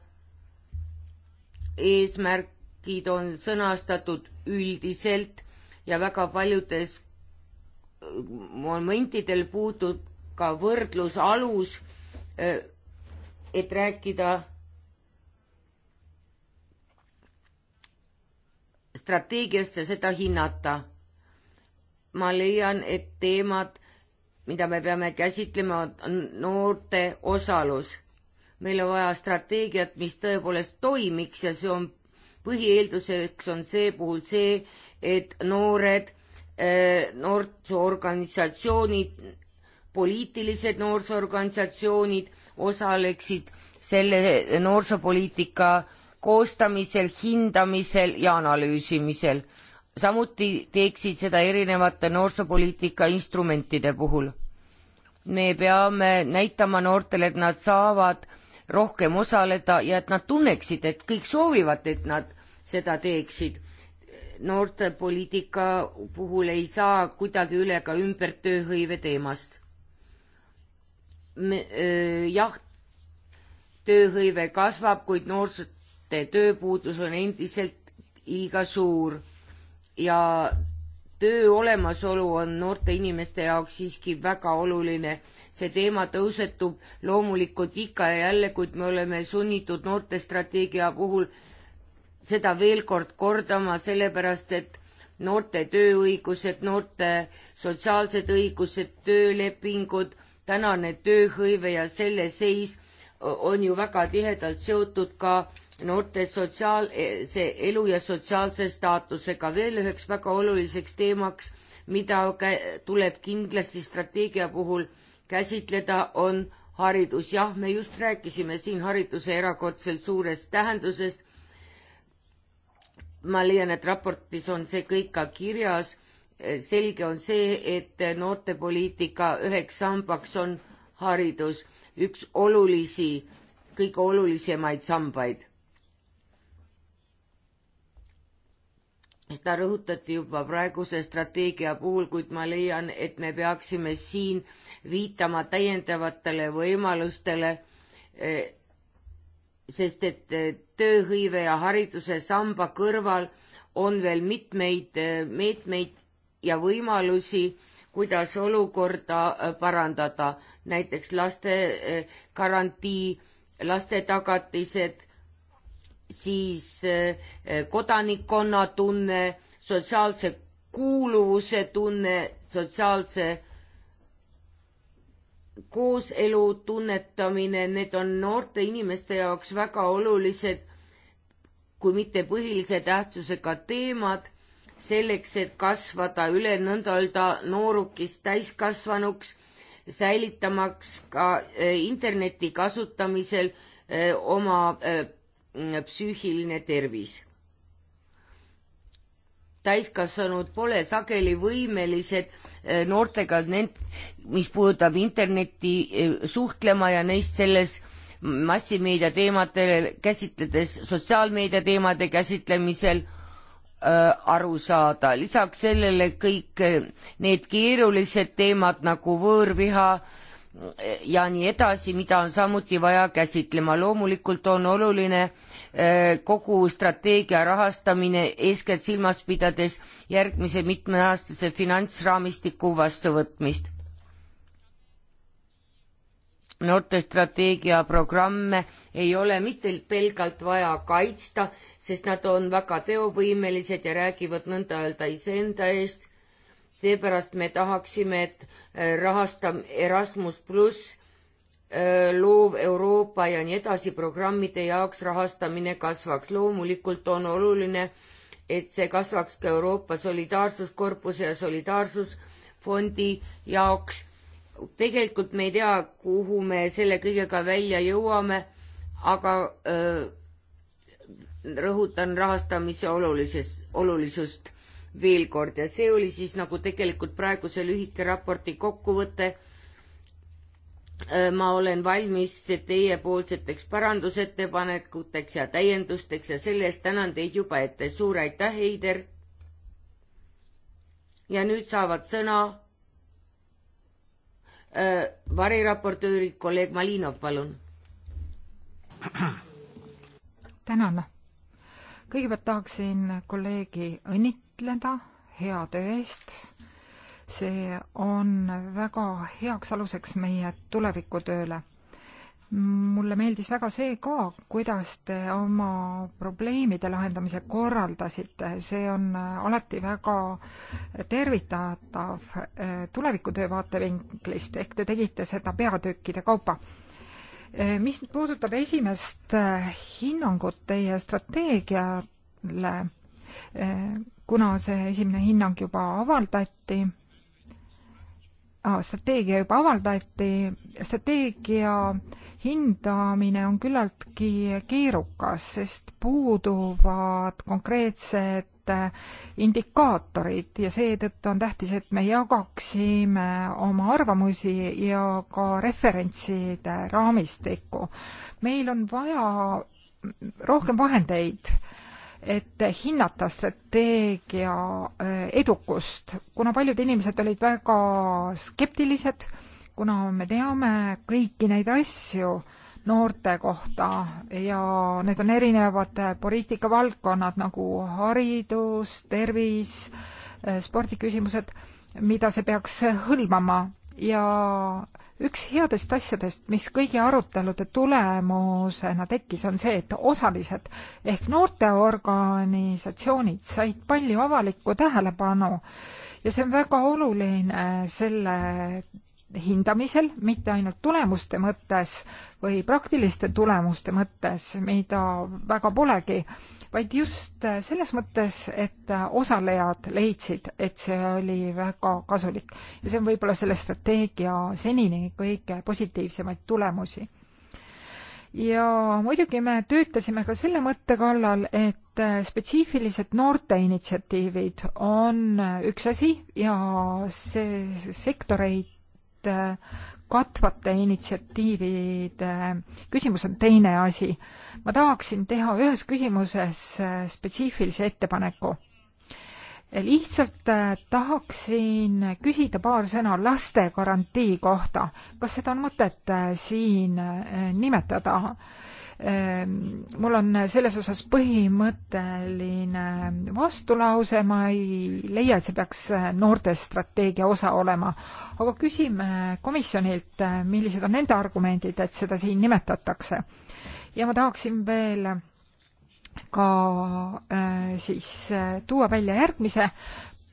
eesmärgid on sõnastatud üldiselt ja väga paljudes äh, momentidel puudub ka võrdlusalus, äh, et rääkida strateegiasse seda hinnata. ma leian, et teemad, mida me peame käsitlema, on noorte osalus. meil on vaja strateegiat, mis tõepoolest toimiks ja see on, põhieelduseks on see puhul see, et noored, eh, noorsoorganisatsioonid, poliitilised noorsoorganisatsioonid osaleksid selle noorsoopoliitika koostamisel, hindamisel ja analüüsimisel. samuti teeksid seda erinevate noorsoopoliitika instrumentide puhul. me peame näitama noortele, et nad saavad rohkem osaleda ja et nad tunneksid, et kõik soovivad, et nad seda teeksid noortepoliitika puhul ei saa kuidagi üle ka ümber tööhõive teemast. jah, tööhõive kasvab, kuid noorsoo-, noorte tööpuudus on endiselt liiga suur ja töö olemasolu on noorte inimeste jaoks siiski väga oluline. see teema tõusetub loomulikult ikka ja jälle, kuid me oleme sunnitud noortestrateegia puhul seda veel kord kordama, sellepärast et noorte tööõigused, noorte sotsiaalsed õigused, töölepingud, tänane tööhõive ja selle seis on ju väga tihedalt seotud ka noorte sotsiaalse e, elu ja sotsiaalse staatusega. veel üheks väga oluliseks teemaks, mida tuleb kindlasti strateegia puhul käsitleda, on haridus. jah, me just rääkisime siin hariduse erakordselt suurest tähendusest. ma leian, et raportis on see kõik ka kirjas. E, selge on see, et noortepoliitika üheks sambaks on haridus, üks olulisi, kõige olulisemaid sambaid seda rõhutati juba praeguse strateegia puhul, kuid ma leian, et me peaksime siin viitama täiendavatele võimalustele, eh, sest et eh, tööhõive ja hariduse samba kõrval on veel mitmeid eh, meetmeid ja võimalusi, kuidas olukorda parandada, näiteks laste garantii, laste tagatised siis eh, kodanikkonna tunne, sotsiaalse kuuluvuse tunne, sotsiaalse kooselu tunnetamine, need on noorte inimeste jaoks väga olulised, kui mitte põhilise tähtsusega teemad, selleks, et kasvada üle nõnda öelda noorukist täiskasvanuks, säilitamaks ka eh, interneti kasutamisel eh, oma psüühiline tervis. täiskasvanud pole sageli võimelised eh, noortega nend-, mis puudutab internetti, eh, suhtlema ja neist selles massimeedia teemadele käsitledes, sotsiaalmeedia teemade käsitlemisel eh, aru saada, lisaks sellele kõik need keerulised teemad nagu võõrviha, ja nii edasi, mida on samuti vaja käsitlema. loomulikult on oluline eh, kogu strateegia rahastamine, eeskätt silmas pidades järgmise mitmeaastase finantsraamistiku vastuvõtmist. noortestrateegia programme ei ole mitte pelgalt vaja kaitsta, sest nad on väga teovõimelised ja räägivad nõnda öelda iseenda eest seepärast me tahaksime, et äh, rahastam-, Erasmus pluss, äh, loov Euroopa ja nii edasi programmide jaoks rahastamine kasvaks. loomulikult on oluline, et see kasvaks ka Euroopa Solidaarsuskorpuse ja Solidaarsusfondi jaoks. tegelikult me ei tea, kuhu me selle kõigega välja jõuame, aga öö, äh, rõhutan rahastamise olulises, olulisust veel kord ja see oli siis nagu tegelikult praeguse lühike raporti kokkuvõte. Äh, ma olen valmis teiepoolseteks parandusettepanekuteks ja täiendusteks ja selle eest tänan teid juba ette. suur aitäh, Heider. ja nüüd saavad sõna äh, variraportöörid, kolleeg Malinov, palun. tänan kõigepealt tahaksin kolleegi õnnit-, õnnitleda hea töö eest. see on väga heaks aluseks meie tulevikutööle. mulle meeldis väga see ka, kuidas te oma probleemide lahendamise korraldasite, see on alati väga tervitatav eh, tulevikutöö vaatevinklist, ehk te tegite seda peatükkide kaupa eh, mis nüüd puudutab esimest eh, hinnangut teie strateegiale, kuna see esimene hinnang juba avaldati ah,, strateegia juba avaldati, strateegia hindamine on küllaltki keerukas, sest puuduvad konkreetsed indikaatorid ja seetõttu on tähtis, et me jagaksime oma arvamusi ja ka referentside raamistikku. meil on vaja rohkem vahendeid äh, et hinnata strateegia äh, edukust, kuna paljud inimesed olid väga skeptilised, kuna me teame kõiki neid asju noorte kohta ja need on erinevad äh, poliitikavaldkonnad nagu haridus, tervis, äh, spordiküsimused, mida see peaks hõlmama ja üks headest asjadest, mis kõigi arutelude tulemusena tekkis, on see, et osalised ehk noorteorganisatsioonid said palju avalikku tähelepanu ja see on väga oluline selle hindamisel, mitte ainult tulemuste mõttes või praktiliste tulemuste mõttes, mida väga polegi, vaid just selles mõttes, et osalejad leidsid, et see oli väga kasulik. ja see on võib-olla selle strateegia senini kõige positiivsemaid tulemusi. ja muidugi me töötasime ka selle mõtte kallal, et spetsiifilised noorteinitsiatiivid on üks asi ja see sektoreid Äh, katvate initsiatiivide küsimus on teine asi. ma tahaksin teha ühes küsimuses äh, spetsiifilise ettepaneku. lihtsalt äh, tahaksin küsida paar sõna laste garantii kohta. kas seda on mõtet siin nimetada? Ehm, mul on selles osas põhimõtteline vastulause, ma ei leia, et see peaks eh, noortestrateegia osa olema, aga küsime komisjonilt, eh, millised on nende argumendid, et seda siin nimetatakse. ja ma tahaksin veel ka eh, siis tuua välja järgmise,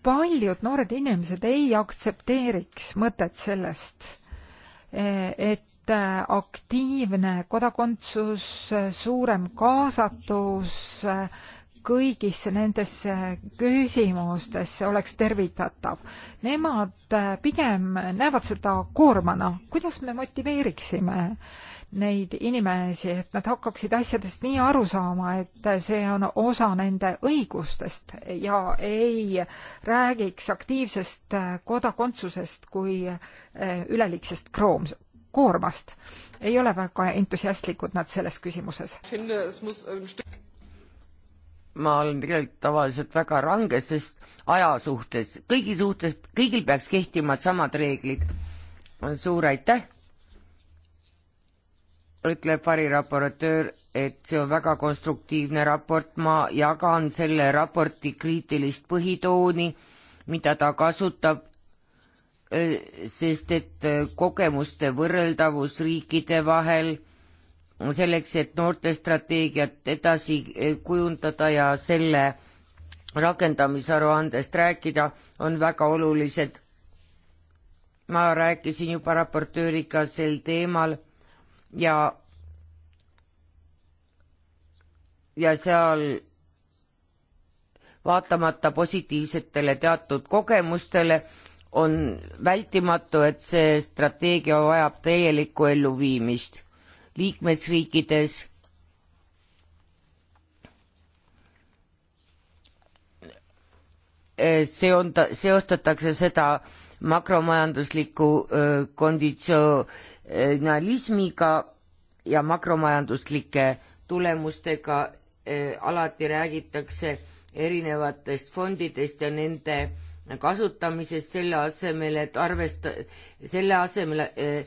paljud noored inimesed ei aktsepteeriks mõtet sellest, et Äh, aktiivne kodakondsus, äh, suurem kaasatus äh, kõigisse nendesse küsimustesse oleks tervitatav. Nemad pigem näevad seda koormana. kuidas me motiveeriksime neid inimesi, et nad hakkaksid asjadest nii aru saama, et see on osa nende õigustest ja ei räägiks aktiivsest kodakondsusest kui üleliigsest kroom-, koormast. ei ole väga entusiastlikud nad selles küsimuses. ma olen tegelikult tavaliselt väga range, sest aja suhtes, kõigi suhtes, kõigil peaks kehtima samad reeglid. suur aitäh, ütleb variraportöör, et see on väga konstruktiivne raport, ma jagan selle raporti kriitilist põhitooni, mida ta kasutab Äh, sest et äh, kogemuste võrreldavus riikide vahel selleks, et noortestrateegiat edasi äh, kujundada ja selle rakendamisaruandest rääkida, on väga olulised. ma rääkisin juba raportööriga sel teemal ja, ja seal vaatamata positiivsetele teatud kogemustele on vältimatu, et see strateegia vajab täielikku elluviimist liikmesriikides. see on, seostatakse seda makromajandusliku konditsionalismiga ja makromajanduslike tulemustega alati räägitakse erinevatest fondidest ja nende kasutamisest selle asemel, et arvesta-, selle asemel äh,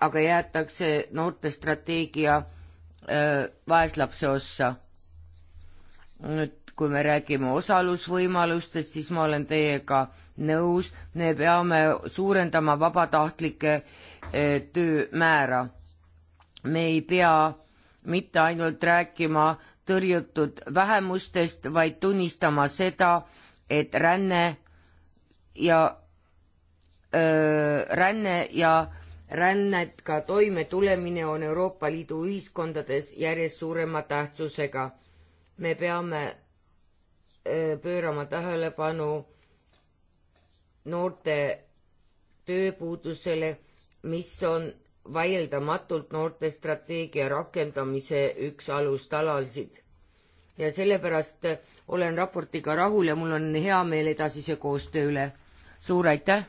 aga jäetakse noorte strateegia äh, vaeslapse ossa. nüüd, kui me räägime osalusvõimalustest, siis ma olen teiega nõus, me peame suurendama vabatahtlike äh, töö määra. me ei pea mitte ainult rääkima tõrjutud vähemustest, vaid tunnistama seda, et ränne ja öö, ränne ja rännet ka toimetulemine on Euroopa Liidu ühiskondades järjest suurema tähtsusega. me peame öö, pöörama tähelepanu noorte tööpuudusele, mis on vaieldamatult noorte strateegia rakendamise üks alustalasid ja sellepärast olen raportiga rahul ja mul on hea meel edasise koostöö üle. suur aitäh!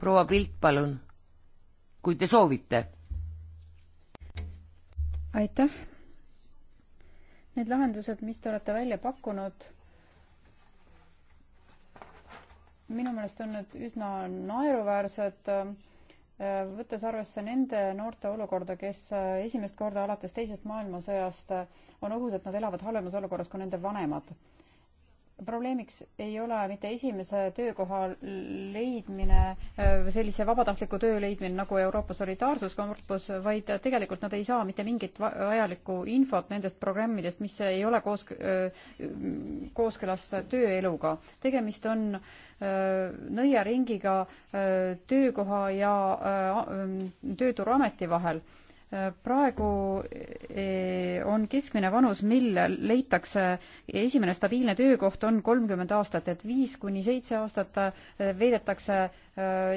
proua Pilt, palun, kui te soovite. aitäh! Need lahendused, mis te olete välja pakkunud minu meelest on need üsna naeruväärsed Äh, võttes arvesse nende noorte olukorda, kes äh, esimest korda alates Teisest maailmasõjast äh, on ohus, et nad elavad halvemas olukorras kui nende vanemad probleemiks ei ole mitte esimese töökoha leidmine, äh, sellise vabatahtliku töö leidmine nagu Euroopa Solidaarsuskorpus, vaid tegelikult nad ei saa mitte mingit vajalikku infot nendest programmidest, mis ei ole koos, äh, kooskõlas tööeluga. tegemist on äh, nõiaringiga töökoha ja tööturuameti vahel praegu e, on keskmine vanus, mil leitakse e, esimene stabiilne töökoht, on kolmkümmend aastat, et viis kuni seitse aastat e, veedetakse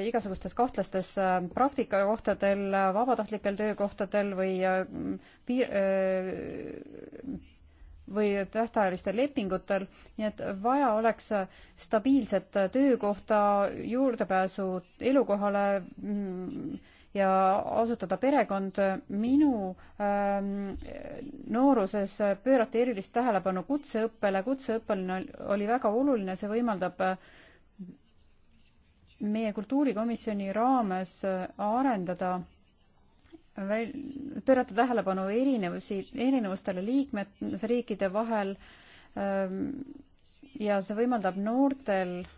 igasugustes kahtlastes praktikakohtadel, vabatahtlikel töökohtadel või piir-, või tähtajalistel lepingutel, nii et vaja oleks stabiilset töökohta, juurdepääsu elukohale, ja asutada perekond. minu ähm, nooruses pöörati erilist tähelepanu kutseõppele, kutseõppeline oli väga oluline, see võimaldab äh, meie kultuurikomisjoni raames äh, arendada väl-, pöörata tähelepanu erinevusi, erinevustele liikmesriikide vahel ähm, ja see võimaldab noortel äh,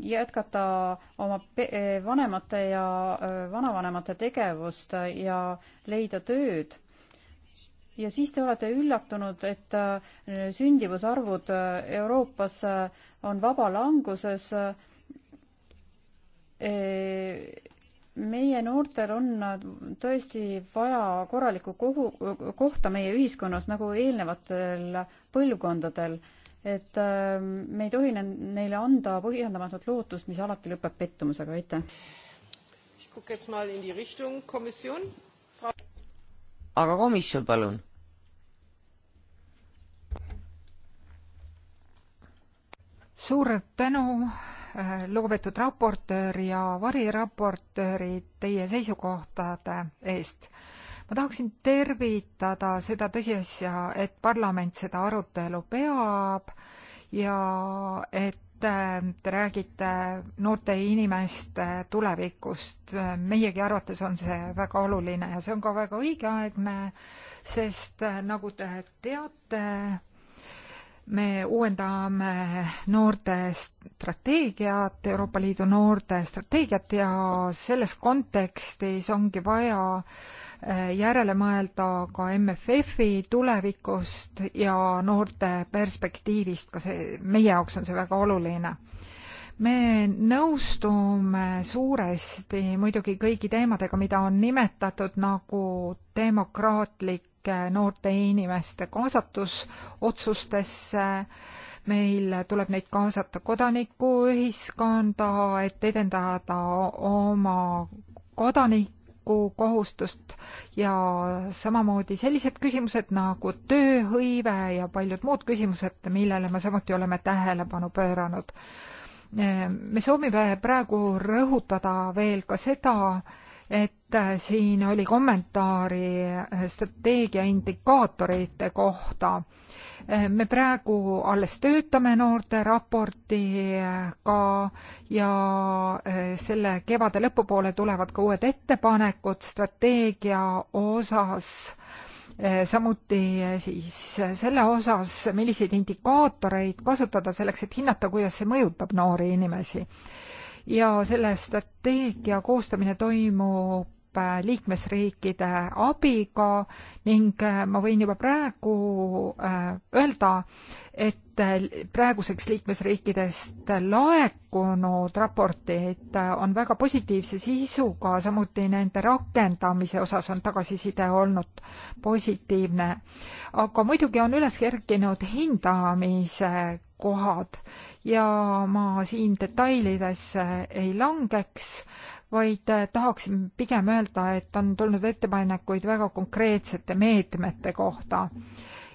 jätkata oma vanemate ja vanavanemate tegevust ja leida tööd ja siis te olete üllatunud, et sündivusarvud Euroopas on vabalanguses. meie noortel on tõesti vaja korralikku kohu, kohta meie ühiskonnas nagu eelnevatel põlvkondadel et äh, me ei tohi neile anda põhjendamatut lootust, mis alati lõpeb pettumusega, aitäh. aga komisjon, palun. suur tänu, äh, lugupeetud raportöör ja variraportöörid, teie seisukohtade eest äh, ma tahaksin tervitada seda tõsiasja, et parlament seda arutelu peab ja et äh, te räägite noorte inimeste tulevikust. meiegi arvates on see väga oluline ja see on ka väga õigeaegne, sest äh, nagu te teate, me uuendame noorte strateegiat, Euroopa Liidu noorte strateegiat ja selles kontekstis ongi vaja äh, järele mõelda ka MFF-i tulevikust ja noorte perspektiivist, ka see, meie jaoks on see väga oluline. me nõustume suuresti muidugi kõigi teemadega, mida on nimetatud nagu demokraatlike noorte inimeste kaasatus otsustesse, meil tuleb neid kaasata kodanikuühiskonda, et edendada oma kodanik-, kodanikukohustust ja samamoodi sellised küsimused nagu tööhõive ja paljud muud küsimused, millele me samuti oleme tähelepanu pööranud. me soovime praegu rõhutada veel ka seda, et siin oli kommentaari strateegia indikaatorite kohta me praegu alles töötame noorteraporti ka ja eh, selle kevade lõpupoole tulevad ka uued ettepanekud strateegia osas eh, samuti eh, siis selle osas, milliseid indikaatoreid kasutada selleks, et hinnata, kuidas see mõjutab noori inimesi. ja selle strateegia koostamine toimub liikmesriikide abiga ning äh, ma võin juba praegu äh, öelda, et äh, praeguseks liikmesriikidest laekunud raportid on väga positiivse sisuga, samuti nende rakendamise osas on tagasiside olnud positiivne. aga muidugi on üles kerkinud hindamise kohad ja ma siin detailidesse ei langeks vaid eh, tahaksin pigem öelda, et on tulnud ettepanekuid väga konkreetsete meetmete kohta.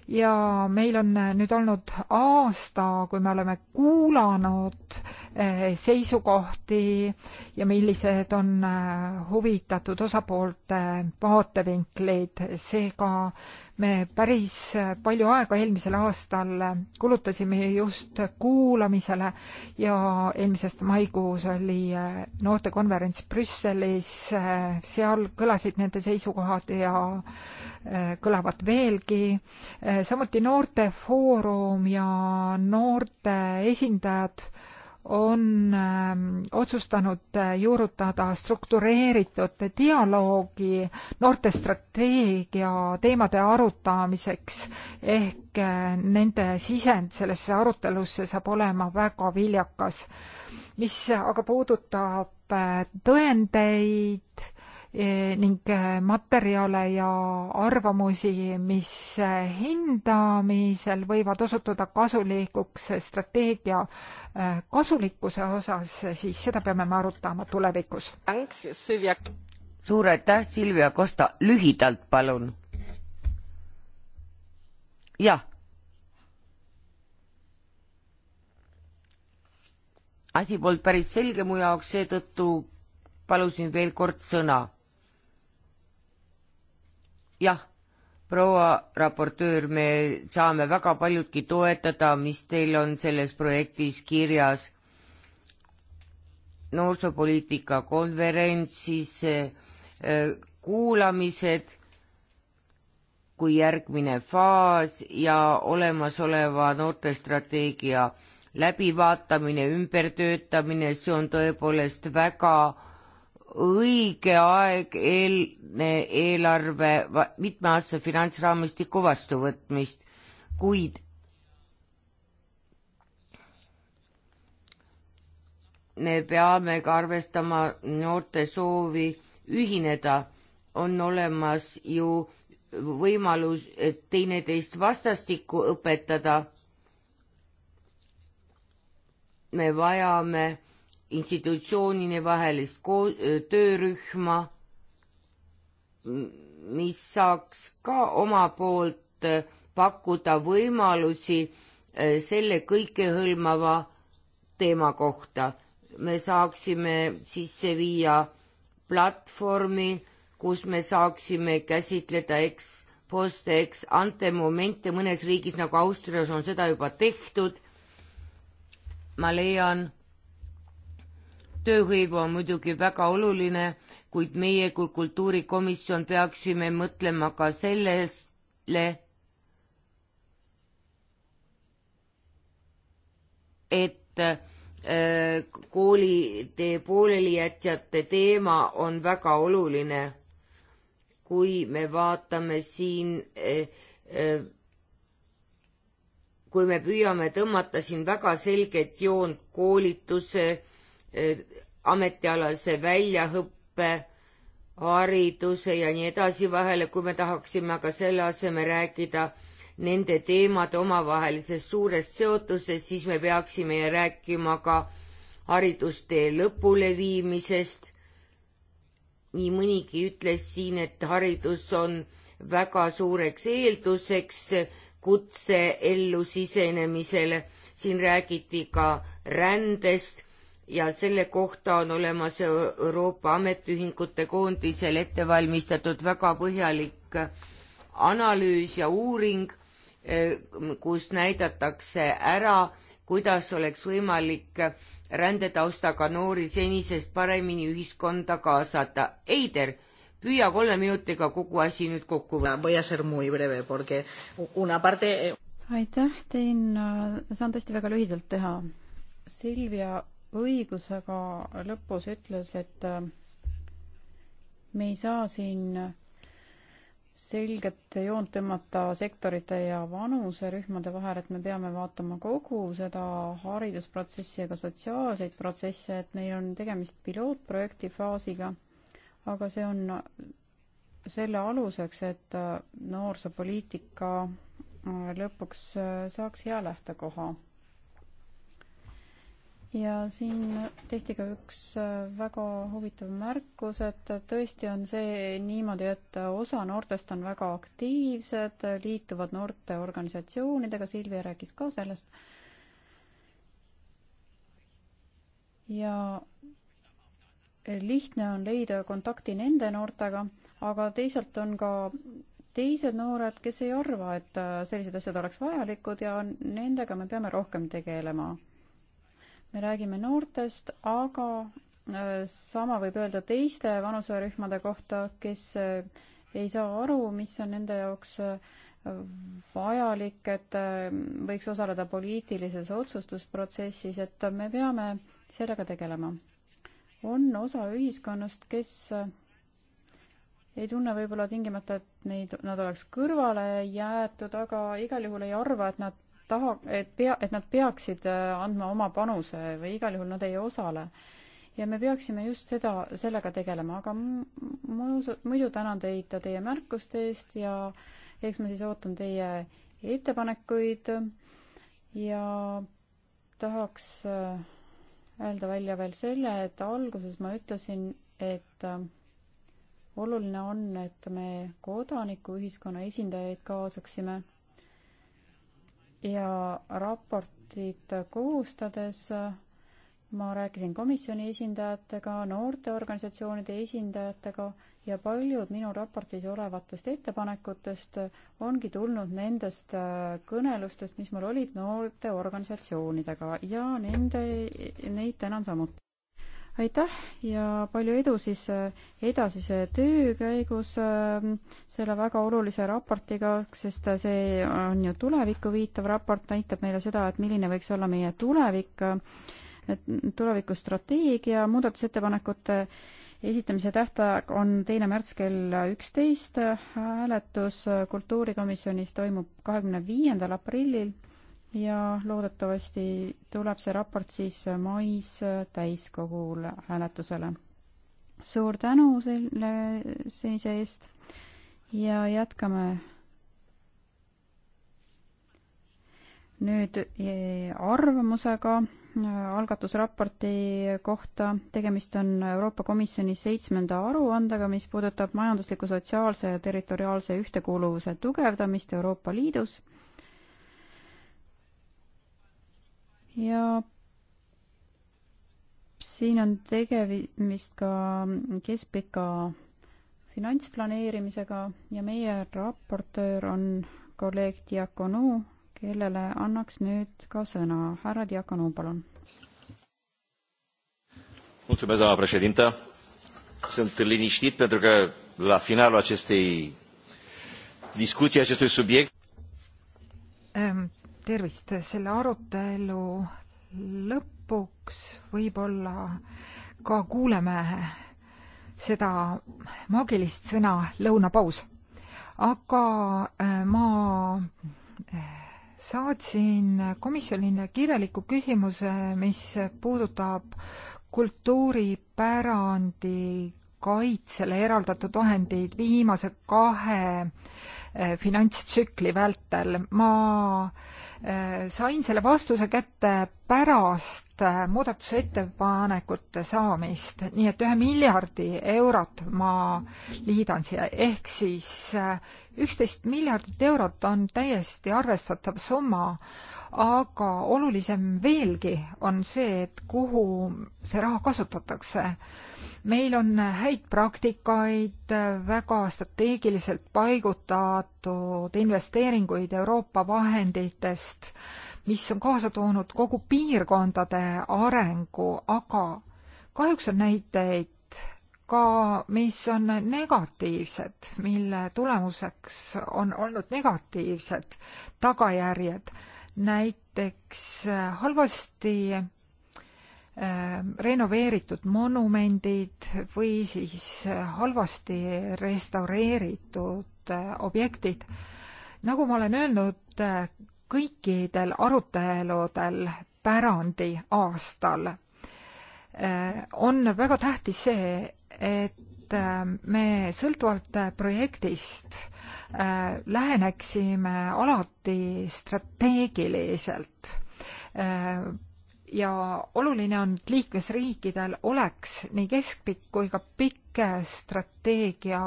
ja meil on eh, nüüd olnud aasta, kui me oleme kuulanud eh, seisukohti ja millised on huvitatud osapoolte vaatevinklid, seega me päris palju aega eelmisel aastal kulutasime just kuulamisele ja eelmisest maikuus oli eh, noortekonverents Brüsselis, eh, seal kõlasid nende seisukohad ja eh, kõlavad veelgi. samuti Noortefoor Foorum ja noorte esindajad on ähm, otsustanud äh, juurutada struktureeritud dialoogi noorte strateegia teemade arutamiseks ehk äh, nende sisend sellesse arutelusse saab olema väga viljakas. mis aga puudutab äh, tõendeid Eh, ning eh, materjale ja arvamusi, mis eh, hindamisel võivad osutuda kasulikuks strateegia kasulikkuse osas, siis seda peame me arutama tulevikus. suur aitäh, Silvia Kosta, lühidalt palun. jah. asi polnud päris selge mu jaoks, seetõttu palusin veel kord sõna jah, proua raportöör, me saame väga paljudki toetada, mis teil on selles projektis kirjas. noorsoopoliitika konverentsis eh, eh, kuulamised kui järgmine faas ja olemasoleva noortestrateegia läbivaatamine, ümbertöötamine, see on tõepoolest väga õige aeg eelne eelarve mitmeaastase finantsraamistiku vastuvõtmist, kuid me peame ka arvestama noorte soovi ühineda, on olemas ju võimalus teineteist vastastikku õpetada. me vajame institutsioonide vahelist ko-, töörühma, mis saaks ka oma poolt äh, pakkuda võimalusi äh, selle kõikehõlmava teema kohta. me saaksime sisse viia platvormi, kus me saaksime käsitleda eks post eks ante momente mõnes riigis nagu Austrias on seda juba tehtud. ma leian tööhõive on muidugi väga oluline, kuid meie kui kultuurikomisjon peaksime mõtlema ka sellele, et äh, koolitee poolelijätjate teema on väga oluline, kui me vaatame siin äh, äh, kui me püüame tõmmata siin väga selget joont koolituse Eh, ametialase väljaõppe, hariduse ja nii edasi vahele, kui me tahaksime aga selle asemel rääkida nende teemade omavahelisest suurest seotusest, siis me peaksime rääkima ka haridustee lõpuleviimisest. nii mõnigi ütles siin, et haridus on väga suureks eelduseks kutse ellu sisenemisele, siin räägiti ka rändest ja selle kohta on olemas Euroopa Ametiühingute koondisel ette valmistatud väga põhjalik äh, analüüs ja uuring, äh, kus näidatakse ära, kuidas oleks võimalik rändetaustaga noori senisest paremini ühiskonda kaasata. Eider, püüa kolme minutiga kogu asi nüüd kokku võtta. aitäh, teen, äh, saan tõesti väga lühidalt teha. Silvia õigusega lõpus ütles, et äh, me ei saa siin selget joont tõmmata sektorite ja vanuserühmade vahel, et me peame vaatama kogu seda haridusprotsessi ja ka sotsiaalseid protsesse, et meil on tegemist pilootprojekti faasiga, aga see on selle aluseks, et äh, noorsoopoliitika äh, lõpuks saaks hea lähtekoha ja siin tehti ka üks äh, väga huvitav märkus, et tõesti on see niimoodi, et osa noortest on väga aktiivsed, liituvad noorteorganisatsioonidega, Silvia rääkis ka sellest. ja lihtne on leida kontakti nende noortega, aga teisalt on ka teised noored, kes ei arva, et äh, sellised asjad oleks vajalikud ja nendega me peame rohkem tegelema me räägime noortest, aga äh, sama võib öelda teiste vanuserühmade kohta, kes äh, ei saa aru, mis on nende jaoks äh, vajalik, et võiks osaleda poliitilises otsustusprotsessis, et me peame sellega tegelema. on osa ühiskonnast, kes ei tunne võib-olla tingimata, et neid, nad oleks kõrvale jäetud, aga igal juhul ei arva, et nad taha, et pea, et nad peaksid äh, andma oma panuse või igal juhul nad ei osale. ja me peaksime just seda, sellega tegelema, aga muidu tänan teid teie märkuste eest ja eks ma siis ootan teie ettepanekuid ja tahaks äh, öelda välja veel selle, et alguses ma ütlesin, et äh, oluline on, et me kodanikuühiskonna esindajaid kaasaksime ja raportit koostades ma rääkisin komisjoni esindajatega, noorteorganisatsioonide esindajatega ja paljud minu raportis olevatest ettepanekutest ongi tulnud nendest kõnelustest, mis mul olid noorteorganisatsioonidega ja nende, neid tänan samuti aitäh ja palju edu siis äh, edasise töö käigus äh, selle väga olulise raportiga, sest äh, see on ju tulevikku viitav raport, näitab meile seda, et milline võiks olla meie tulevik, tulevikustrateegia, muudatusettepanekute esitamise tähtaeg on teine märts kell üksteist, hääletus kultuurikomisjonis toimub kahekümne viiendal aprillil ja loodetavasti tuleb see raport siis mais täiskogul hääletusele. suur tänu selle senise eest ja jätkame nüüd e, arvamusega e, algatusraporti kohta. tegemist on Euroopa Komisjoni seitsmenda aruandega, mis puudutab majandusliku, sotsiaalse ja territoriaalse ühtekuuluvuse tugevdamist Euroopa Liidus ja siin on tegemist ka keskpika finantsplaneerimisega ja meie raportöör on kolleeg Diakonu, kellele annaks nüüd ka sõna. härra Diakonu, palun. mulțumesc, doamna președintă. Sunt liniștit pentru că la finalul acestei discuții, acestui subiect. Ehm, tervist, selle arutelu lõpuks võib-olla ka kuuleme seda maagilist sõna lõunapaus. aga äh, ma äh, saatsin komisjonile kirjaliku küsimuse, mis puudutab kultuuripärandi kaitsele eraldatud vahendeid viimase kahe äh, finantstsükli vältel. ma sain selle vastuse kätte pärast äh, muudatusettepanekute saamist, nii et ühe miljardi eurot ma liidan siia, ehk siis äh, üksteist miljardit eurot on täiesti arvestatav summa, aga olulisem veelgi on see, et kuhu see raha kasutatakse meil on häid praktikaid, väga strateegiliselt paigutatud investeeringuid Euroopa vahenditest, mis on kaasa toonud kogu piirkondade arengu, aga kahjuks on näiteid ka, mis on negatiivsed, mille tulemuseks on olnud negatiivsed tagajärjed. näiteks halvasti Äh, renoveeritud monumendid või siis äh, halvasti restaureeritud äh, objektid. nagu ma olen öelnud, kõikidel aruteludel pärandi aastal on väga tähtis see, et me sõltuvalt projektist läheneksime alati strateegiliselt ja oluline on, et liikmesriikidel oleks nii keskpikk kui ka pikk strateegia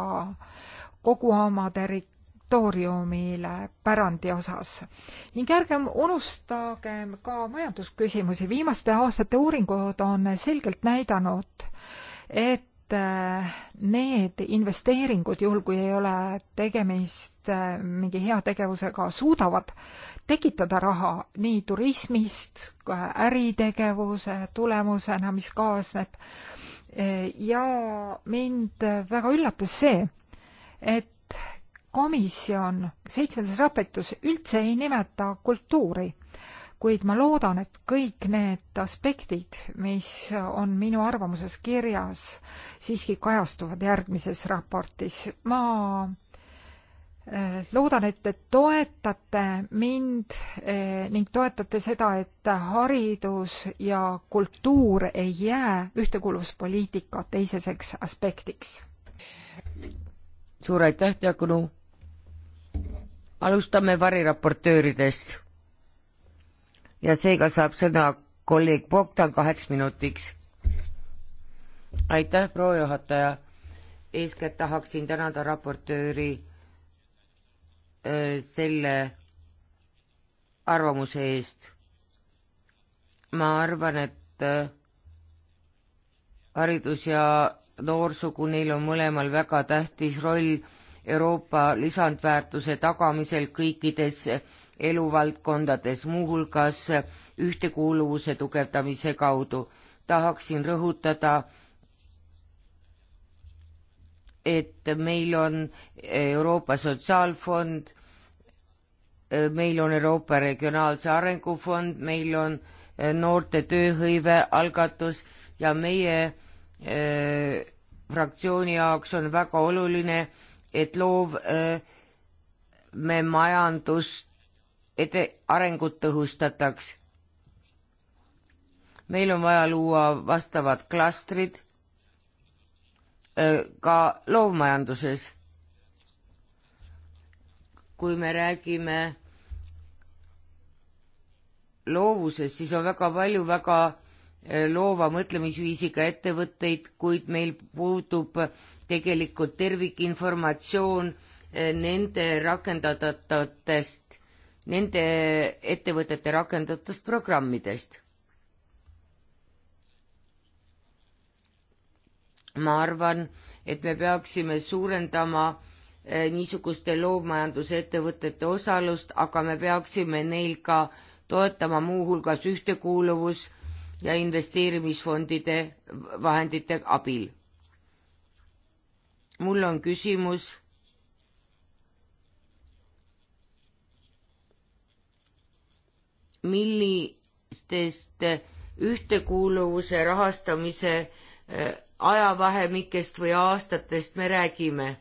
kogu oma territooriumile pärandi osas. ning ärgem unustagem ka majandusküsimusi, viimaste aastate uuringud on selgelt näidanud, et äh, need investeeringud, juhul kui ei ole tegemist äh, mingi heategevusega, suudavad tekitada raha nii turismist, äritegevuse tulemusena, mis kaasneb. ja mind väga üllatas see, et komisjon seitsmendas raportis üldse ei nimeta kultuuri, kuid ma loodan, et kõik need aspektid, mis on minu arvamuses kirjas, siiski kajastuvad järgmises raportis. ma Äh, loodan, et te toetate mind äh, ning toetate seda, et haridus ja kultuur ei jää ühtekuuluvuspoliitika teiseseks aspektiks. suur aitäh, Diakonu. alustame variraportööridest. ja seega saab sõna kolleeg Bogdan kaheks minutiks. aitäh, proua juhataja. eeskätt tahaksin tänada raportööri selle arvamuse eest. ma arvan, et haridus ja noorsugu, neil on mõlemal väga tähtis roll Euroopa lisandväärtuse tagamisel kõikides eluvaldkondades, muuhulgas ühtekuuluvuse tugevdamise kaudu. tahaksin rõhutada et meil on Euroopa Sotsiaalfond, meil on Euroopa Regionaalse Arengufond, meil on eh, noorte tööhõive algatus ja meie äh, fraktsiooni jaoks on väga oluline, et loovme eh, äh, majandust ede-, arengut tõhustataks. meil on vaja luua vastavad klastrid Äh, ka loovmajanduses. kui me räägime loovusest, siis on väga palju väga äh, loova mõtlemisviisiga ettevõtteid, kuid meil puudub tegelikult tervikinformatsioon äh, nende rakendatavatest, nende ettevõtete rakendatavast programmidest ma arvan, et me peaksime suurendama eh, niisuguste loovmajandusettevõtete osalust, aga me peaksime neil ka toetama muuhulgas ühtekuuluvus ja investeerimisfondide vahendite abil. mul on küsimus. millistest ühtekuuluvuse rahastamise eh, ajavahemikest või aastatest me räägime.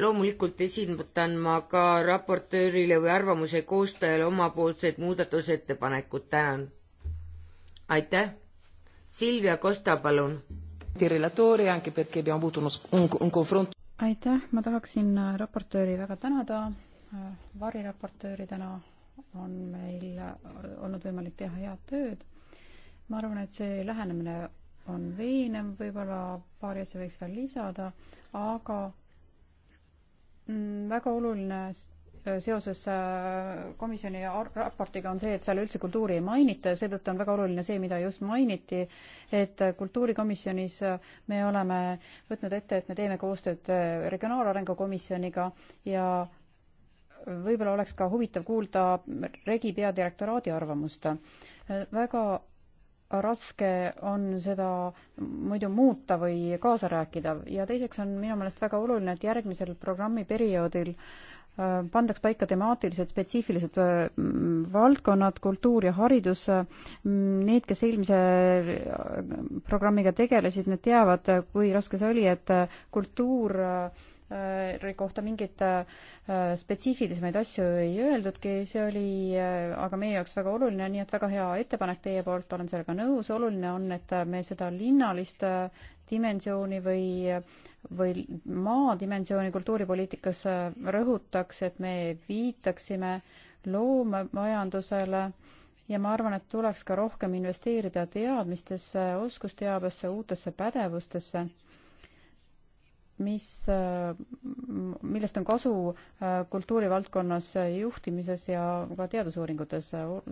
loomulikult esindan ma ka raportöörile või arvamuse koostajale omapoolsed muudatusettepanekud, tänan. aitäh. Silvia Kosta, palun. aitäh, ma tahaksin äh, raportööri väga tänada, äh, variraportööri täna on meil äh, olnud võimalik teha head tööd. ma arvan, et see lähenemine on veenev, võib-olla paari asja võiks veel lisada, aga mm, väga oluline seoses äh, komisjoni raportiga on see, et seal üldse kultuuri ei mainita ja seetõttu on väga oluline see, mida just mainiti, et kultuurikomisjonis äh, me oleme võtnud ette, et me teeme koostööd äh, Regionaalarengu komisjoniga ja võib-olla oleks ka huvitav kuulda Regi peadirektoraadi arvamust. väga raske on seda muidu muuta või kaasa rääkida ja teiseks on minu meelest väga oluline, et järgmisel programmiperioodil äh, pandaks paika temaatilised spetsiifilised äh, valdkonnad, kultuur ja haridus. Äh, need, kes eelmise programmiga tegelesid, need teavad, kui raske see oli, et kultuur äh, Äh, kohta mingeid äh, spetsiifilisemaid asju ei öeldudki, see oli äh, aga meie jaoks väga oluline, nii et väga hea ettepanek teie poolt, olen sellega nõus, oluline on, et me seda linnalist dimensiooni või, või maadimensiooni kultuuripoliitikas rõhutaks, et me viitaksime loomemajandusele ja ma arvan, et tuleks ka rohkem investeerida teadmistesse, oskusteabesse, uutesse pädevustesse mis, millest on kasu äh, kultuurivaldkonnas juhtimises ja ka teadusuuringutes.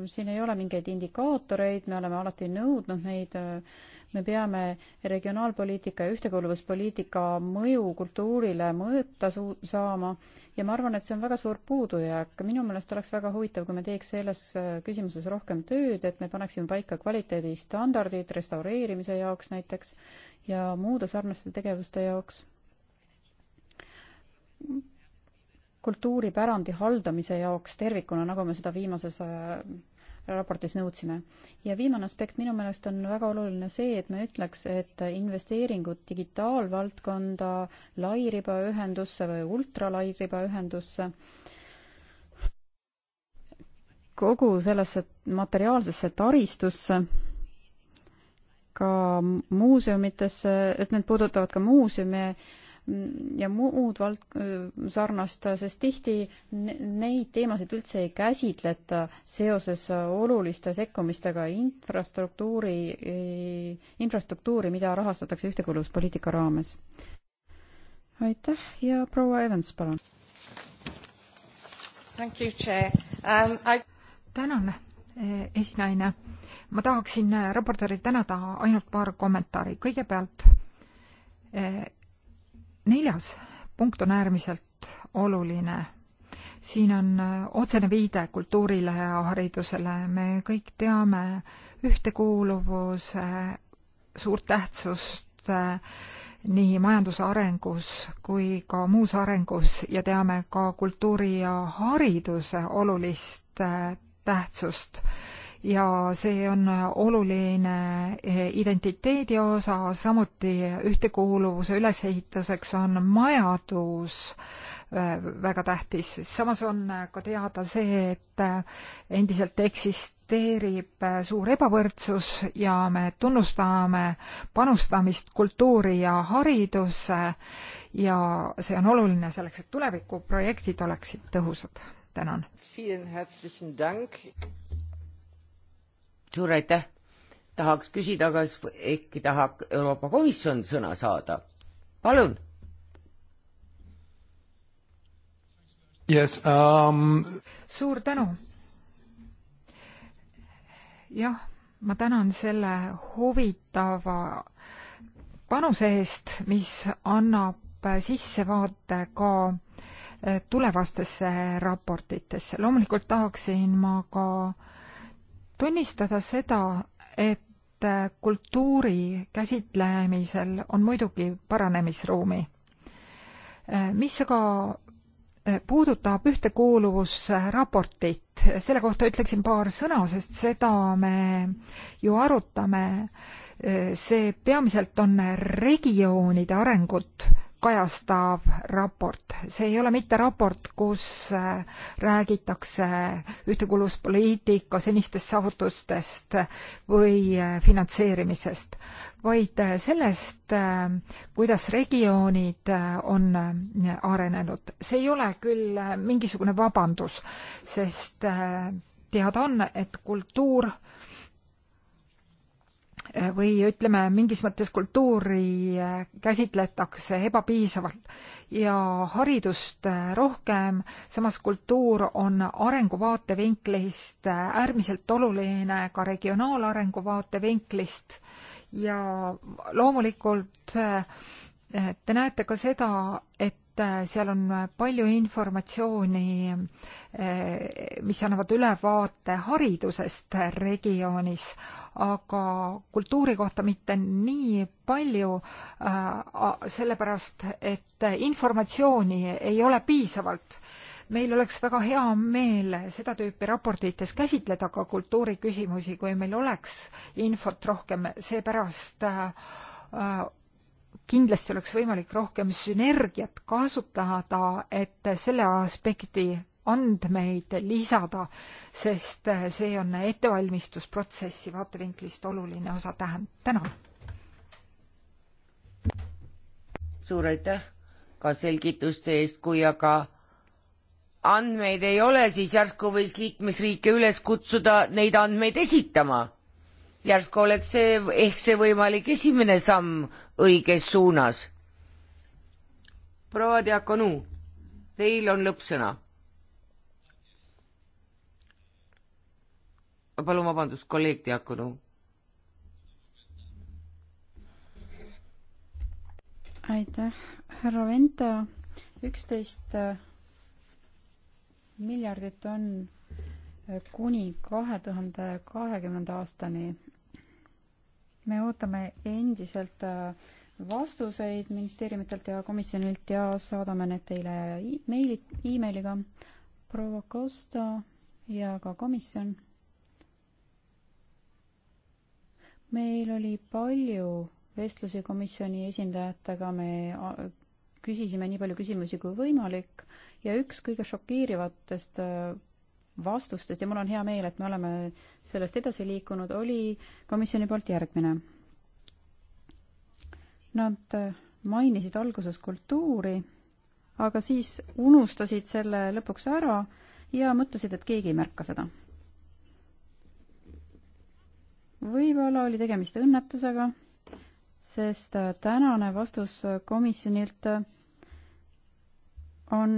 siin ei ole mingeid indikaatoreid, me oleme alati nõudnud neid, äh, me peame regionaalpoliitika ja ühtekuuluvuspoliitika mõju kultuurile mõõta suu-, saama ja ma arvan, et see on väga suur puudujääk. minu meelest oleks väga huvitav, kui me teeks selles äh, küsimuses rohkem tööd, et me paneksime paika kvaliteedistandardid restaureerimise jaoks näiteks ja muude sarnaste tegevuste jaoks kultuuripärandi haldamise jaoks tervikuna, nagu me seda viimases äh, raportis nõudsime. ja viimane aspekt minu meelest on väga oluline see, et me ütleks, et investeeringud digitaalvaldkonda, lairibaühendusse või ultralairibaühendusse, kogu sellesse materiaalsesse taristusse, ka muuseumitesse, et need puudutavad ka muuseume, ja muud vald-, sarnast, sest tihti neid teemasid üldse ei käsitleta seoses oluliste sekkumistega infrastruktuuri, infrastruktuuri, mida rahastatakse ühtekuuluvuspoliitika raames. aitäh ja proua Evans, palun. Um, tänan, eh, esinaine. ma tahaksin eh, raportööri tänada ainult paar kommentaari. kõigepealt eh, neljas punkt on äärmiselt oluline. siin on äh, otsene viide kultuurile ja haridusele, me kõik teame ühtekuuluvuse suurt tähtsust äh, nii majanduse arengus kui ka muus arengus ja teame ka kultuuri ja hariduse olulist äh, tähtsust ja see on oluline identiteedi osa, samuti ühtekuuluvuse ülesehituseks on majandus äh, väga tähtis, samas on ka teada see, et äh, endiselt eksisteerib äh, suur ebavõrdsus ja me tunnustame panustamist kultuuri ja haridusse ja see on oluline selleks, et tulevikuprojektid oleksid tõhusad. tänan suur aitäh! tahaks küsida, kas äkki tahab Euroopa Komisjon sõna saada? palun! Yes, um... suur tänu! jah, ma tänan selle huvitava panuse eest, mis annab sissevaate ka eh, tulevastesse raportitesse. loomulikult tahaksin ma ka äh, tunnistada seda, et kultuuri käsitlemisel on muidugi paranemisruumi. mis aga puudutab ühtekuuluvusraportit, selle kohta ütleksin paar sõna, sest seda me ju arutame. see peamiselt on regioonide arengut kajastav raport. see ei ole mitte raport, kus äh, räägitakse ühtekuuluvuspoliitika senistest saavutustest või äh, finantseerimisest, vaid äh, sellest, kuidas regioonid on arenenud. see ei ole küll mingisugune vabandus, sest teada on, et kultuur või ütleme, mingis mõttes kultuuri äh, käsitletakse ebapiisavalt ja haridust äh, rohkem, samas kultuur on arengu vaatevinklist äh, äärmiselt oluline ka regionaalarengu vaatevinklist ja loomulikult te näete ka seda, et Äh, seal on palju informatsiooni, äh, mis annavad ülevaate haridusest regioonis, aga kultuuri kohta mitte nii palju, äh, sellepärast et informatsiooni ei ole piisavalt meil oleks väga hea meel seda tüüpi raportites käsitleda ka kultuuriküsimusi, kui meil oleks infot rohkem, seepärast kindlasti oleks võimalik rohkem sünergiat kasutada, et selle aspekti andmeid lisada, sest see on ettevalmistusprotsessi vaatevinklist oluline osa tähen-, tänan. suur aitäh ka selgituste eest, kui aga andmeid ei ole, siis järsku võiks liikmesriike üles kutsuda neid andmeid esitama järsku oleks see ehk see võimalik esimene samm õiges suunas. proua Diakonu, teil on lõppsõna. palun vabandust, kolleeg Diakonu. aitäh, härra Venta, üksteist miljardit on kuni kahe tuhande kahekümnenda aastani. me ootame endiselt äh, vastuseid ministeeriumitelt ja komisjonilt ja saadame need teile meili e, emailiga. proua Costa ja ka komisjon. meil oli palju vestlusi komisjoni esindajatega, me äh, küsisime nii palju küsimusi kui võimalik ja üks kõige šokeerivatest äh, vastustest ja mul on hea meel, et me oleme sellest edasi liikunud, oli komisjoni poolt järgmine. Nad mainisid alguses kultuuri, aga siis unustasid selle lõpuks ära ja mõtlesid, et keegi ei märka seda. võib-olla oli tegemist õnnetusega, sest tänane vastus komisjonilt on,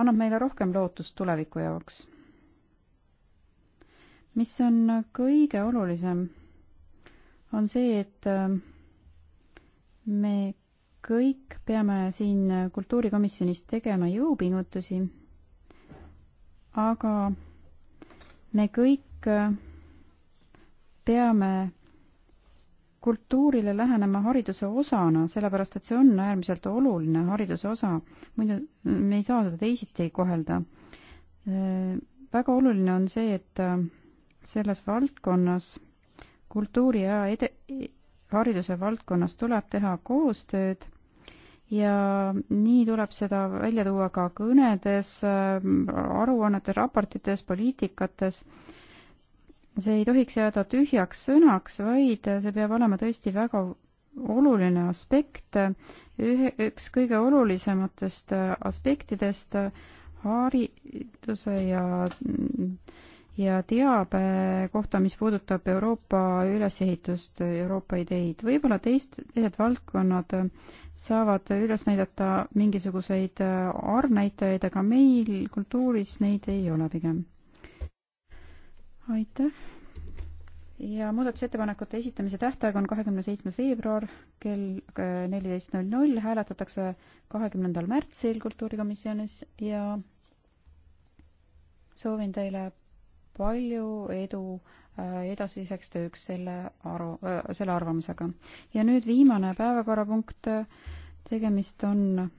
annab meile rohkem lootust tuleviku jaoks. mis on kõige olulisem, on see, et äh, me kõik peame siin kultuurikomisjonis tegema jõupingutusi, aga me kõik äh, peame kultuurile lähenema hariduse osana, sellepärast et see on äärmiselt oluline hariduse osa, muidu me ei saa seda teisiti kohelda. väga oluline on see, et selles valdkonnas, kultuuri ja ede-, hariduse valdkonnas tuleb teha koostööd ja nii tuleb seda välja tuua ka kõnedes, aruannetes, raportites, poliitikates see ei tohiks jääda tühjaks sõnaks, vaid see peab olema tõesti väga oluline aspekt, ühe, üks kõige olulisematest aspektidest hariduse ja, ja teabe kohta, mis puudutab Euroopa ülesehitust, Euroopa ideid. võib-olla teist, teised valdkonnad saavad üles näidata mingisuguseid arvnäitajaid, aga meil kultuuris neid ei ole pigem aitäh! ja muudatusettepanekute esitamise tähtaeg on kahekümne seitsmes veebruar kell äh, neliteist null null, hääletatakse kahekümnendal märtsil kultuurikomisjonis ja soovin teile palju edu äh, edasiseks tööks selle aru, äh, selle arvamusega. ja nüüd viimane päevakorrapunkt, tegemist on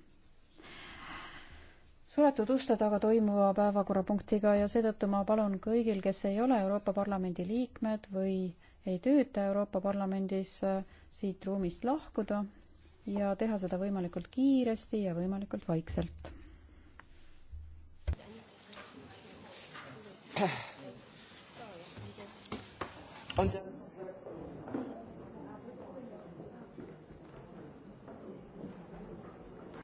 suletud uste taga toimuva päevakorrapunktiga ja seetõttu ma palun kõigil, kes ei ole Euroopa Parlamendi liikmed või ei tööta Euroopa Parlamendis, siit ruumist lahkuda ja teha seda võimalikult kiiresti ja võimalikult vaikselt. on teil